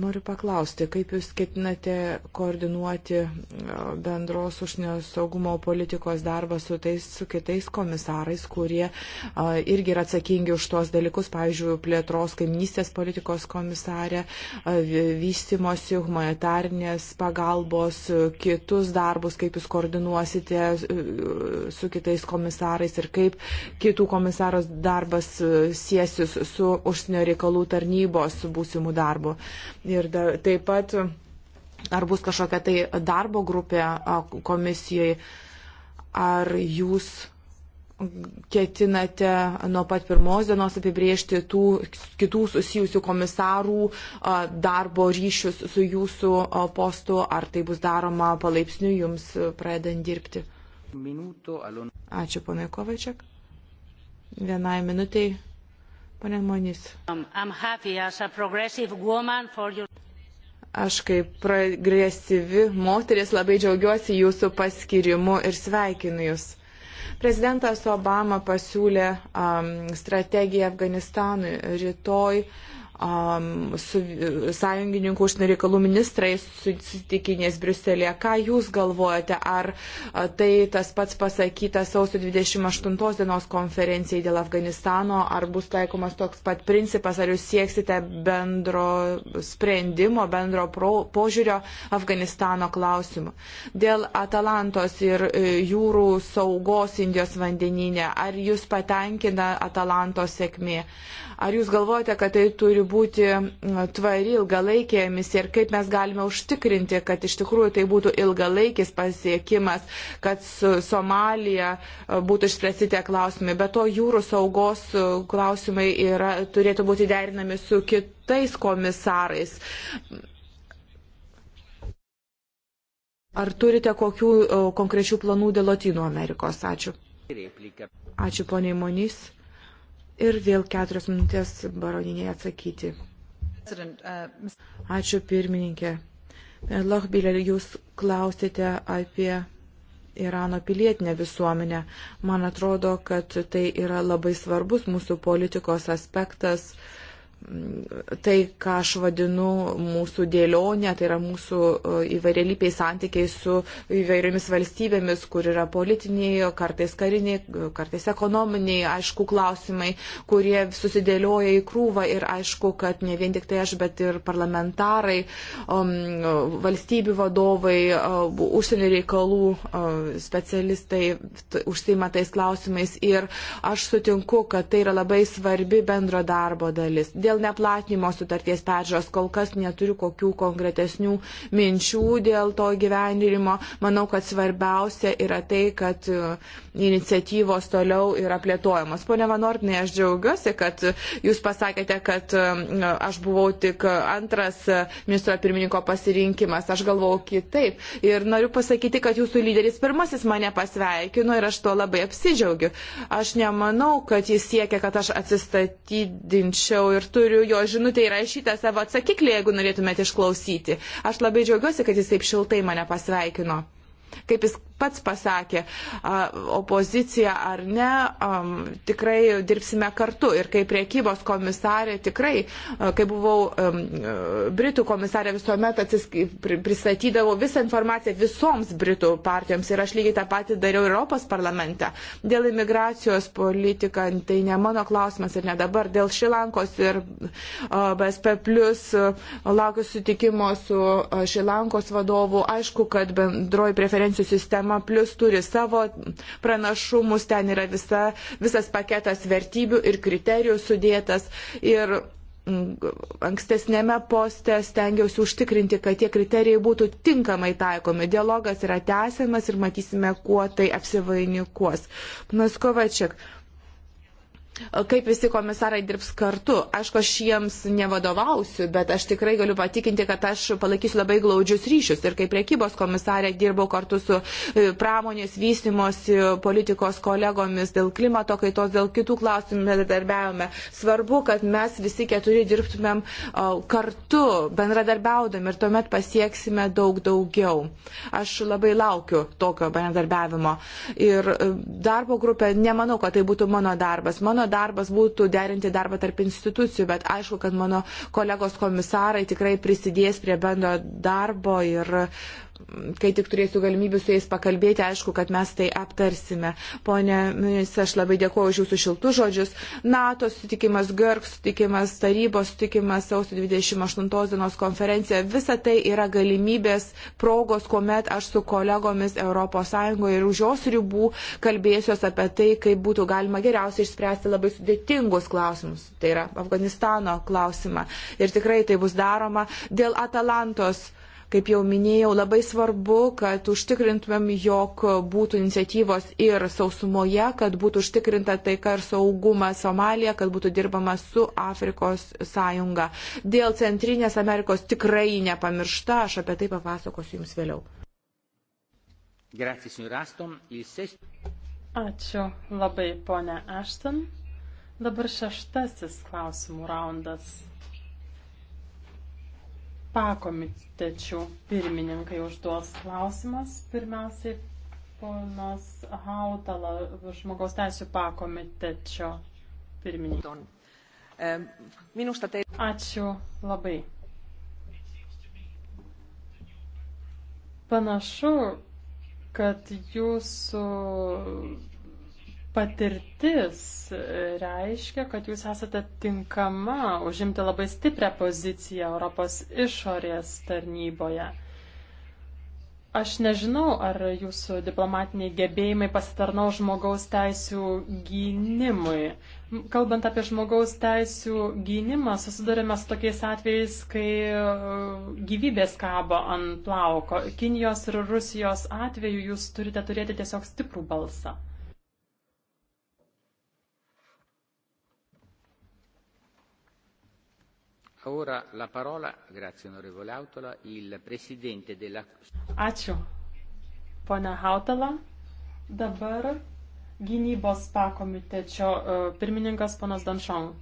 Noriu paklausti, kaip Jūs ketinate koordinuoti e, bendros užsienio saugumo politikos darbą su tais su kitais komisarais, kurie a, e, irgi yra atsakingi už tuos dalykus, pavyzdžiui, plėtros kaiminystės politikos komisarė, a, e, vystimosi, humanitarnės pagalbos, kitus darbus, kaip Jūs koordinuosite su kitais komisarais ir kaip kitų komisaros darbas siesis su užsienio reikalų tarnybos būsimu darbu. Ir da, taip pat, ar bus kažkokia tai darbo grupė komisijoje, ar jūs ketinate nuo pat pirmos dienos apibriežti tų kitų susijusių komisarų darbo ryšius su jūsų postu, ar tai bus daroma palaipsniui jums pradedant dirbti? Ačiū, ponai Kovačiak. Vienai minutiai Pane Monys. Um, Aš kaip progresyvi moteris labai džiaugiuosi jūsų paskirimu ir sveikinu jūs. Prezidentas Obama pasiūlė um, strategiją Afganistanui rytoj. Uh, um, su sąjungininkų užsienio reikalų ministrais susitikinės Briuselėje. Ką Jūs galvojate, ar tai tas pats pasakyta sausio 28 dienos konferencijai dėl Afganistano, ar bus taikomas toks pat principas, ar Jūs sieksite bendro sprendimo, bendro pro, požiūrio Afganistano klausimu. Dėl Atalantos ir e, jūrų saugos Indijos vandeninė, ar Jūs patenkina Atalantos sėkmė? Uh, Ar jūs galvojate, kad tai turi būti tvari ilgalaikė misija ir kaip mes galime užtikrinti, kad iš tikrųjų tai būtų ilgalaikis pasiekimas, kad su Somalija e, būtų išspręsti tie klausimai. Be to jūrų saugos e, klausimai yra, turėtų būti derinami su kitais komisarais. Ar turite kokių e, konkrečių planų dėl Latino Amerikos? Ačiū. Ačiū poniai Monys ir vėl keturios minutės baroniniai atsakyti. Ačiū pirmininkė. Lochbilė, jūs klausėte apie Irano pilietinę visuomenę. Man atrodo, kad tai yra labai svarbus mūsų politikos aspektas. Uh, tai, ką aš vadinu mūsų dėlionė, tai yra mūsų e, įvairialypiai santykiai su įvairiomis valstybėmis, kur yra politiniai, kartais kariniai, e, kartais ekonominiai, aišku, klausimai, kurie susidėlioja į krūvą ir aišku, kad ne vien tik tai aš, bet ir parlamentarai, um, e, valstybių vadovai, užsienio reikalų specialistai užsima tais klausimais ir aš sutinku, kad tai yra labai svarbi bendro darbo dalis dėl neplatinimo sutarties peržiūros. Kol kas neturiu kokių konkretesnių minčių dėl to gyvenimo. Manau, kad svarbiausia yra tai, kad e, iniciatyvos toliau yra plėtojamos. Pone Vanortinai, aš džiaugiuosi, kad jūs pasakėte, kad e, aš buvau tik antras e, ministro pirmininko pasirinkimas. Aš galvau kitaip. Ir noriu pasakyti, kad jūsų lyderis pirmasis mane pasveikino ir aš to labai apsidžiaugiu. Aš nemanau, kad jis siekia, kad aš atsistatydinčiau ir turiu jo žinutę įrašytą savo atsakiklį, jeigu norėtumėte išklausyti. Aš labai džiaugiuosi, kad jis taip šiltai mane pasveikino. Kaip jis pats pasakė, opozicija ar ne, tikrai dirbsime kartu. Ir kaip priekybos komisarė, tikrai, kai buvau Britų komisarė, visuomet pristatydavau visą informaciją visoms Britų partijoms. Ir aš lygiai tą patį dariau Europos parlamente. Dėl imigracijos politika, tai ne mano klausimas ir ne dabar. Dėl Šilankos ir BSP plus laukiu sutikimo su Šilankos vadovu. Aišku, kad bendroji preferencijų sistema sistema, plus turi savo pranašumus, ten yra visa, visas paketas vertybių ir kriterijų sudėtas. Ir mm, ankstesnėme poste stengiausi užtikrinti, kad tie kriterijai būtų tinkamai taikomi. Dialogas yra tęsiamas ir matysime, kuo tai apsivainikuos. Panas Kovačiak, E, kaip visi komisarai dirbs kartu. Aišku, aš jiems nevadovausiu, bet aš tikrai galiu patikinti, kad aš palaikysiu labai glaudžius ryšius. Ir kaip priekybos komisarė dirbau kartu su e, pramonės vystimosi politikos kolegomis dėl klimato kaitos, dėl kitų klausimų bendradarbiavome. Svarbu, kad mes visi keturi dirbtumėm e, kartu, bendradarbiaudami ir tuomet pasieksime daug daugiau. Aš labai laukiu tokio bendradarbiavimo. Ir darbo grupė, nemanau, kad tai būtų mano darbas. Mano darbas būtų derinti darbą tarp institucijų, bet aišku, kad mano kolegos komisarai tikrai prisidės prie bendro darbo ir uh, kai tik turėsiu galimybių su jais pakalbėti, aišku, kad mes tai aptarsime. Pone ministrė, aš labai dėkuoju už jūsų šiltus žodžius. NATO sutikimas, GERG e sutikimas, tarybos sutikimas, sausio 28 dienos konferencija, visa tai yra galimybės, progos, kuomet aš su kolegomis ES ir už jos ribų kalbėsiuos apie tai, kaip būtų galima geriausiai išspręsti labai sudėtingus klausimus. Tai yra Afganistano klausimą. Ir tikrai tai bus daroma dėl Atalantos Kaip jau minėjau, labai svarbu, kad užtikrintumėm, jog būtų iniciatyvos ir sausumoje, kad būtų užtikrinta taika ir saugumas Somalija, kad būtų dirbama su Afrikos sąjunga. Dėl Centrinės Amerikos tikrai nepamiršta, aš apie tai papasakosiu Jums vėliau. Ačiū labai, ponė Ashton. Dabar šeštasis klausimų raundas pakomitečių pirmininkai užduos klausimas. Pirmiausiai ponas Hautala, žmogaus teisų pakomitečio pirmininkas. Minusta tai. Ačiū labai. Panašu, kad jūsų patirtis e, reiškia, kad jūs esate tinkama užimti labai stiprią poziciją Europos išorės tarnyboje. Aš nežinau, ar jūsų diplomatiniai gebėjimai pasitarnau žmogaus teisų gynimui. Kalbant apie žmogaus teisų gynimą, susidurime su tokiais atvejais, kai e, gyvybės kabo ant plauko. Kinijos ir Rusijos atveju jūs turite turėti tiesiog stiprų balsą. Ora la parola, grazie onorevole Autola, il presidente della... Ačiū, ponia Hautala. Dabar gynybos pakomitečio e, pirmininkas ponas Danšong.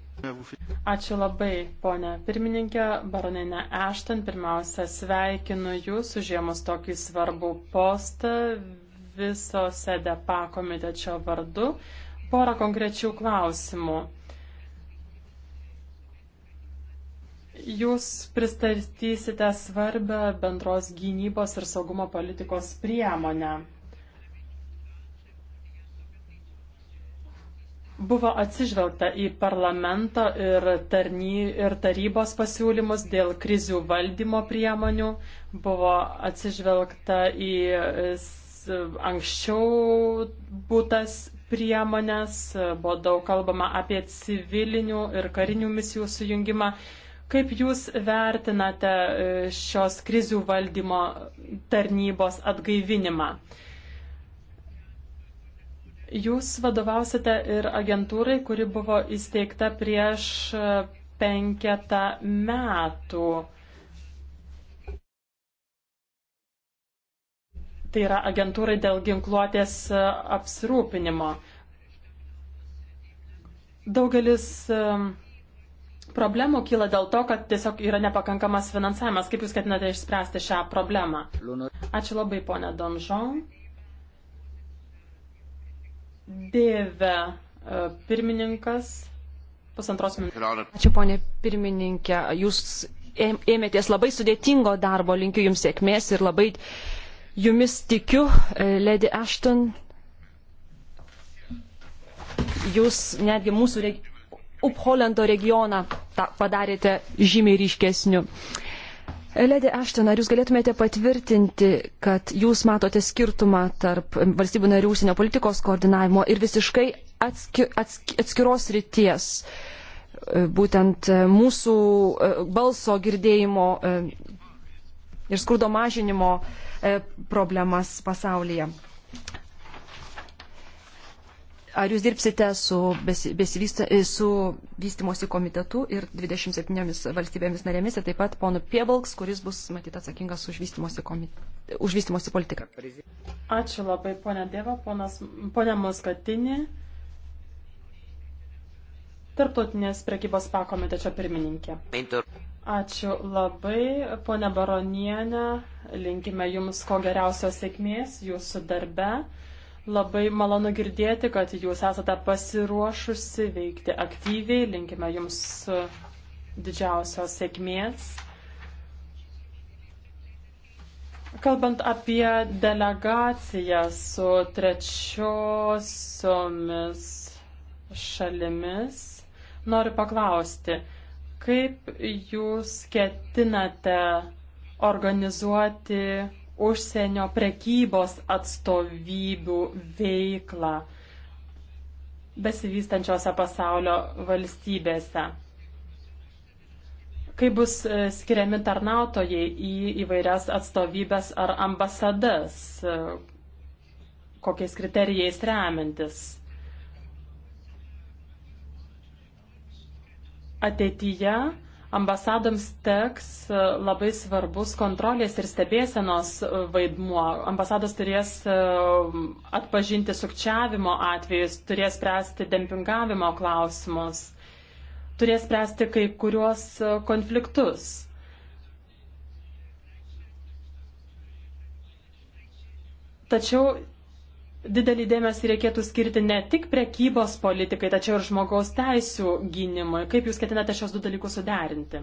Ačiū labai, ponė pirmininkė, baroninė Ešton. Pirmiausia, sveikinu Jūs užėmus tokį svarbų postą viso sėdė pakomitečio vardu. Porą konkrečių klausimų. jūs pristatysite svarbę bendros gynybos ir saugumo politikos priemonę. Buvo atsižvelgta į parlamento ir, tarny, ir tarybos pasiūlymus dėl krizių valdymo priemonių, buvo atsižvelgta į anksčiau būtas priemonės, buvo daug kalbama apie civilinių ir karinių misijų sujungimą. Kaip Jūs vertinate e, šios krizių valdymo tarnybos atgaivinimą? Jūs vadovausite ir agentūrai, kuri buvo įsteigta prieš e, penketą metų. Tai yra agentūrai dėl ginkluotės e, apsirūpinimo. Daugelis problemų kyla dėl to, kad tiesiog yra nepakankamas finansavimas. Kaip Jūs ketinate išspręsti šią problemą? Ačiū labai, ponė Donžon. Dėve e, pirmininkas. Pusantros minutės. Ačiū, ponė pirmininkė. Jūs ėmėtės labai sudėtingo darbo. Linkiu Jums sėkmės ir labai Jumis tikiu, e, Lady Ashton. Jūs netgi mūsų reikia Upholendo regioną tą padarėte žymiai ryškesniu. Ledė Aštena, ar jūs galėtumėte patvirtinti, kad jūs matote skirtumą tarp valstybių narių užsienio politikos koordinavimo ir visiškai atski, atski, atskiros ryties, e, būtent e, mūsų e, balso girdėjimo ir skurdo mažinimo problemas pasaulyje? Ar jūs dirbsite su, e, su vystimosi komitetu ir 27 valstybėmis narėmis ir taip pat ponu Piebalks, kuris bus, matyt, atsakingas už vystimosi, komite, už vystimosi politiką? Ačiū labai, ponia Dėva, ponas, ponia Moskatinė. Tarptautinės prekybos pakomitečio pirmininkė. Ačiū labai, ponia Baronienė. Linkime Jums ko geriausios sėkmės Jūsų darbe. Labai malonu girdėti, kad jūs esate pasiruošusi veikti aktyviai. Linkime jums e, didžiausios sėkmės. Kalbant apie delegaciją su trečiosiomis šalimis, noriu paklausti, kaip jūs ketinate organizuoti užsienio prekybos atstovybių veiklą besivystančiose pasaulio valstybėse. Kaip bus e, skiriami tarnautojai į įvairias atstovybės ar ambasadas, e, kokiais kriterijais remintis. Ateityje ambasadoms teks e, labai svarbus kontrolės ir stebėsenos e, vaidmuo. Ambasados turės e, atpažinti sukčiavimo atvejus, turės spręsti dempingavimo klausimus, turės spręsti kai kuriuos konfliktus. Tačiau didelį dėmesį reikėtų skirti ne tik prekybos politikai, tačiau ir žmogaus teisų gynimui. Kaip Jūs ketinate šios du dalykus suderinti?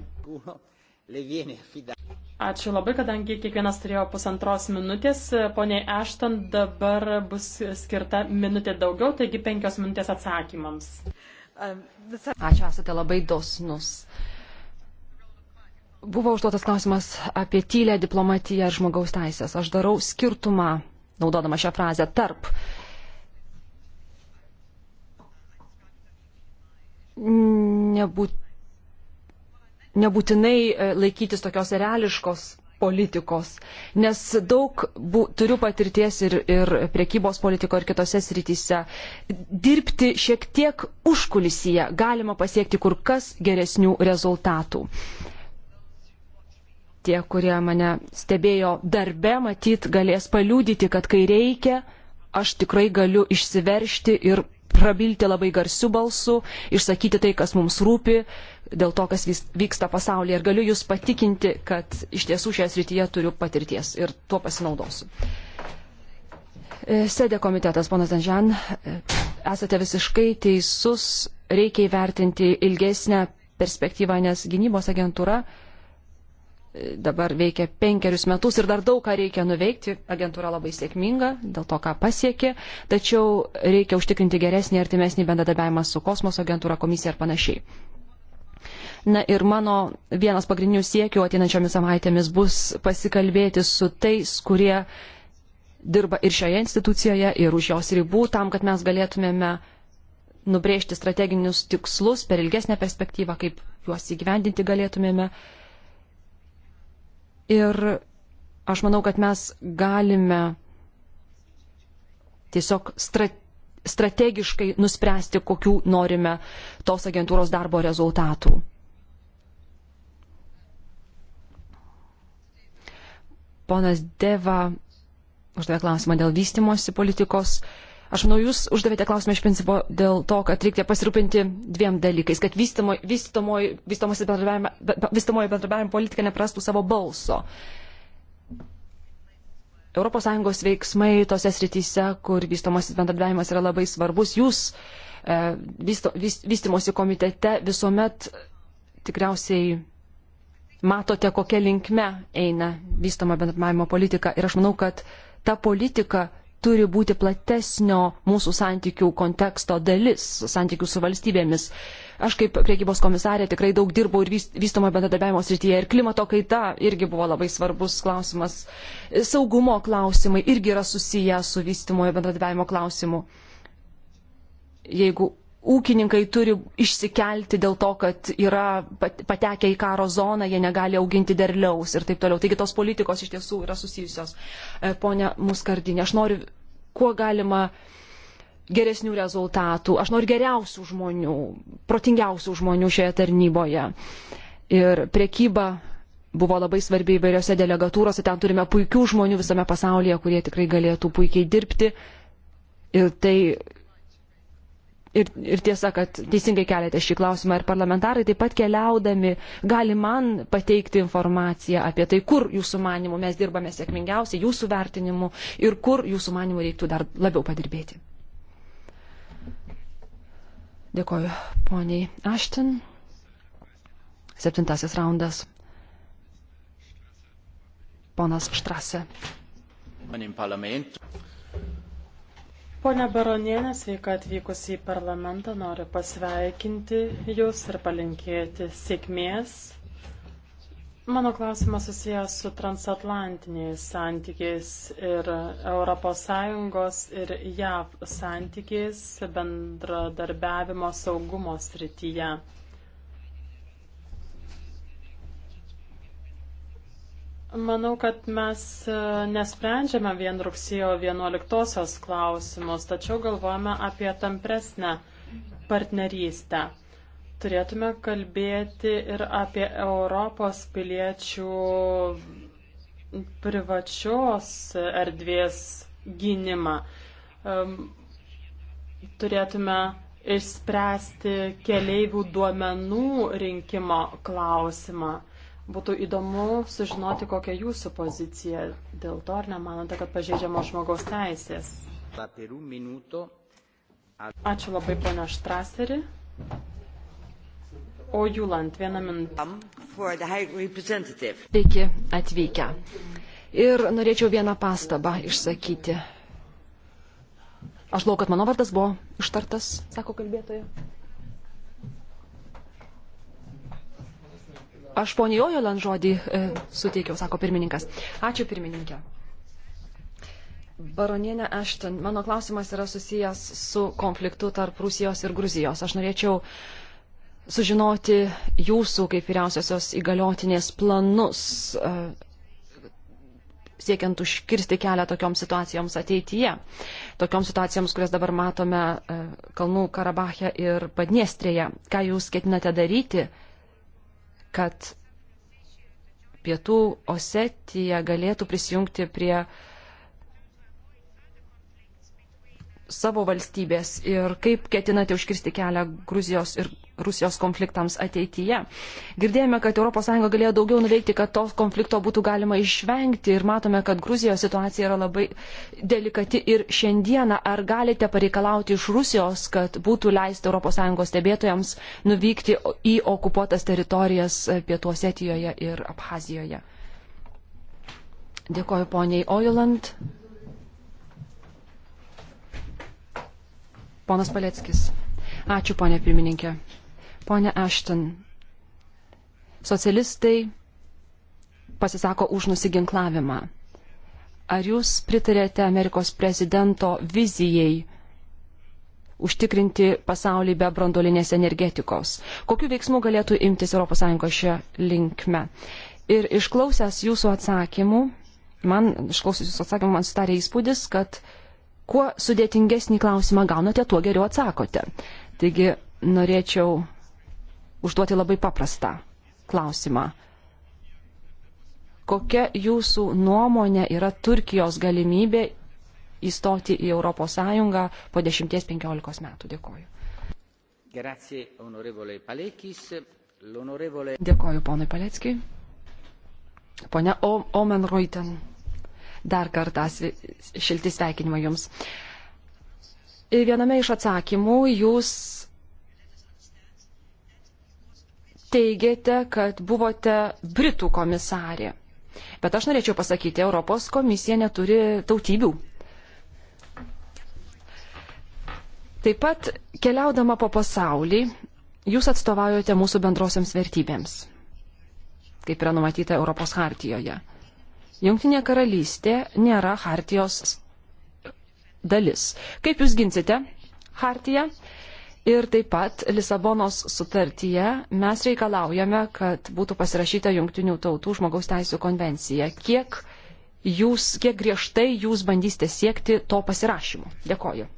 Ačiū labai, kadangi kiekvienas turėjo pusantros minutės. Poniai Ešton dabar bus skirta minutė daugiau, taigi penkios minutės atsakymams. Ačiū, esate labai dosnus. Buvo užduotas klausimas apie tylę diplomatiją ir žmogaus teisės. Aš darau skirtumą naudodama šią frazę, tarp nebūt, nebūtinai e, laikytis tokios reališkos politikos, nes daug bu, turiu patirties ir, ir priekybos politiko ir kitose srityse. Dirbti šiek tiek užkulisyje galima pasiekti kur kas geresnių rezultatų. Uh, Tie, kurie mane stebėjo darbe, matyt, galės paliūdyti, kad kai reikia, aš tikrai galiu išsiveršti ir prabilti labai garsiu balsu, išsakyti tai, kas mums rūpi, dėl to, kas vyksta pasaulyje. Ir galiu Jūs patikinti, kad iš tiesų šioje srityje turiu patirties ir tuo pasinaudosiu. E, sėdė komitetas, ponas Danžian, e, esate visiškai teisus, reikia įvertinti ilgesnę perspektyvą, nes gynybos agentūra dabar veikia penkerius metus ir dar daug ką reikia nuveikti. Agentūra labai sėkminga dėl to, ką pasiekė, tačiau reikia užtikrinti geresnį ir artimesnį bendradarbiavimą su kosmoso agentūra, komisija ir panašiai. Na ir mano vienas pagrindinių siekių ateinančiomis savaitėmis bus pasikalbėti su tais, kurie dirba ir šioje institucijoje, ir už jos ribų, tam, kad mes galėtumėme nubrėžti strateginius tikslus per ilgesnę perspektyvą, kaip juos įgyvendinti galėtumėme. Uh, Ir aš manau, kad mes galime tiesiog strategiškai strategiškai nuspręsti, kokių norime tos agentūros darbo rezultatų. Ponas Deva uždavė klausimą dėl vystimosi politikos. Uh, Aš manau, jūs uždavėte klausimą iš principo dėl to, kad reikia pasirūpinti dviem dalykais, kad vystomoji bendradarbiavimo politika neprastų savo balso. ES veiksmai tose srityse, kur vystomasis bendradarbiavimas yra labai svarbus, jūs e, vysto, vyst, vystimosi komitete visuomet tikriausiai matote, kokia linkme eina vystoma bendradarbiavimo politika. Ir aš manau, kad ta politika turi būti platesnio mūsų santykių konteksto dalis, santykių su valstybėmis. Aš kaip priekybos komisarė tikrai daug dirbau ir vystomo bendradarbiavimo srityje ir klimato kaita irgi buvo labai svarbus klausimas. Saugumo klausimai irgi yra susiję su vystomojo bendradarbiavimo klausimu. Jeigu ūkininkai turi išsikelti dėl to, kad yra patekę į karo zoną, jie negali auginti derliaus ir taip toliau. Taigi tos politikos iš tiesų yra susijusios. E, Pone Muskardinė, aš noriu kuo galima geresnių rezultatų, aš noriu geriausių žmonių, protingiausių žmonių šioje tarnyboje. Ir priekyba buvo labai svarbi įvairiose delegatūrose, ten turime puikių žmonių visame pasaulyje, kurie tikrai galėtų puikiai dirbti. Ir tai Ir, ir tiesa, kad teisingai keliate šį klausimą ir parlamentarai taip pat keliaudami gali man pateikti informaciją apie tai, kur jūsų manimu mes dirbame sėkmingiausiai, jūsų vertinimu ir kur jūsų manimu reiktų dar labiau padirbėti. Dėkoju poniai Aštin. Septintasis raundas. Ponas Štrase. Panim parlamentu. Pone Baronienė, sveika atvykusi į parlamentą, noriu pasveikinti Jūs ir palinkėti sėkmės. Mano klausimas susijęs su transatlantiniais santykiais ir ES ir JAV santykiais bendradarbiavimo saugumo srityje. Manau, kad mes e, nesprendžiame vien rugsėjo 11-osios klausimus, tačiau galvojame apie tampresnę partnerystę. Turėtume kalbėti ir apie Europos piliečių privačios erdvės gynimą. Turėtume išspręsti keleivių duomenų rinkimo klausimą. Būtų įdomu sužinoti, kokia jūsų pozicija dėl to, ar nemanote, kad pažeidžiamos žmogaus teisės. Ačiū labai, ponia Štraseri. O Julant, vieną minutę. Sveiki atvykę. Ir norėčiau vieną pastabą išsakyti. Aš lau, kad mano vardas buvo ištartas, sako kalbėtoja. Aš ponijojo landžodį e, suteikiau, sako pirmininkas. Ačiū pirmininkė. Baronienė Ashton, mano klausimas yra susijęs su konfliktu tarp Rusijos ir Gruzijos. Aš norėčiau sužinoti jūsų kaip vyriausiosios įgaliotinės planus, e, siekiant užkirsti kelią tokioms situacijoms ateityje. Tokioms situacijoms, kurias dabar matome e, Kalnų Karabache ir Padniestrėje. Ką jūs ketinate daryti kad pietų Osetija galėtų prisijungti prie savo valstybės ir kaip ketinate užkirsti kelią Gruzijos ir Rusijos konfliktams ateityje. Girdėjome, kad ES galėjo daugiau nuveikti, kad to konflikto būtų galima išvengti ir matome, kad Gruzijos situacija yra labai delikati ir šiandieną. Ar galite pareikalauti iš Rusijos, kad būtų leisti ES stebėtojams nuvykti į okupuotas teritorijas Pietuosetijoje ir Abhazijoje? Dėkoju poniai Oiland. Ponas Paleckis. Ačiū, ponė pirmininkė. Pone Ashton, socialistai pasisako už nusiginklavimą. Ar jūs pritarėte Amerikos prezidento vizijai užtikrinti pasaulį be brandolinės energetikos? Kokiu veiksmu galėtų imtis ES šią linkmę? Ir išklausęs jūsų atsakymų, man, išklausęs jūsų atsakymų, man sutarė įspūdis, kad uh, kuo sudėtingesnį klausimą gaunate, tuo geriau atsakote. Taigi norėčiau užduoti labai paprastą klausimą. Kokia jūsų nuomonė yra Turkijos galimybė įstoti į ES po 10-15 metų? Dėkoju. Grazie, onorevole Palekis. L'onorevole... Dėkoju, ponai Paleckiai. Pone Omen Ruiten. Dar kartą šilti sveikinimą Jums. Ir viename iš atsakymų Jūs teigėte, kad buvote Britų komisarė. Bet aš norėčiau pasakyti, Europos komisija neturi tautybių. Taip pat keliaudama po pasaulį, jūs atstovaujate mūsų bendrosiams vertybėms, kaip yra numatyta Europos hartijoje. Jungtinė karalystė nėra Hartijos dalis. Kaip jūs ginsite Hartiją? Ir taip pat Lisabonos sutartyje mes reikalaujame, kad būtų pasirašyta Junktinių tautų žmogaus teisų konvencija. Kiek, jūs, kiek griežtai jūs bandysite siekti to pasirašymo? Dėkoju.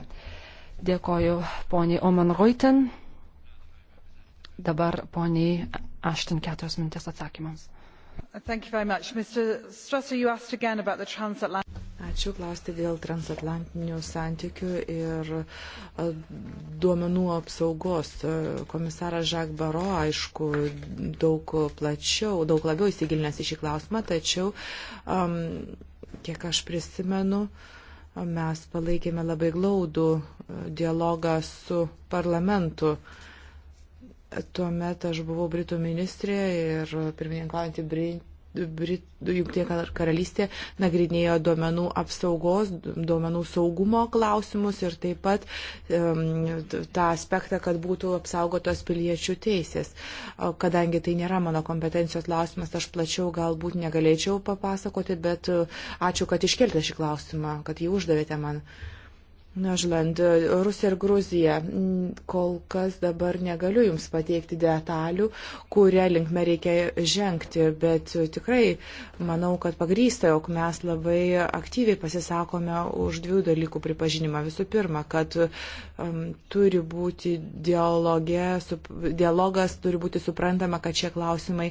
Dėkoju poniai Oman Reuten. Dabar poniai Ašten keturios minutės atsakymams. Ačiū klausti dėl transatlantinių santykių ir e, duomenų apsaugos. E, komisaras Žak Baro, aišku, daug plačiau, daug labiau įsigilinęs į šį klausimą, tačiau, um, kiek aš prisimenu, mes palaikėme labai glaudų e, dialogą su parlamentu. Uh, Tuomet aš buvau Britų ministrė ir pirmininkaujantį Britį. Jungtinė karalystė nagrinėjo duomenų apsaugos, duomenų saugumo klausimus ir taip pat um, tą aspektą, kad būtų apsaugotos piliečių teisės. Kadangi tai nėra mano kompetencijos klausimas, aš plačiau galbūt negalėčiau papasakoti, bet ačiū, kad iškeltė šį klausimą, kad jį uždavėte man. Uh, Nežland, Rusija ir Gruzija. Kol kas dabar negaliu Jums pateikti detalių, kurią linkme reikia žengti, bet tikrai manau, kad pagrįsta, jog mes labai aktyviai pasisakome už dviejų dalykų pripažinimą. Visų pirma, kad um, turi būti dialogė, su, dialogas, turi būti suprantama, kad šie klausimai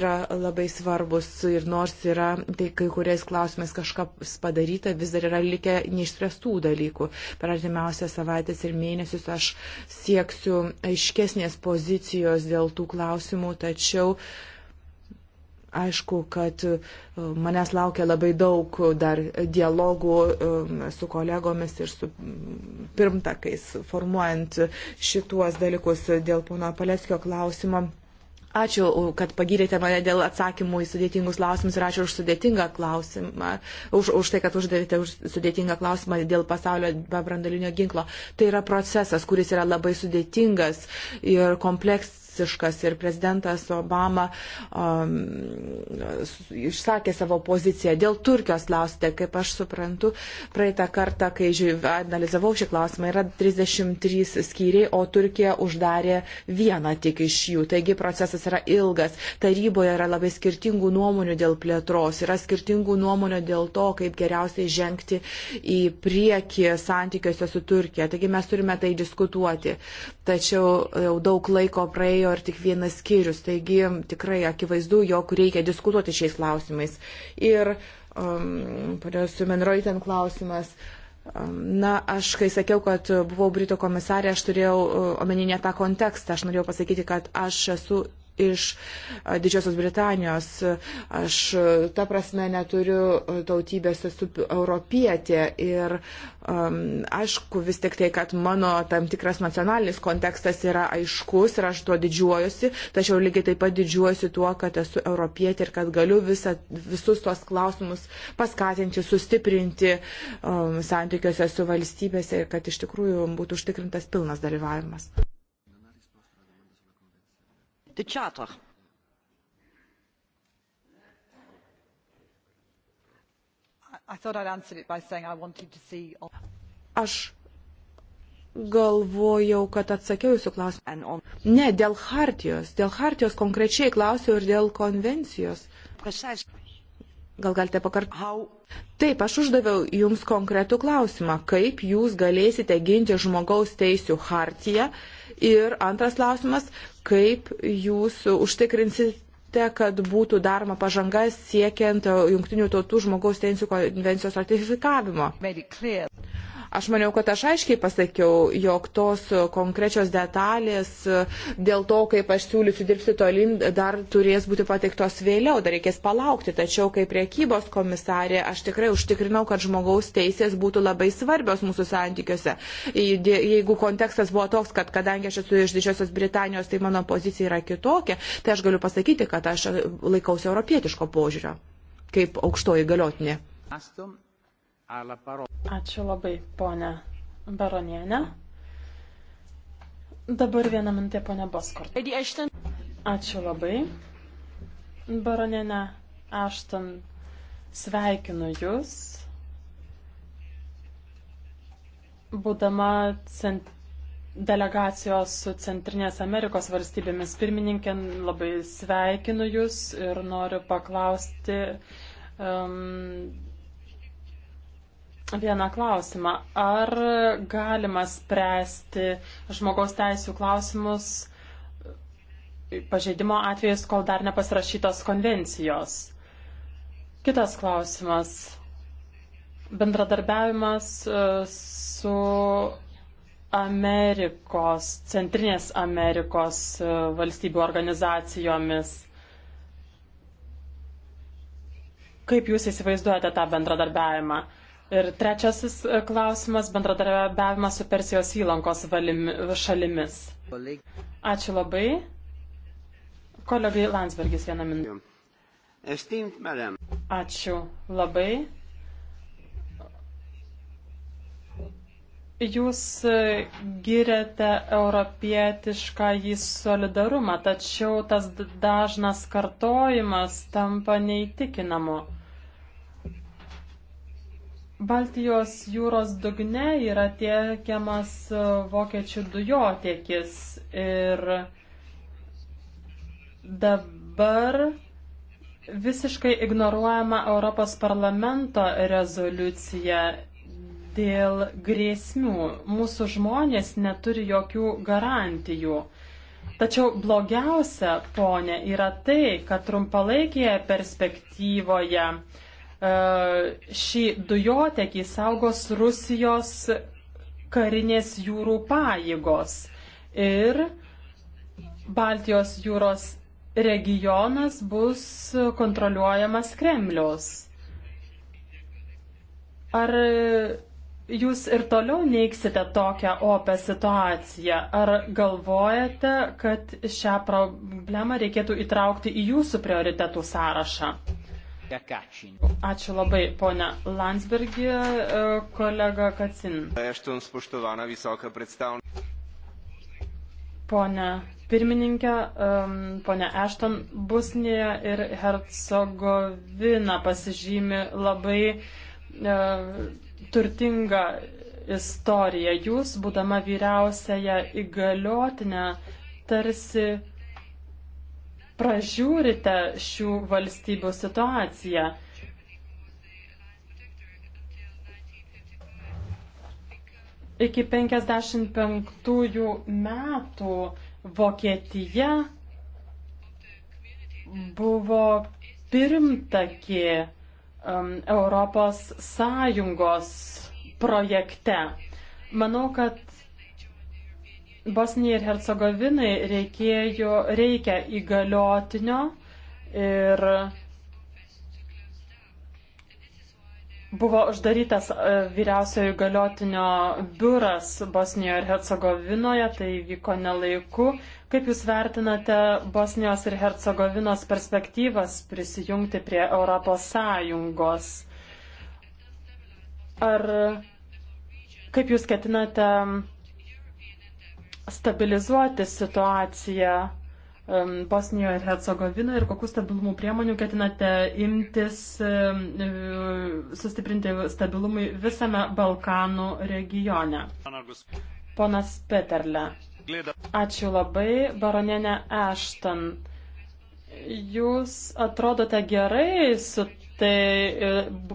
yra labai svarbus ir nors yra tai kai kuriais klausimais kažkas padaryta, vis dar yra likę neišspręstų dalykų. Per artimiausias savaitės ir mėnesius aš sieksiu aiškesnės pozicijos dėl tų klausimų, tačiau aišku, kad e, manęs laukia labai daug dar dialogų e, su kolegomis ir su pirmtakais, formuojant šituos dalykus dėl pono Paleckio klausimo. Ačiū, kad pagirėte mane dėl atsakymų į sudėtingus klausimus ir ačiū už sudėtingą klausimą, už, už tai, kad uždavėte už sudėtingą klausimą dėl pasaulio be brandalinio ginklo. Tai yra procesas, kuris yra labai sudėtingas ir kompleks, toksiškas ir prezidentas Obama um, išsakė savo poziciją. Dėl Turkijos klausite, kaip aš suprantu, praeitą kartą, kai analizavau šį klausimą, yra 33 skyriai, o Turkija uždarė vieną tik iš jų. Taigi procesas yra ilgas. Taryboje yra labai skirtingų nuomonių dėl plėtros, yra skirtingų nuomonių dėl to, kaip geriausiai žengti į priekį santykiuose su Turkija. Taigi mes turime tai diskutuoti tačiau jau daug laiko praėjo ir tik vienas skyrius, taigi tikrai akivaizdu, jog reikia diskutuoti šiais klausimais. Ir, um, ponios Menroj, ten klausimas. Um, na, aš, kai sakiau, kad buvau Brito komisarė, aš turėjau uh, omenyje tą kontekstą. Aš norėjau pasakyti, kad aš esu iš Didžiosios Britanijos. Aš ta prasme neturiu tautybės, esu europietė ir um, aišku vis tik tai, kad mano tam tikras nacionalinis kontekstas yra aiškus ir aš tuo didžiuojuosi, tačiau lygiai taip pat didžiuojuosi tuo, kad esu europietė ir kad galiu visa, visus tuos klausimus paskatinti, sustiprinti um, santykiuose su valstybėse ir kad iš tikrųjų būtų užtikrintas pilnas dalyvavimas the charter. I thought I'd answered it by saying I wanted to see. Aš galvojau, kad atsakiau jūsų klausimą. Ne, dėl hartijos. Dėl hartijos konkrečiai klausiau ir dėl konvencijos. Gal galite pakartoti? Taip, aš uždaviau jums konkretų klausimą, kaip jūs galėsite ginti žmogaus teisų hartiją Ir antras klausimas, kaip jūs užtikrinsite, kad būtų daroma pažanga siekiant Junktinių tautų žmogaus teisų konvencijos ratifikavimo. Aš maniau, kad aš aiškiai pasakiau, jog tos konkrečios detalės dėl to, kaip aš siūlysiu dirbti tolin, dar turės būti pateiktos vėliau, dar reikės palaukti. Tačiau kaip priekybos komisarė, aš tikrai užtikrinau, kad žmogaus teisės būtų labai svarbios mūsų santykiuose. Jeigu kontekstas buvo toks, kad kadangi aš esu iš Didžiosios Britanijos, tai mano pozicija yra kitokia, tai aš galiu pasakyti, kad aš laikausi europietiško požiūrio kaip aukštoji galiotinė. Astum. Ačiū labai, ponė Baronienė. Dabar vieną minutę, ponė Boskort. Ačiū labai, Baronienė Ašton. Sveikinu Jūs, būdama cent delegacijos su Centrinės Amerikos valstybėmis pirmininkė, labai sveikinu Jūs ir noriu paklausti, um, vieną klausimą. Ar galima spręsti žmogaus teisų klausimus pažeidimo atvejais, kol dar nepasirašytos konvencijos? Kitas klausimas. Bendradarbiavimas uh, su Amerikos, Centrinės Amerikos uh, valstybių organizacijomis. Kaip jūs įsivaizduojate tą bendradarbiavimą? Ir trečiasis e, klausimas - bendradarbiavimas su Persijos įlankos valimi, šalimis. Ačiū labai. Kolegai Landsbergis vieną minutę. Ačiū labai. Jūs e, girėte europietišką į solidarumą, tačiau tas dažnas kartojimas tampa neįtikinamu. Baltijos jūros dugne yra tiekiamas e, vokiečių dujotiekis ir dabar visiškai ignoruojama Europos parlamento rezoliucija dėl grėsmių. Mūsų žmonės neturi jokių garantijų. Tačiau blogiausia, ponė, yra tai, kad trumpalaikėje perspektyvoje uh, E, šį dujotekį saugos Rusijos karinės jūrų pajėgos ir Baltijos jūros regionas bus kontroliuojamas Kremliaus. Ar jūs ir toliau neiksite tokią opę situaciją? Ar galvojate, kad šią problemą reikėtų įtraukti į jūsų prioritetų sąrašą? Ačiū labai, ponia Landsbergį, e, kolega Kacin. Pone pirmininkė, e, ponia Ešton, Busnija ir Hercegovina pasižymi labai e, turtinga istorija. Jūs, būdama vyriausiaja įgaliotinė, tarsi pražiūrite šių valstybių situaciją. Iki 55 metų Vokietija buvo pirmtakė um, Europos Sąjungos projekte. Manau, kad Bosnijai ir Hercegovinai reikėjo, reikia įgaliotinio ir buvo uždarytas e, vyriausiojo įgaliotinio biuras Bosnijoje ir Hercegovinoje, tai vyko nelaiku. Kaip Jūs vertinate Bosnijos ir Hercegovinos perspektyvas prisijungti prie Europos Sąjungos? Ar kaip Jūs ketinate stabilizuoti situaciją Bosnijoje ir Hercegovinoje ir kokių stabilumo priemonių ketinate imtis e, sustiprinti stabilumui visame Balkanų regione. Ponas Peterle. Ačiū labai, baronienė Ešton. Jūs atrodote gerai su tai, e,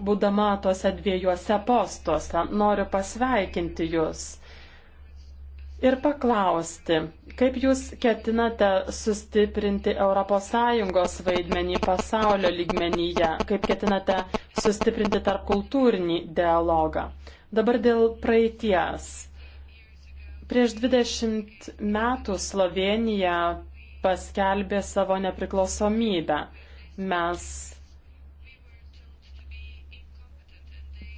būdama tuose dviejuose postuose. Noriu pasveikinti jūs ir paklausti, kaip jūs ketinate sustiprinti ES vaidmenį pasaulio lygmenyje, kaip ketinate sustiprinti tarpkultūrinį dialogą. Dabar dėl praeities. Prieš 20 metų Slovenija paskelbė savo nepriklausomybę. Mes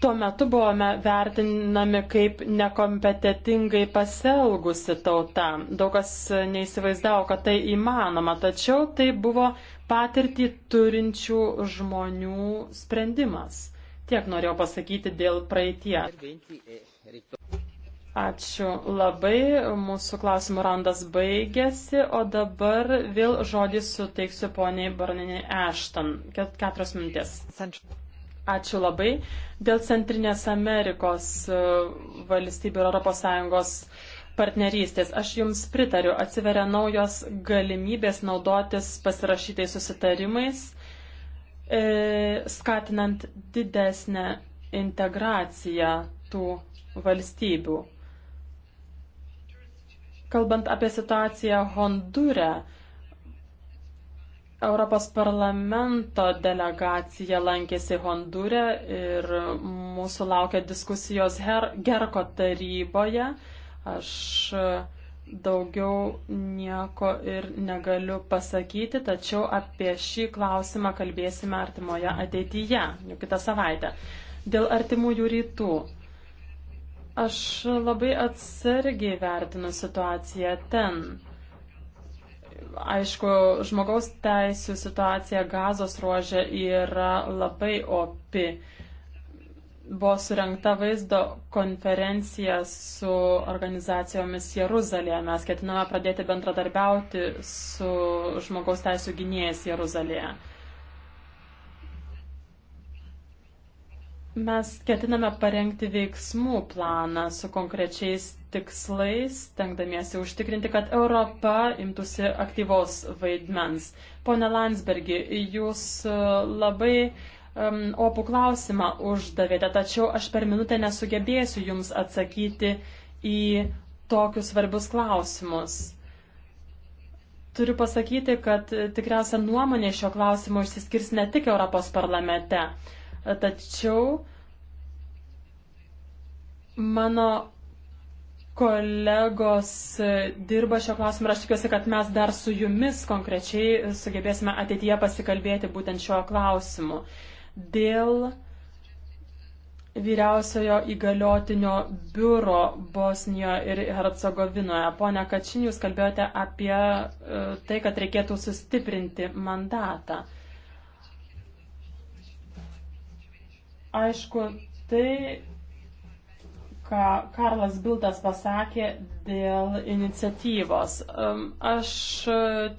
tuo metu buvome vertinami kaip nekompetitingai pasielgusi tauta. Daug kas neįsivaizdavo, kad tai įmanoma, tačiau tai buvo patirtį turinčių žmonių sprendimas. Tiek norėjau pasakyti dėl praeitie. Ačiū labai. Mūsų klausimų randas baigėsi, o dabar vėl žodį suteiksiu poniai Barniniai Ashton. Keturios minutės. Central. Ačiū labai. Dėl Centrinės Amerikos e, valstybių ir ES partnerystės. Aš Jums pritariu, atsiveria naujos galimybės naudotis pasirašytais susitarimais, e, skatinant didesnę integraciją tų valstybių. Kalbant apie situaciją Hondūre, Europos parlamento delegacija lankėsi Hondūre ir mūsų laukia diskusijos Her Gerko taryboje. Aš daugiau nieko ir negaliu pasakyti, tačiau apie šį klausimą kalbėsime artimoje ateityje, jau kitą savaitę. Dėl artimųjų rytų. Aš labai atsargiai vertinu situaciją ten aišku, žmogaus teisų situacija gazos ruožė yra labai opi. Buvo surinkta vaizdo konferencija su organizacijomis Jeruzalėje. Mes ketiname pradėti bendradarbiauti su žmogaus teisų gynėjais Jeruzalėje. Mes ketiname parengti veiksmų planą su konkrečiais tikslais, tengdamiesi užtikrinti, kad Europa imtųsi aktyvos vaidmens. Pone Landsbergi, jūs e, labai um, opų klausimą uždavėte, tačiau aš per minutę nesugebėsiu jums atsakyti į tokius svarbius klausimus. Turiu pasakyti, kad tikriausia nuomonė šio klausimo išsiskirs ne tik Europos parlamente. Tačiau mano kolegos dirba šio klausimu ir aš tikiuosi, kad mes dar su jumis konkrečiai sugebėsime ateityje pasikalbėti būtent šio klausimu. Dėl vyriausiojo įgaliotinio biuro Bosnijoje ir Hercegovinoje. Pone Kačin, jūs kalbėjote apie e, tai, kad reikėtų sustiprinti mandatą. Aišku, tai, ką Karlas Bildas pasakė dėl iniciatyvos. Aš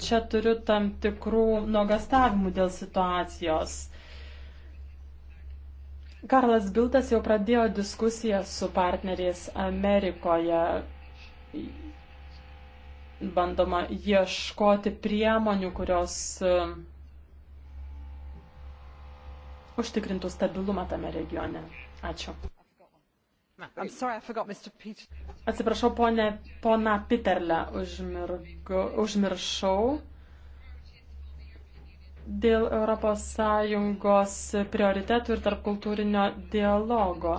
čia turiu tam tikrų nuogastavimų dėl situacijos. Karlas Biltas jau pradėjo diskusiją su partneriais Amerikoje. Bandoma ieškoti priemonių, kurios užtikrintų stabilumą tame regione. Ačiū. Sorry, Atsiprašau, ponė, pona Piterle, užmirgu, užmiršau. Dėl ES prioritetų ir tarpkultūrinio dialogo.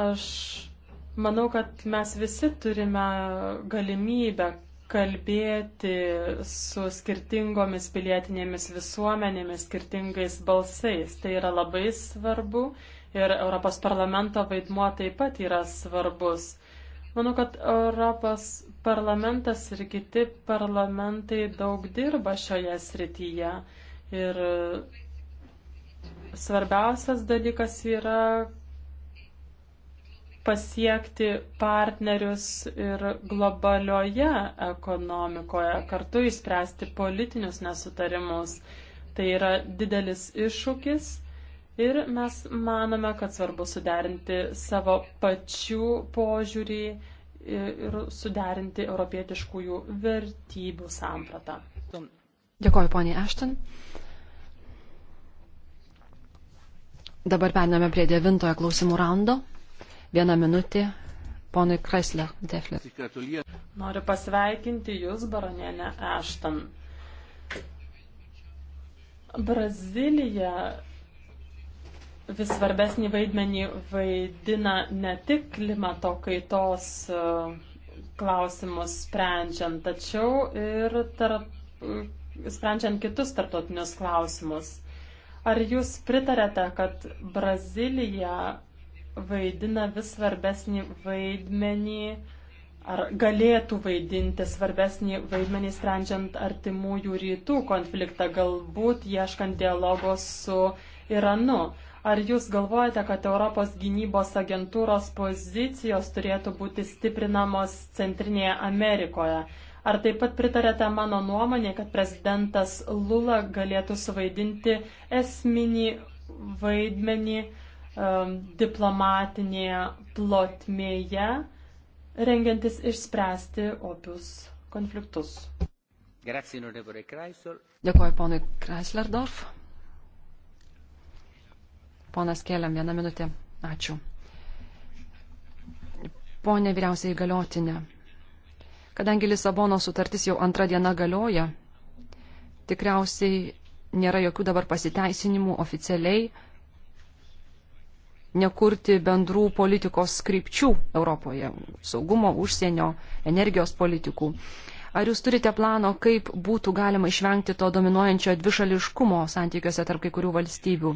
Aš manau, kad mes visi turime galimybę kalbėti su skirtingomis pilietinėmis visuomenėmis, skirtingais balsais. Tai yra labai svarbu ir Europos parlamento vaidmuo taip pat yra svarbus. Manau, kad Europos parlamentas ir kiti parlamentai daug dirba šioje srityje. Ir svarbiausias dalykas yra, pasiekti partnerius ir globalioje ekonomikoje, kartu įspręsti politinius nesutarimus. Tai yra didelis iššūkis ir mes manome, kad svarbu suderinti savo pačių požiūrį ir suderinti europietiškųjų vertybių sampratą. Dėkoju, poniai Ashton. Dabar periname prie devintojo klausimų raundo. Viena minutė ponui Kresler Defler. Noriu pasveikinti Jūs, baronienė Ešton. Brazilija vis svarbesnį vaidmenį vaidina ne tik klimato kaitos e, klausimus sprendžiant, tačiau ir tarp, e, sprendžiant kitus tarptautinius klausimus. Ar jūs pritarėte, kad Brazilija vaidina vis svarbesnį vaidmenį ar galėtų vaidinti svarbesnį vaidmenį sprendžiant artimųjų rytų konfliktą, galbūt ieškant dialogo su Iranu. Ar jūs galvojate, kad Europos gynybos agentūros pozicijos turėtų būti stiprinamos Centrinėje Amerikoje? Ar taip pat pritarėte mano nuomonė, kad prezidentas Lula galėtų suvaidinti esminį vaidmenį? Um, diplomatinėje plotmėje, rengiantis išspręsti opius konfliktus. Dėkuoju ponui Kreislerdorf. Ponas Keliam, vieną minutę. Ačiū. Pone vyriausiai galiotinė, kadangi Lisabono sutartis jau antrą dieną galioja, tikriausiai nėra jokių dabar pasiteisinimų oficialiai nekurti bendrų politikos skripčių Europoje - saugumo, užsienio, energijos politikų. Ar jūs turite plano, kaip būtų galima išvengti to dominuojančio dvišališkumo santykiuose tarp kai kurių valstybių,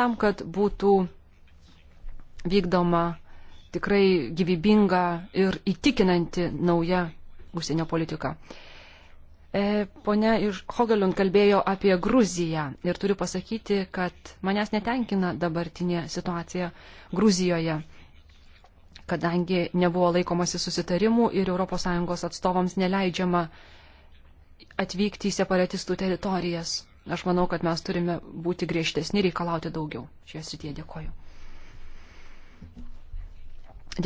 tam, kad būtų vykdoma tikrai gyvybinga ir įtikinanti nauja užsienio politika? E, Pone iš Hogelun kalbėjo apie Gruziją ir turiu pasakyti, kad manęs netenkina dabartinė situacija Gruzijoje, kadangi nebuvo laikomasi susitarimų ir ES atstovams neleidžiama atvykti į separatistų teritorijas. Aš manau, kad mes turime būti griežtesni ir reikalauti daugiau. Šioje srityje dėkoju.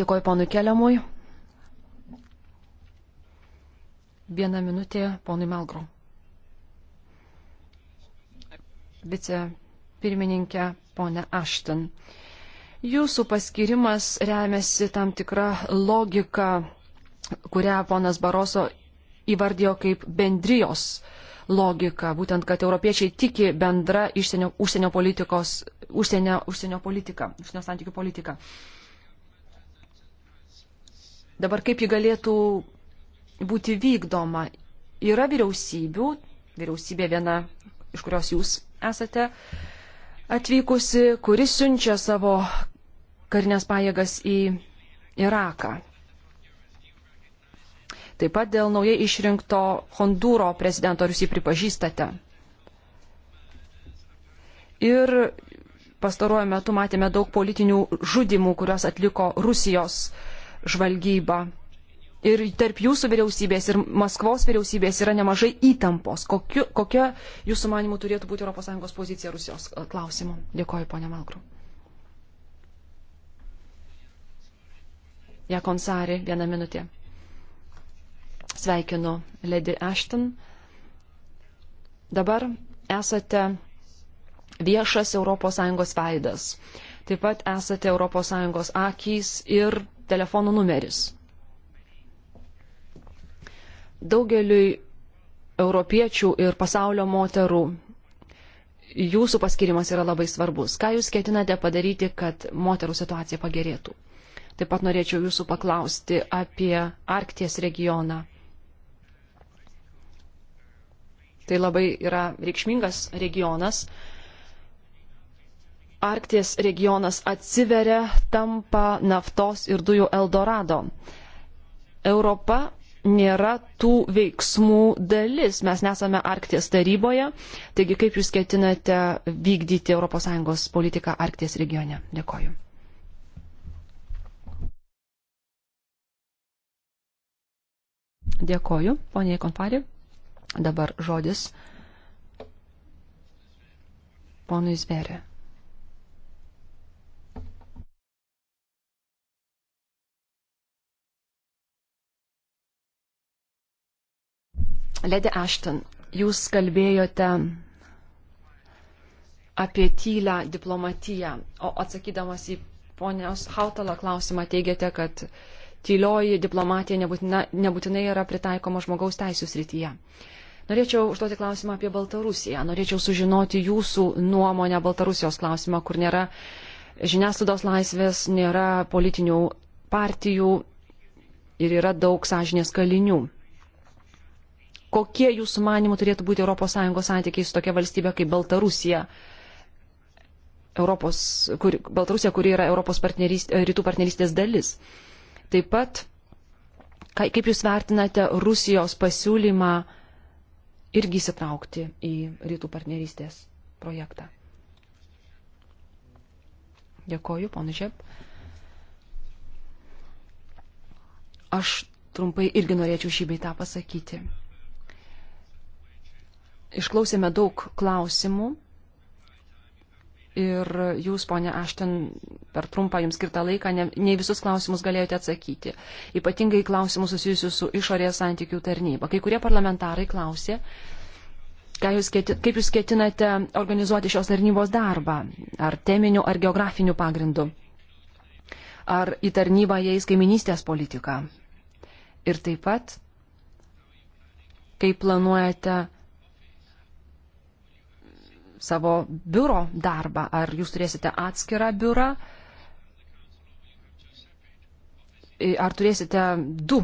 Dėkoju ponui Keliamui. Viena minutė ponui Melgro. Vice pirmininkė ponė Ašten. Jūsų paskirimas remiasi tam tikrą logiką, kurią ponas Baroso įvardijo kaip bendrijos logiką, būtent, kad europiečiai tiki bendra išsienio, užsienio politikos, užsienio, užsienio politika, užsienio santykių politika. Dabar kaip ji galėtų būti vykdoma. Yra vyriausybių, vyriausybė viena, iš kurios jūs esate atvykusi, kuris siunčia savo karinės pajėgas į Iraką. Taip pat dėl naujai išrinkto Hondūro prezidento ar jūs jį pripažįstate. Ir pastaruoju metu matėme daug politinių žudimų, kuriuos atliko Rusijos žvalgyba ir tarp jūsų vyriausybės ir Maskvos vyriausybės yra nemažai įtampos. Kokiu, kokia jūsų manimų turėtų būti ES pozicija Rusijos e, klausimu? Dėkoju, ponė Malgru. Jakonsari, vieną minutę. Sveikinu, Lady Ashton. Dabar esate viešas ES veidas. Taip pat esate ES akys ir telefono numeris daugeliui europiečių ir pasaulio moterų jūsų paskirimas yra labai svarbus. Ką jūs ketinate padaryti, kad moterų situacija pagerėtų? Taip pat norėčiau jūsų paklausti apie Arkties regioną. Tai labai yra reikšmingas regionas. Arkties regionas atsiveria, tampa naftos ir dujų Eldorado. Europa nėra tų veiksmų dalis. Mes nesame Arkties taryboje. Taigi, kaip Jūs ketinate vykdyti ES politiką Arkties regione? Dėkoju. Dėkoju, ponė Konfari. Dabar žodis ponui Zverė. Lady Ashton, jūs kalbėjote apie tylę diplomatiją, o atsakydamas į ponios Hautala klausimą teigiate, kad tylioji diplomatija nebūtina, nebūtinai yra pritaikoma žmogaus teisų srityje. Norėčiau užduoti klausimą apie Baltarusiją. Norėčiau sužinoti jūsų nuomonę Baltarusijos klausimą, kur nėra žiniasklaidos laisvės, nėra politinių partijų ir yra daug sąžinės kalinių kokie jūsų manimų turėtų būti ES santykiai su tokia valstybė kaip Baltarusija, Europos, kur, Baltarusija, kuri yra Europos partnerys, e, rytų partnerystės dalis. Taip pat, kaip jūs vertinate Rusijos pasiūlymą irgi įsitraukti į rytų partnerystės projektą? Dėkoju, ponu Žep. Aš trumpai irgi norėčiau šį beitą pasakyti. Išklausėme daug klausimų ir jūs, ponia Ašten, per trumpą jums skirtą laiką ne, ne visus klausimus galėjote atsakyti. Ypatingai klausimus susijusius su išorės santykių tarnyba. Kai kurie parlamentarai klausė, jūs keti, kaip jūs ketinate organizuoti šios tarnybos darbą, ar teminių, ar geografinių pagrindų, ar į tarnybą jais kaiminystės politiką. Ir taip pat, kaip planuojate savo biuro darbą. Ar jūs turėsite atskirą biurą, ar turėsite du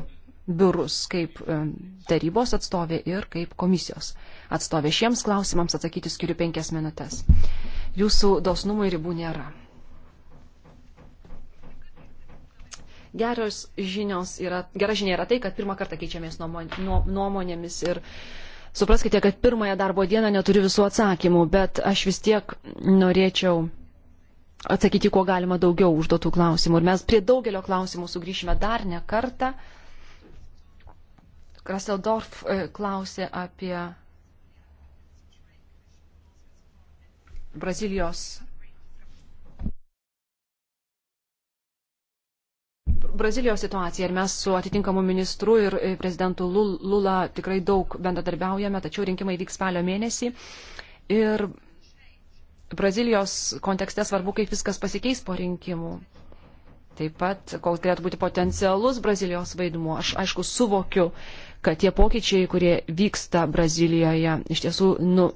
biurus kaip e, tarybos atstovė ir kaip komisijos atstovė. Šiems klausimams atsakyti skiriu penkias minutės. Jūsų dosnumui ribų nėra. Geros žinios yra, gera žinia yra tai, kad pirmą kartą keičiamės nuomonėmis ir uh, Supraskite, kad pirmąją darbo dieną neturiu visų atsakymų, bet aš vis tiek norėčiau atsakyti, kuo galima daugiau užduotų klausimų. Ir mes prie daugelio klausimų sugrįšime dar ne kartą. Kraseldorf e, klausė apie Brazilijos Brazilijos situacija ir mes su atitinkamu ministru ir prezidentu Lula tikrai daug bendradarbiaujame, tačiau rinkimai vyks spalio mėnesį. Ir Brazilijos kontekste svarbu, kaip viskas pasikeis po rinkimų. Taip pat, koks galėtų būti potencialus Brazilijos vaidmuo. Aš aišku suvokiu, kad tie pokyčiai, kurie vyksta Brazilijoje, iš tiesų nu,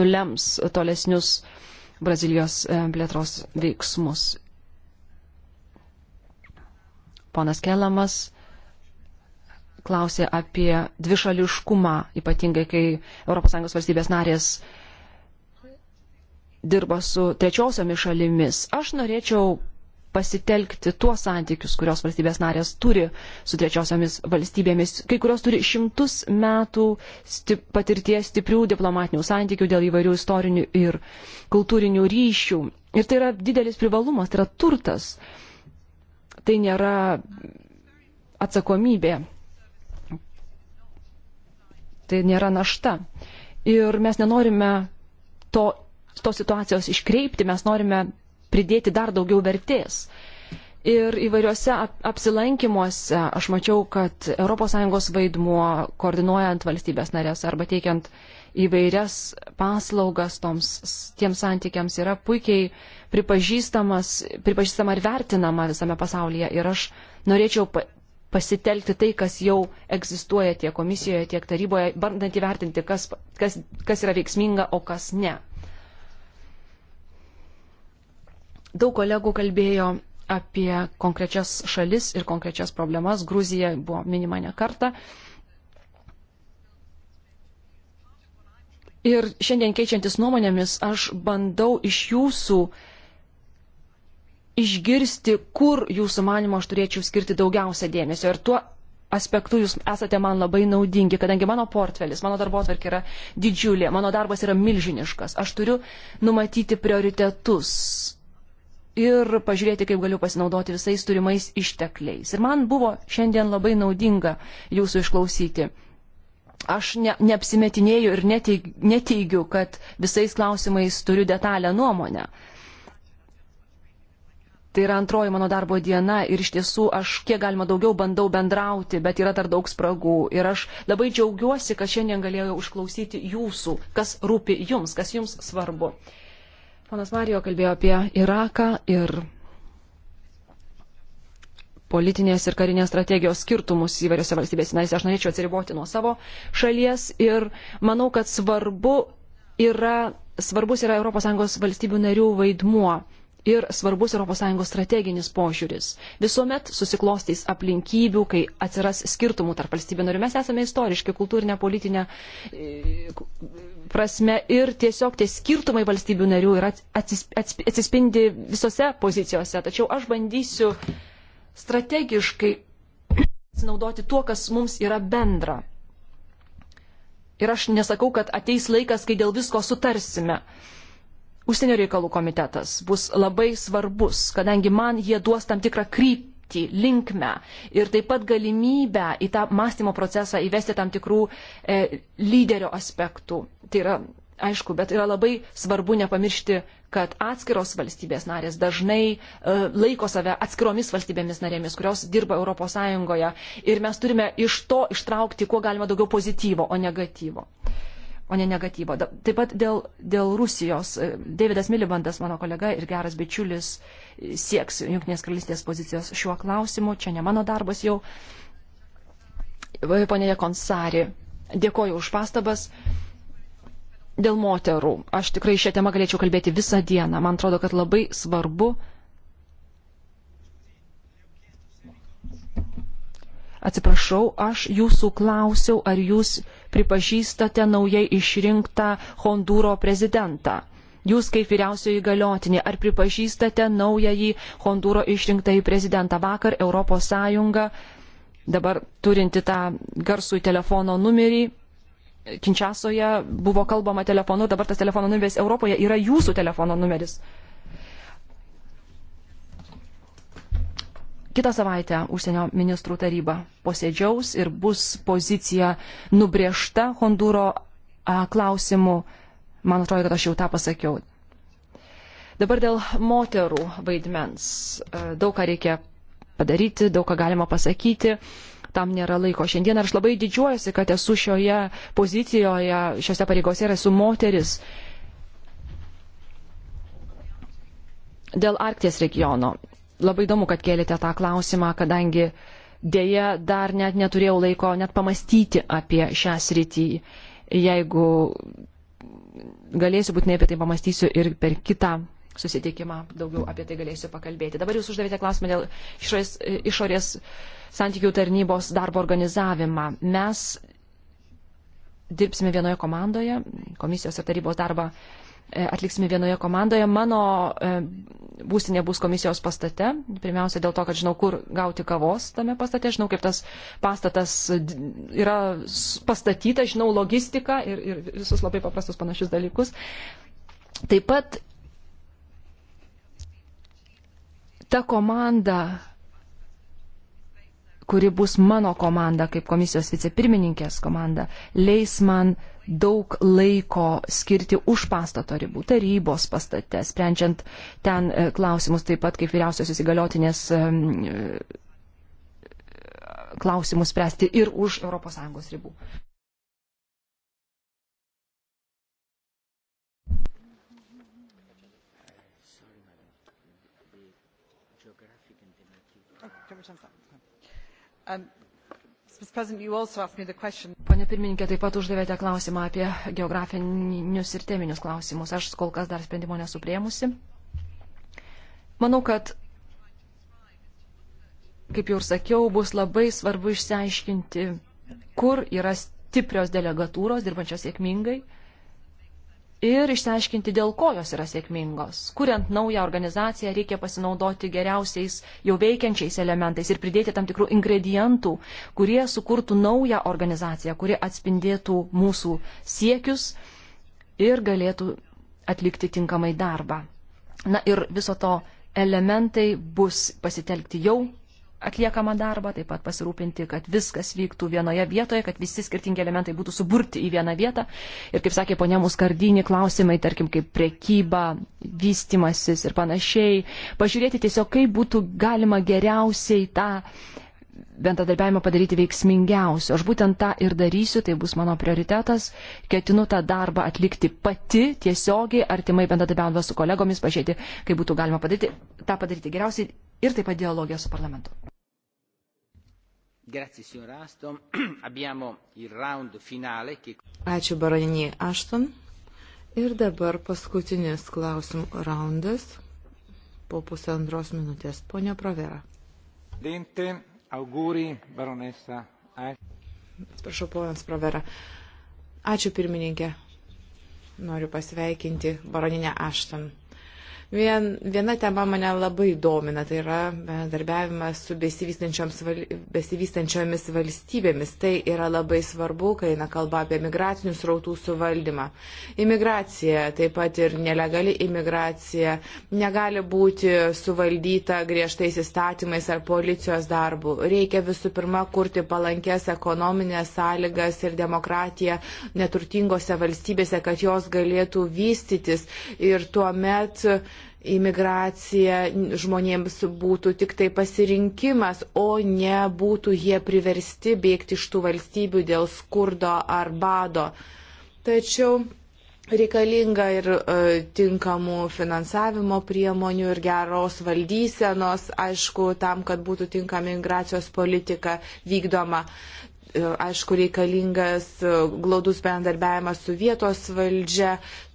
nulems tolesnius Brazilijos e, plėtros veiksmus Ponas Kelamas klausė apie dvišališkumą, ypatingai kai ES valstybės narės dirba su trečiosiomis šalimis. Aš norėčiau pasitelkti tuos santykius, kurios valstybės narės turi su trečiosiomis valstybėmis, kai kurios turi šimtus metų stip, patirties stiprių diplomatinių santykių dėl įvairių istorinių ir kultūrinių ryšių. Ir tai yra didelis privalumas, tai yra turtas tai nėra atsakomybė, tai nėra našta. Ir mes nenorime to, tos situacijos iškreipti, mes norime pridėti dar daugiau vertės. Ir įvairiuose apsilankimuose aš mačiau, kad ES vaidmuo koordinuojant valstybės narės arba teikiant uh, įvairias paslaugas toms, tiems santykiams yra puikiai pripažįstama ir vertinama visame pasaulyje. Ir aš norėčiau pasitelkti tai, kas jau egzistuoja tiek komisijoje, tiek taryboje, bandant įvertinti, kas, kas, kas yra veiksminga, o kas ne. Daug kolegų kalbėjo apie konkrečias šalis ir konkrečias problemas. Gruzija buvo minima ne kartą. Uh, Ir šiandien keičiantis nuomonėmis, aš bandau iš jūsų išgirsti, kur jūsų manimo aš turėčiau skirti daugiausia dėmesio. Ir tuo aspektu jūs esate man labai naudingi, kadangi mano portfelis, mano darbo atvarkė yra didžiulė, mano darbas yra milžiniškas. Aš turiu numatyti prioritetus ir pažiūrėti, kaip galiu pasinaudoti visais turimais ištekliais. Ir man buvo šiandien labai naudinga jūsų išklausyti aš ne, neapsimetinėju ir neteig, neteigiu, kad visais klausimais turiu detalę nuomonę. Tai yra antroji mano darbo diena ir iš tiesų aš kiek galima daugiau bandau bendrauti, bet yra dar daug spragų. Ir aš labai džiaugiuosi, kad šiandien galėjau užklausyti jūsų, kas rūpi jums, kas jums svarbu. Ponas Marijo kalbėjo apie Iraką ir politinės ir karinės strategijos skirtumus įvairiose valstybės narėse. Aš norėčiau atsiriboti nuo savo šalies ir manau, kad svarbu yra, svarbus yra ES valstybių narių vaidmuo ir svarbus ES strateginis požiūris. Visuomet susiklostys aplinkybių, kai atsiras skirtumų tarp valstybių narių. Mes esame istoriški, kultūrinė, politinė e, prasme ir tiesiog tie skirtumai valstybių narių yra atsispindi visose pozicijose. Tačiau aš bandysiu strategiškai pasinaudoti tuo, kas mums yra bendra. Ir aš nesakau, kad ateis laikas, kai dėl visko sutarsime. Užsienio reikalų komitetas bus labai svarbus, kadangi man jie duos tam tikrą kryptį, linkmę ir taip pat galimybę į tą mąstymo procesą įvesti tam tikrų e, lyderio aspektų. Tai yra Aišku, bet yra labai svarbu nepamiršti, kad atskiros valstybės narės dažnai uh, laiko save atskiromis valstybėmis narėmis, kurios dirba ES ir mes turime iš to ištraukti kuo galima daugiau pozityvo, o negatyvo. O ne negatyvo. Taip pat dėl, dėl Rusijos. E, Davidas Milibandas, mano kolega ir geras bičiulis, sieks Junktinės karalystės pozicijos šiuo klausimu. Čia ne mano darbas jau. Pone Jekonsari, dėkoju už pastabas. Uh, dėl moterų. Aš tikrai šią temą galėčiau kalbėti visą dieną. Man atrodo, kad labai svarbu Atsiprašau, aš jūsų klausiau, ar jūs pripažįstate naujai išrinktą Hondūro prezidentą. Jūs kaip vyriausioji galiotinė, ar pripažįstate naująjį Hondūro išrinktąjį prezidentą vakar ES, dabar turinti tą garsų telefono numerį, Kinčiasoje buvo kalbama telefonu, dabar tas telefono numeris Europoje yra jūsų telefono numeris. Kita savaitė užsienio ministrų taryba posėdžiaus ir bus pozicija nubriežta Honduro klausimu. Man atrodo, kad aš jau tą pasakiau. Dabar dėl moterų vaidmens. E, daug ką reikia padaryti, daug ką galima pasakyti tam nėra laiko. Šiandien aš labai didžiuojasi, kad esu šioje pozicijoje, šiose pareigose ir esu moteris. Dėl Arkties regiono. Labai įdomu, kad kėlėte tą klausimą, kadangi dėja dar net neturėjau laiko net pamastyti apie šią sritį. Jeigu galėsiu būtinai apie tai pamastysiu ir per kitą susitikimą daugiau apie tai galėsiu pakalbėti. Dabar jūs uždavėte klausimą dėl išorės, išorės santykių tarnybos darbo organizavimą. Mes dirbsime vienoje komandoje, komisijos ir tarybos darbą e, atliksime vienoje komandoje. Mano e, būstinė bus komisijos pastate. Pirmiausia dėl to, kad žinau, kur gauti kavos tame pastate. Žinau, kaip tas pastatas e, yra pastatytas, žinau logistiką ir, ir visus labai paprastus panašius dalykus. Taip pat ta komanda kuri bus mano komanda, kaip komisijos vicepirmininkės komanda, leis man daug laiko skirti už pastato ribų, tarybos pastate, sprendžiant ten e, klausimus taip pat kaip vyriausiosios įgaliotinės e, klausimus spręsti ir už ES ribų. Um, Pone pirmininkė, taip pat uždavėte klausimą apie geografinius ir teminius klausimus. Aš kol kas dar sprendimo nesu prieimusi. Manau, kad, kaip jau ir sakiau, bus labai svarbu išsiaiškinti, kur yra stiprios delegatūros, dirbančios sėkmingai ir išsiaiškinti, dėl ko jos yra sėkmingos. Kuriant naują organizaciją, reikia pasinaudoti geriausiais jau veikiančiais elementais ir pridėti tam tikrų ingredientų, kurie sukurtų naują organizaciją, kuri atspindėtų mūsų siekius ir galėtų atlikti tinkamai darbą. Na ir viso to elementai bus pasitelkti jau atliekamą darbą, taip pat pasirūpinti, kad viskas vyktų vienoje vietoje, kad visi skirtingi elementai būtų suburti į vieną vietą. Ir kaip sakė ponė Muskardinį, klausimai, tarkim, kaip priekyba, vystimasis ir panašiai. Pažiūrėti tiesiog, kaip būtų galima geriausiai tą bendradarbiavimą padaryti veiksmingiausiu. Aš būtent tą ir darysiu, tai bus mano prioritetas. Ketinu tą darbą atlikti pati, tiesiogiai, artimai bendradarbiavimą su kolegomis, pažiūrėti, kaip būtų galima padaryti, tą padaryti geriausiai ir taip pat dialogę su parlamentu. Grazie, signora Aston. Abbiamo il round finale. Che... Ačiū, baroniniai Ašton. Ir dabar paskutinis klausimų raundas po pusantros minutės. Pone Provera. Dente, auguri, baronesa. Atsiprašau, ponas Provera. Ačiū pirmininkė. Noriu pasveikinti baroninę Ašton. Vien, viena tema mane labai domina, tai yra darbiavimas su besivystančiomis valstybėmis. Tai yra labai svarbu, kai eina kalba apie migracinius rautų suvaldymą. Imigracija, taip pat ir nelegali imigracija, negali būti suvaldyta griežtais įstatymais ar policijos darbu. Reikia visų pirma kurti palankės ekonominės sąlygas ir demokratiją neturtingose valstybėse, kad jos galėtų vystytis ir tuomet imigracija žmonėms būtų tik tai pasirinkimas, o ne būtų jie priversti bėgti iš tų valstybių dėl skurdo ar bado. Tačiau reikalinga ir e, tinkamų finansavimo priemonių ir geros valdysenos, aišku, tam, kad būtų tinkama migracijos politika vykdoma aišku, reikalingas e, glaudus bendarbiavimas su vietos valdžia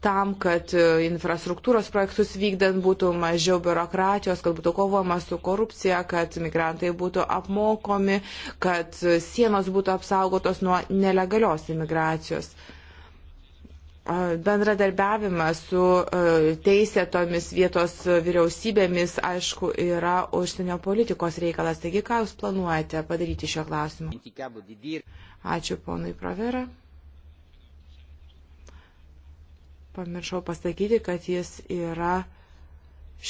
tam, kad e, infrastruktūros projektus vykdant būtų mažiau biurokratijos, kad būtų kovoma su korupcija, kad migrantai būtų apmokomi, kad sienos būtų apsaugotos nuo nelegalios imigracijos. Bendradarbiavimas su teisėtomis vietos vyriausybėmis, aišku, yra užsienio politikos reikalas. Taigi, ką Jūs planuojate padaryti šio klausimu? Ačiū ponui Provera. Pamiršau pasakyti, kad jis yra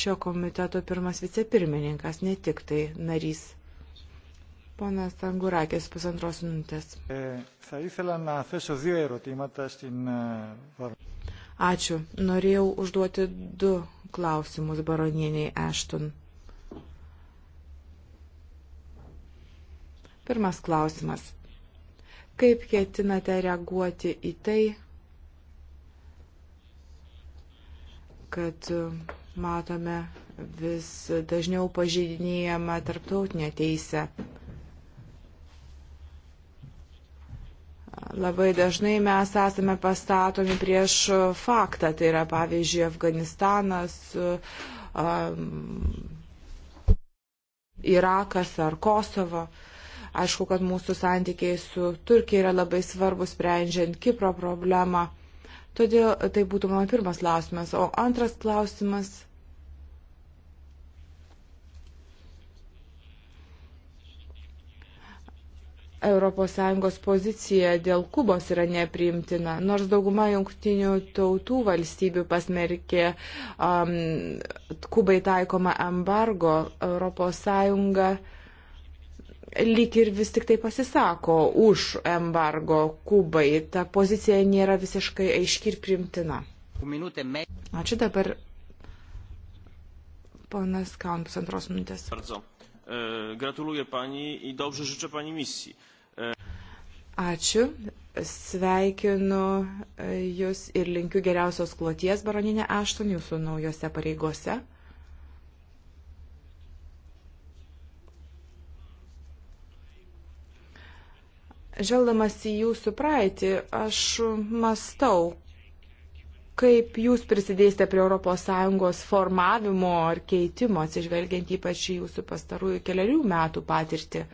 šio komiteto pirmas vicepirmininkas, ne tik tai narys. Ponas Angurakis, pusantros minutės. E, e, Ačiū. Norėjau užduoti du klausimus baronieniai Ashton. Pirmas klausimas. Kaip ketinate reaguoti į tai, kad e, matome vis dažniau pažeidinėjama tarptautinė teisė? Labai dažnai mes esame pastatomi prieš faktą, tai yra pavyzdžiui Afganistanas, Irakas ar Kosovo. Aišku, kad mūsų santykiai su Turkija yra labai svarbus, sprendžiant Kipro problemą. Todėl tai būtų mano pirmas klausimas. O antras klausimas ES pozicija dėl Kubos yra nepriimtina, nors dauguma jungtinių tautų valstybių pasmerkė um, Kubai taikomą embargo, ES lyg ir vis tik tai pasisako už embargo Kubai. Ta pozicija nėra visiškai aiški ir priimtina. Ačiū dabar. Ponas Kaun, pusantros minutės. Pardon. E, gratuluję Pani i dobrze życzę Pani misji. E, Ačiū, sveikinu e, Jūs ir linkiu geriausios kloties, baroninė Ašton, Jūsų naujose pareigose. Žvelgdamas į jūsų praeitį, aš mastau, kaip jūs prisidėsite prie ES formavimo ar keitimo, atsižvelgiant ypač į jūsų pastarųjų keliarių metų patirtį?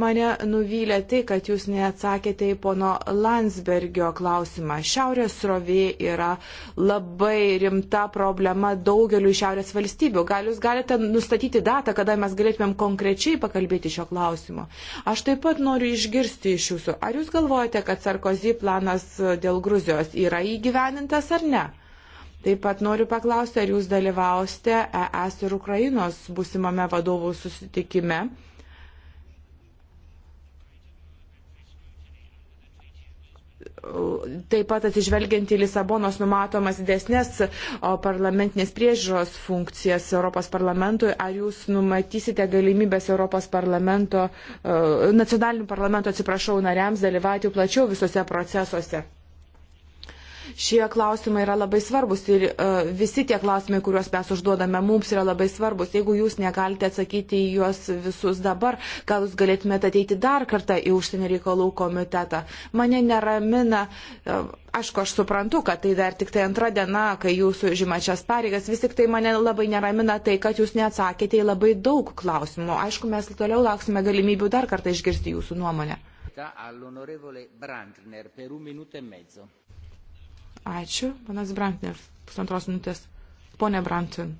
Mane nuvylė tai, kad jūs neatsakėte į pono Landsbergio klausimą. Šiaurės srovė yra labai rimta problema daugeliu šiaurės valstybių. Gal jūs galite nustatyti datą, kada mes galėtumėm konkrečiai pakalbėti šio klausimo. Aš taip pat noriu išgirsti iš jūsų, ar jūs galvojate, kad Sarkozy planas dėl Gruzijos yra įgyvenintas ar ne? Taip pat noriu paklausti, ar jūs dalyvausite ES ir Ukrainos busimame vadovų susitikime taip pat atsižvelgiant į Lisabonos numatomas didesnės parlamentinės priežiūros funkcijas Europos parlamentui, ar jūs numatysite galimybės Europos parlamento, e, nacionalinių parlamento, atsiprašau, nariams dalyvauti plačiau visose procesuose? Šie klausimai yra labai svarbus ir uh, visi tie klausimai, kuriuos mes užduodame, mums yra labai svarbus. Jeigu jūs negalite atsakyti į juos visus dabar, gal jūs galėtumėte ateiti dar kartą į užsienio reikalų komitetą. Mane neramina. Uh, aišku, aš suprantu, kad tai dar tik tai antra diena, kai jūs žima šias pareigas, vis tik tai mane labai neramina tai, kad jūs neatsakėte į labai daug klausimų. Aišku, mes toliau lauksime galimybių dar kartą išgirsti jūsų nuomonę. Ačiū, panas Brantner, pusantros minutės. Pone Brantin.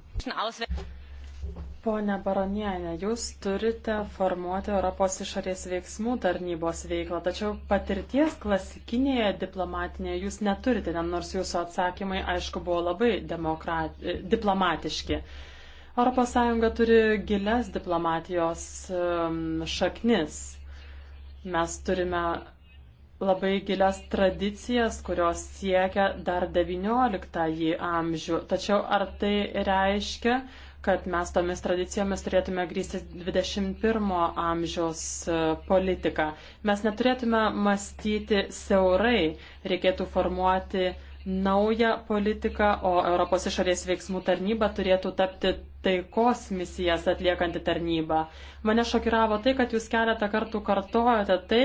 Pone Baronienė, jūs turite formuoti Europos išorės veiksmų tarnybos veiklą, tačiau patirties klasikinėje diplomatinėje jūs neturite, nors jūsų atsakymai, aišku, buvo labai demokrat... diplomatiški. ES turi gilias diplomatijos šaknis. Mes turime labai gilias tradicijas, kurios siekia dar XIX amžių. Tačiau ar tai reiškia, kad mes tomis tradicijomis turėtume grįsti 21 amžiaus e, politiką. Mes neturėtume mąstyti siaurai, reikėtų formuoti naują politiką, o Europos išorės veiksmų tarnyba turėtų tapti taikos misijas atliekanti tarnyba. Mane šokiravo tai, kad jūs keletą kartų kartojate tai,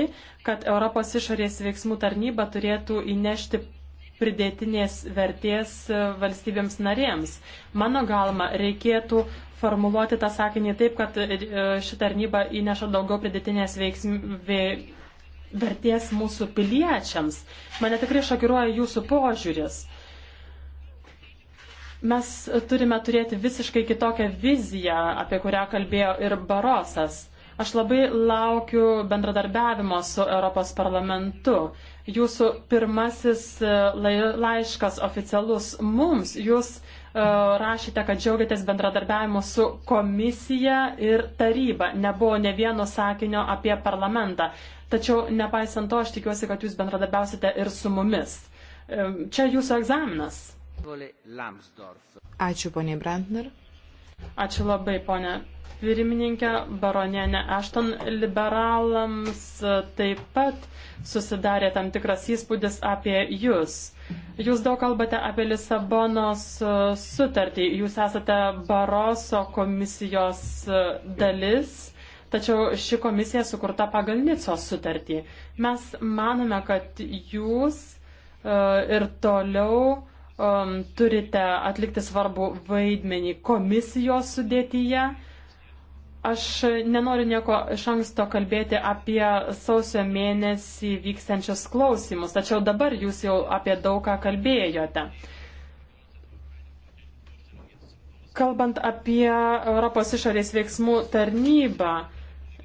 kad Europos išorės veiksmų tarnyba turėtų įnešti pridėtinės vertės valstybėms narėms. Mano galma, reikėtų formuluoti tą sakinį taip, kad e, ši tarnyba įneša daugiau pridėtinės veiksm, ve, vertės mūsų piliečiams. Mane tikrai šokiruoja jūsų požiūris. Mes turime turėti visiškai kitokią viziją, apie kurią kalbėjo ir Barosas. Aš labai laukiu bendradarbiavimo su Europos parlamentu. Jūsų pirmasis e, laiškas oficialus mums, jūs e, rašėte, kad džiaugiatės bendradarbiavimu su komisija ir taryba. Nebuvo ne vieno sakinio apie parlamentą. Tačiau nepaisant to, aš tikiuosi, kad jūs bendradarbiausite ir su mumis. E, čia jūsų egzaminas. Ačiū, ponė Brandner. Ačiū labai, ponė pirmininkė, baronienė Ašton. Liberalams taip pat susidarė tam tikras įspūdis apie jūs. Jūs daug kalbate apie Lisabonos sutartį. Jūs esate Baroso komisijos dalis. Tačiau ši komisija sukurta pagal Nicos sutartį. Mes manome, kad jūs uh, ir toliau uh, um, turite atlikti svarbų vaidmenį komisijos sudėtyje. Aš nenoriu nieko iš anksto kalbėti apie sausio mėnesį vykstančius klausimus, tačiau dabar jūs jau apie daugą kalbėjote. Kalbant apie Europos išorės veiksmų tarnybą,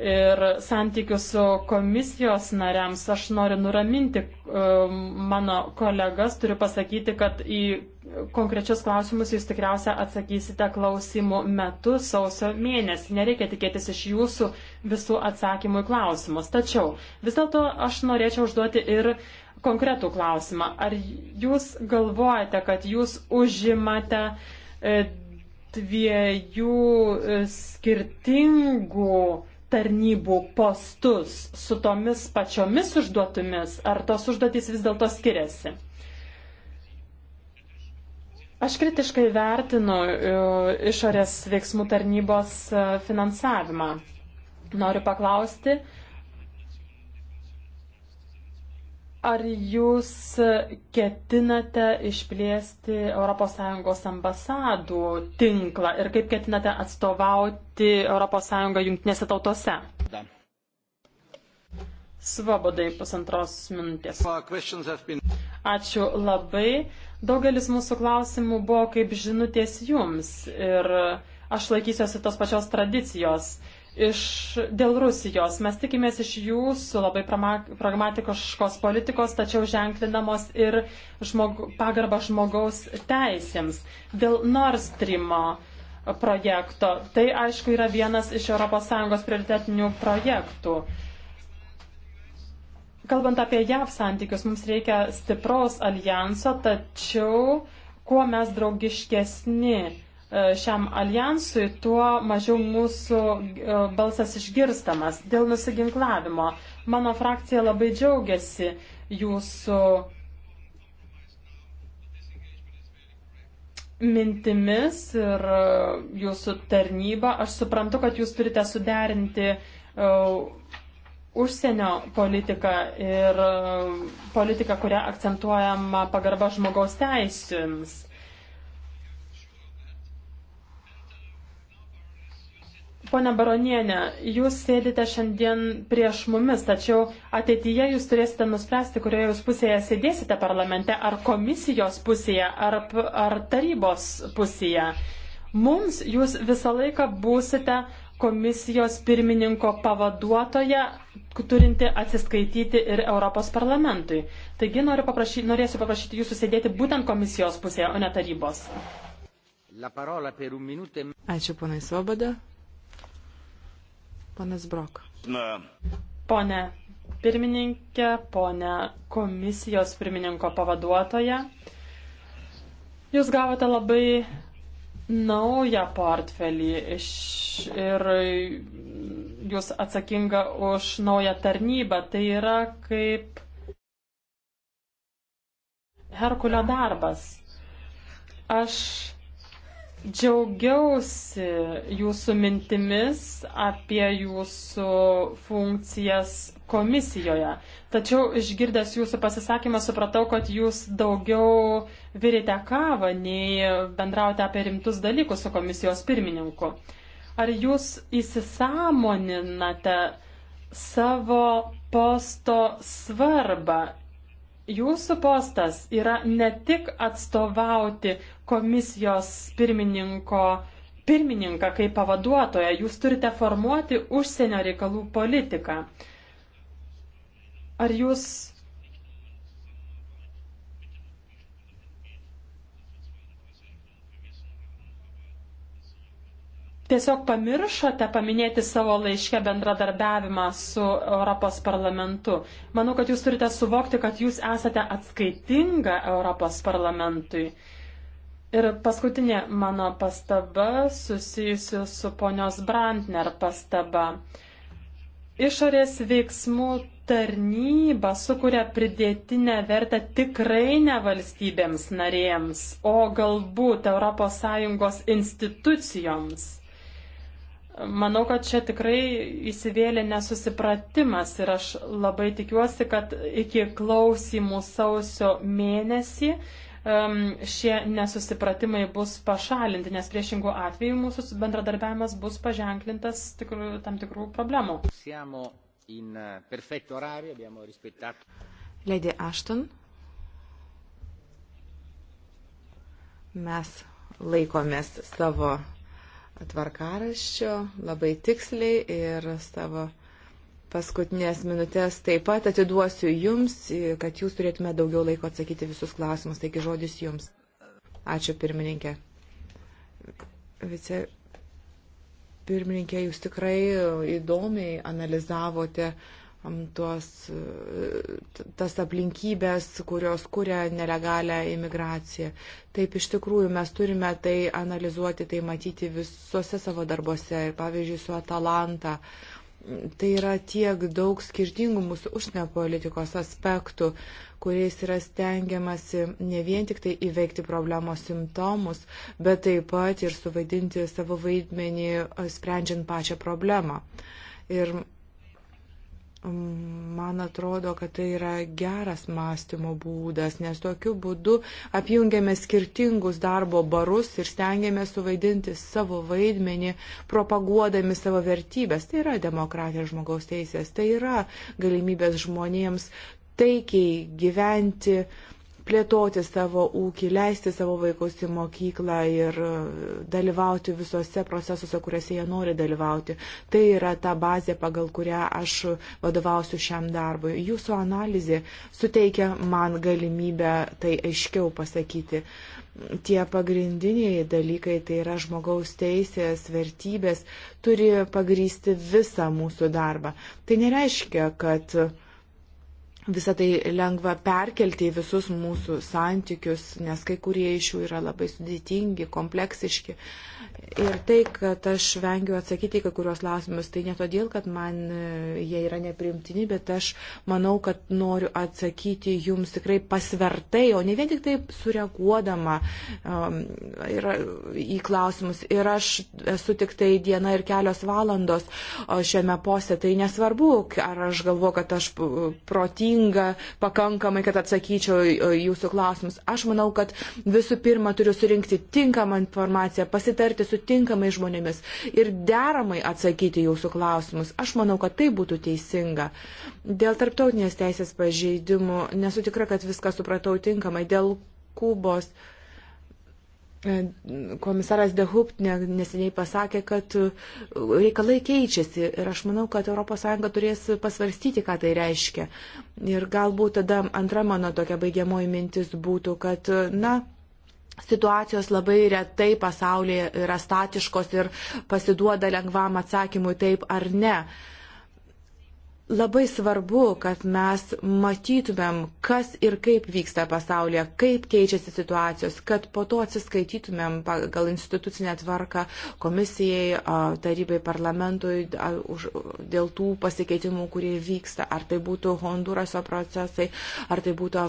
ir santykių su komisijos nariams. Aš noriu nuraminti um, mano kolegas, turiu pasakyti, kad į konkrečius klausimus jūs tikriausia atsakysite klausimų metu sausio mėnesį. Nereikia tikėtis iš jūsų visų atsakymų į klausimus. Tačiau vis dėlto aš norėčiau užduoti ir konkretų klausimą. Ar jūs galvojate, kad jūs užimate e, dviejų e, skirtingų tarnybų postus su tomis pačiomis užduotimis, ar tos užduotys vis dėlto skiriasi? Aš kritiškai vertinu e, išorės veiksmų tarnybos e, finansavimą. Noriu paklausti, Ar jūs ketinate išplėsti ES ambasadų tinklą ir kaip ketinate atstovauti ES jungtinėse tautose? Da. Svobodai pusantros minutės. Ačiū labai. Daugelis mūsų klausimų buvo kaip žinutės jums ir aš laikysiuosi tos pačios tradicijos iš, dėl Rusijos. Mes tikimės iš jūsų labai pragmatiškos politikos, tačiau ženklinamos ir žmog, pagarba žmogaus teisėms. Dėl Nord Streamo projekto. Tai aišku yra vienas iš ES prioritetinių projektų. Kalbant apie JAV santykius, mums reikia stipraus alijanso, tačiau kuo mes draugiškesni E, šiam alijansui, tuo mažiau mūsų e, balsas išgirstamas dėl nusiginklavimo. Mano frakcija labai džiaugiasi jūsų mintimis ir e, jūsų tarnyba. Aš suprantu, kad jūs turite suderinti užsienio politiką ir politiką, kurią akcentuojama pagarba žmogaus teisėms. Pone Baronienė, jūs sėdite šiandien prieš mumis, tačiau ateityje jūs turėsite nuspręsti, kurioje jūs pusėje sėdėsite parlamente, ar komisijos pusėje, ar, ar tarybos pusėje. Mums jūs visą laiką būsite komisijos pirmininko pavaduotoja, turinti atsiskaityti ir Europos parlamentui. Taigi noriu paprašy, norėsiu paprašyti jūsų sėdėti būtent komisijos pusėje, o ne tarybos. E Ačiū, ponai Svoboda. Panas Brok. Na. Pone pirmininkė, pone komisijos pirmininko pavaduotoja, jūs gavote labai naują portfelį iš, ir jūs atsakinga už naują tarnybą. Tai yra kaip Herkulio darbas. Aš Džiaugiausi jūsų mintimis apie jūsų funkcijas komisijoje. Tačiau išgirdęs jūsų pasisakymą supratau, kad jūs daugiau virite kavą, nei bendraujate apie rimtus dalykus su komisijos pirmininku. Ar jūs įsisamoninate savo posto svarbą Jūsų postas yra ne tik atstovauti komisijos pirmininko pirmininką kaip pavaduotoją, jūs turite formuoti užsienio reikalų politiką. Ar jūs tiesiog pamiršote paminėti savo laiške bendradarbiavimą su Europos parlamentu. Manau, kad jūs turite suvokti, kad jūs esate atskaitinga Europos parlamentui. Ir paskutinė mano pastaba susijusi su ponios Brantner pastaba. Išorės veiksmų tarnyba sukuria pridėtinę vertę tikrai ne valstybėms narėms, o galbūt ES institucijoms. Manau, kad čia tikrai įsivėlė nesusipratimas ir aš labai tikiuosi, kad iki klausimų sausio mėnesį um, šie nesusipratimai bus pašalinti, nes priešingų atveju mūsų bendradarbiavimas bus paženklintas tikrų, tam tikrų problemų. Eh, Lady Ashton, mes laikomės savo tvarkaraščio labai tiksliai ir savo paskutinės minutės taip pat atiduosiu jums, kad jūs turėtume daugiau laiko atsakyti visus klausimus. Taigi žodis jums. Ačiū pirmininkė. Vice pirmininkė, jūs tikrai įdomiai analizavote uh, tuos, tas aplinkybės, kurios kuria nelegalią imigraciją. Taip iš tikrųjų mes turime tai analizuoti, tai matyti visose savo darbose ir pavyzdžiui su Atalanta. Tai yra tiek daug skirtingų mūsų užsienio politikos aspektų, kuriais yra stengiamasi ne vien tik tai įveikti problemos simptomus, bet taip pat ir suvaidinti savo vaidmenį, sprendžiant pačią problemą. Ir Man atrodo, kad tai yra geras mąstymo būdas, nes tokiu būdu apjungiame skirtingus darbo barus ir stengiamės suvaidinti savo vaidmenį, propaguodami savo vertybės. Tai yra demokratija žmogaus teisės, tai yra galimybės žmonėms taikiai gyventi uh, plėtoti savo ūkį, leisti savo vaikus į mokyklą ir e, dalyvauti visose procesuose, kuriuose jie nori dalyvauti. Tai yra ta bazė, pagal kurią aš vadovausiu šiam darbui. Jūsų analizė suteikia man galimybę tai aiškiau pasakyti. Tie pagrindiniai dalykai, tai yra žmogaus teisės, vertybės, turi pagrysti visą mūsų darbą. Tai nereiškia, kad uh, visą tai lengva perkelti į visus mūsų santykius, nes kai kurie iš jų yra labai sudėtingi, kompleksiški. Ir tai, kad aš vengiu atsakyti kai kurios klausimus, tai ne todėl, kad man e, jie yra neprimtini, bet aš manau, kad noriu atsakyti jums tikrai pasvertai, o ne vien tik taip sureaguodama um, ir, į klausimus. Ir aš esu tik tai diena ir kelios valandos šiame posė, tai nesvarbu, ar aš galvoju, kad aš protinga pakankamai, kad atsakyčiau jūsų klausimus. Aš manau, kad visų pirma turiu surinkti tinkamą informaciją, pasitarti bendrauti su tinkamai žmonėmis ir deramai atsakyti jūsų klausimus. Aš manau, kad tai būtų teisinga. Dėl tarptautinės teisės pažeidimų nesu tikra, kad viską supratau tinkamai. Dėl Kubos e, komisaras Dehupt neseniai pasakė, kad e, reikalai keičiasi ir aš manau, kad ES turės pasvarstyti, ką tai reiškia. Ir galbūt tada antra mano tokia baigiamoji mintis būtų, kad, na, situacijos labai retai pasaulyje yra statiškos ir pasiduoda lengvam atsakymui taip ar ne. Uh, Labai svarbu, kad mes matytumėm, kas ir kaip vyksta pasaulyje, kaip keičiasi situacijos, kad po to atsiskaitytumėm pagal institucinę tvarką komisijai, tarybai, parlamentui dėl tų pasikeitimų, kurie vyksta. Ar tai būtų Honduraso procesai, ar tai būtų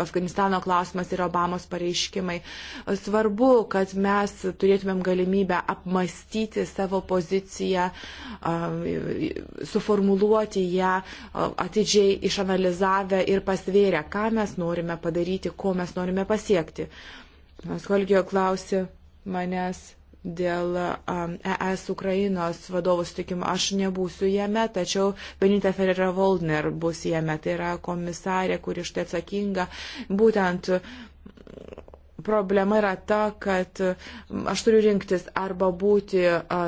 Afganistano klausimas ir Obamos pareiškimai. Svarbu, kad mes turėtumėm galimybę apmastyti savo poziciją suformuluoti ją atidžiai išanalizavę ir pasvėrę, ką mes norime padaryti, ko mes norime pasiekti. Skolgio klausė manęs dėl ES Ukrainos vadovų sutikimo. Aš nebūsiu jame, tačiau Benita Ferrera Voldner bus jame. Tai yra komisarė, kuri štai atsakinga būtent problema yra ta, kad aš turiu rinktis arba būti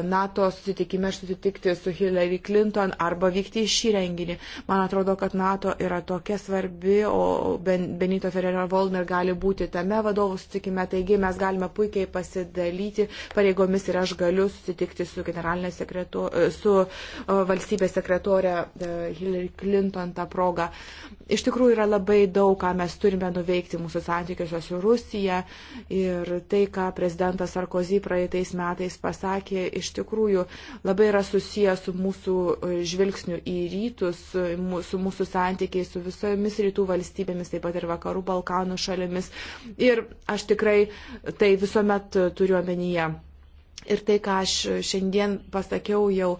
NATO susitikime, susitikti su Hillary Clinton, arba vykti į šį renginį. Man atrodo, kad NATO yra tokia svarbi, o Benito Ferrero Volner gali būti tame vadovų susitikime, taigi mes galime puikiai pasidalyti pareigomis ir aš galiu susitikti su, sekretu, e, su valstybės sekretorė e, Hillary Clinton tą progą. Iš tikrųjų yra labai daug, ką mes turime nuveikti mūsų santykiuose su Rusija ir tai, ką prezidentas Sarkozy praeitais metais pasakė, iš tikrųjų labai yra susijęs su mūsų e, žvilgsniu į rytus, e, su mūsų santykiai su visomis rytų valstybėmis, taip pat ir vakarų Balkanų šalimis. Ir aš tikrai tai visuomet turiu omenyje. Ir tai, ką aš šiandien pasakiau jau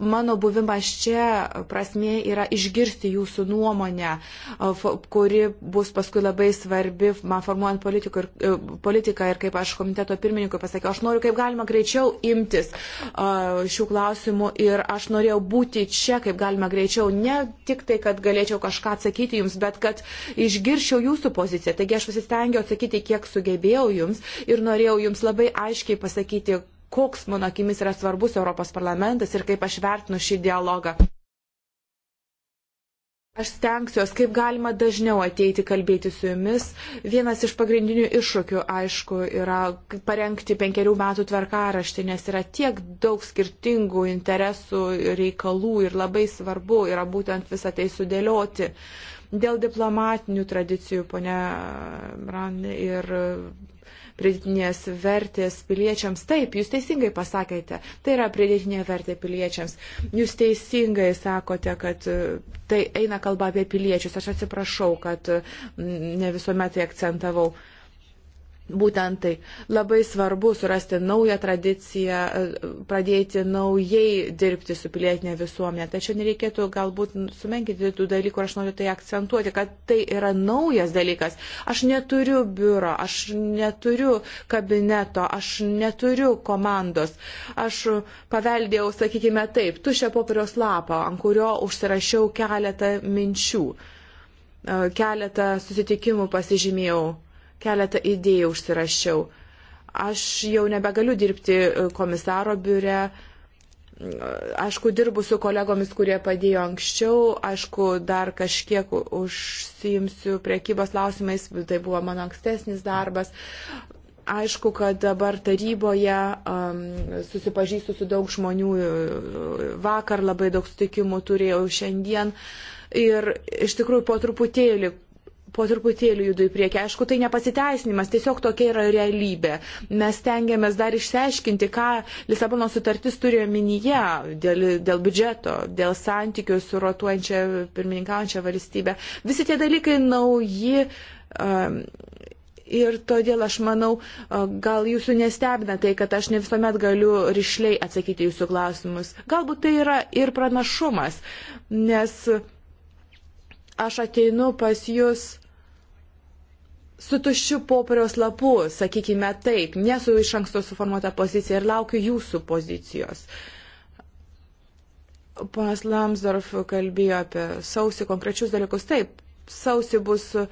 mano buvimas čia prasmė yra išgirsti jūsų nuomonę, kuri bus paskui labai svarbi man formuojant politiką ir, e, politiką ir kaip aš komiteto pirmininkui pasakiau, aš noriu kaip galima greičiau imtis šių klausimų ir aš norėjau būti čia kaip galima greičiau, ne tik tai, kad galėčiau kažką atsakyti jums, bet kad išgirščiau jūsų poziciją. Taigi aš pasistengiau atsakyti, kiek sugebėjau jums ir norėjau jums labai aiškiai pasakyti, koks mano akimis yra svarbus Europos parlamentas ir kaip aš vertinu šį dialogą. Aš stengsiuos, kaip galima dažniau ateiti kalbėti su jumis. Vienas iš pagrindinių iššūkių, aišku, yra parengti penkerių metų tvarkaraštį, nes yra tiek daug skirtingų interesų, reikalų ir labai svarbu yra būtent visą tai sudėlioti dėl diplomatinių tradicijų, ponia Brand, ir pridėtinės vertės piliečiams. Taip, jūs teisingai pasakėte, tai yra pridėtinė vertė piliečiams. Jūs teisingai sakote, kad e, tai eina kalba apie piliečius. Aš atsiprašau, kad ne visuomet tai akcentavau būtent tai. Labai svarbu surasti naują tradiciją, pradėti naujai dirbti su pilietinė visuomenė. Tačiau nereikėtų galbūt sumenkinti tų dalykų, aš noriu tai akcentuoti, kad tai yra naujas dalykas. Aš neturiu biuro, aš neturiu kabineto, aš neturiu komandos. Aš paveldėjau, sakykime taip, tušę popieriaus lapą, ant kurio užsirašiau keletą minčių, e, keletą susitikimų pasižymėjau keletą idėjų užsirašiau. Aš jau nebegaliu dirbti e, komisaro biure, aišku, dirbu su kolegomis, kurie padėjo anksčiau, aišku, dar kažkiek užsiimsiu priekybos klausimais, tai buvo mano ankstesnis darbas. Aišku, kad dabar taryboje um, susipažįstu su daug žmonių, vakar labai daug sutikimų turėjau šiandien ir iš tikrųjų po truputėlį po truputėlį judu į priekį. Aišku, tai nepasiteisinimas, tiesiog tokia yra realybė. Mes tengiamės dar išsiaiškinti, ką Lisabono sutartis turėjo minyje dėl, dėl biudžeto, dėl santykių su rotuojančia pirmininkaujančia valstybė. Visi tie dalykai nauji. Um, Ir todėl aš manau, uh, gal jūsų nestebina tai, kad aš ne visuomet galiu ryšliai atsakyti jūsų klausimus. Galbūt tai yra ir pranašumas, nes aš ateinu pas jūs su tuščiu popieriaus lapu, sakykime taip, nesu iš anksto suformuota pozicija ir laukiu jūsų pozicijos. Ponas Lamsdorf kalbėjo apie sausį konkrečius dalykus. Taip, sausį bus uh,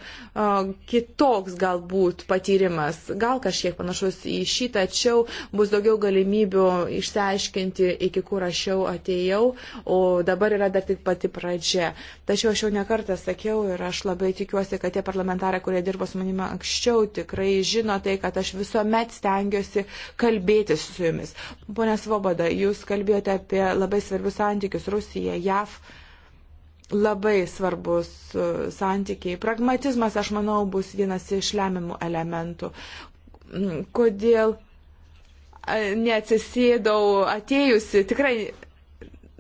kitoks galbūt patyrimas, gal kažkiek panašus į šį, tačiau bus daugiau galimybių išsiaiškinti, iki kur aš jau atėjau, o dabar yra dar tik pati pradžia. Tačiau aš jau nekartą sakiau ir aš labai tikiuosi, kad tie parlamentarai, kurie dirbo su manimi anksčiau, tikrai žino tai, kad aš visuomet stengiuosi kalbėtis su jumis. Pone Svoboda, jūs kalbėjote apie labai svarbius santykius Rusija, JAV. Uh, labai svarbus e, santykiai. Pragmatizmas, aš manau, bus vienas iš lemiamų elementų. Mm, kodėl e, neatsisėdau atėjusi, tikrai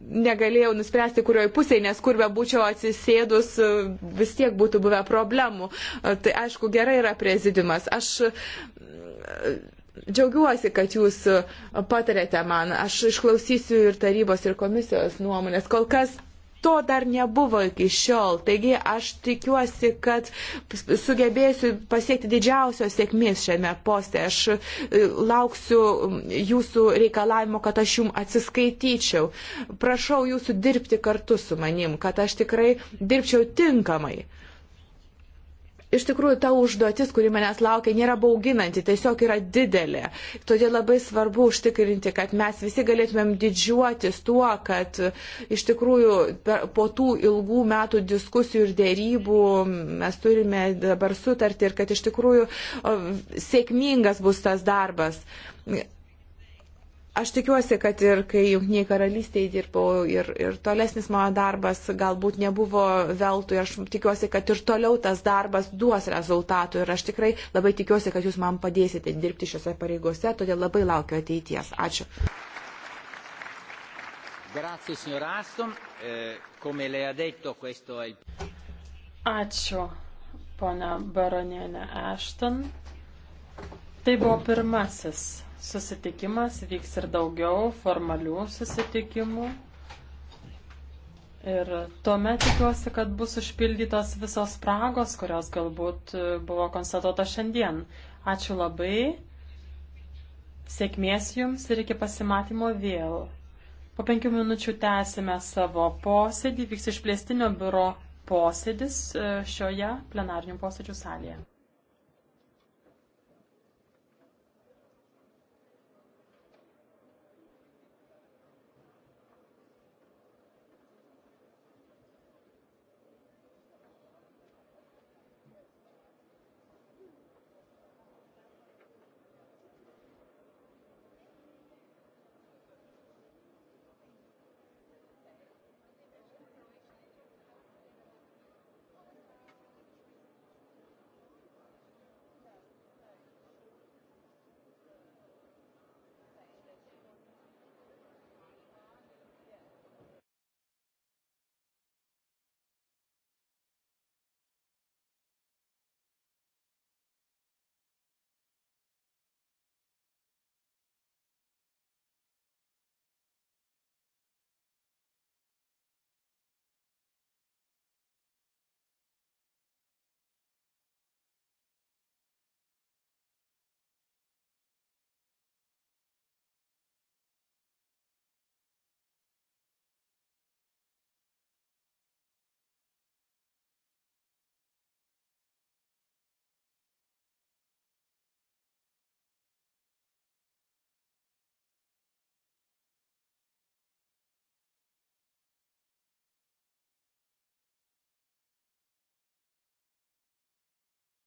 negalėjau nuspręsti, kurioje pusėje, nes kur be būčiau atsisėdus, e, vis tiek būtų buvę problemų. Tai aišku, gerai yra prezidimas. Aš mm, džiaugiuosi, kad jūs patarėte man. Aš išklausysiu ir tarybos, ir komisijos nuomonės. Kol kas To dar nebuvo iki šiol. Taigi aš tikiuosi, kad sugebėsiu pasiekti didžiausios sėkmės šiame poste. Aš e, lauksiu jūsų reikalavimo, kad aš jums atsiskaityčiau. Prašau jūsų dirbti kartu su manim, kad aš tikrai dirbčiau tinkamai. Iš tikrųjų, ta užduotis, kuri manęs laukia, nėra bauginanti, tiesiog yra didelė. Todėl labai svarbu užtikrinti, kad mes visi galėtumėm didžiuotis tuo, kad iš tikrųjų per, po tų ilgų metų diskusijų ir dėrybų mes turime dabar sutartį ir kad iš tikrųjų sėkmingas bus tas darbas. Aš tikiuosi, kad ir kai Junktiniai karalystėje dirbau ir, ir tolesnis mano darbas galbūt nebuvo veltui, aš tikiuosi, kad ir toliau tas darbas duos rezultatų ir aš tikrai labai tikiuosi, kad jūs man padėsite dirbti šiuose pareigose, todėl labai laukiu ateities. Ačiū. Grazie, signor Aston. Eh, come lei ha detto, questo è il... Ačiū, ponia Baronienė Ashton. Tai buvo pirmasis susitikimas, vyks ir daugiau formalių susitikimų. Ir tuomet tikiuosi, kad bus užpildytos visos spragos, kurios galbūt e, buvo konstatuota šiandien. Ačiū labai, sėkmės jums ir iki pasimatymo vėl. Po penkių minučių tęsime savo posėdį, vyks išplėstinio biuro posėdis e, šioje plenarnių posėdžių salėje.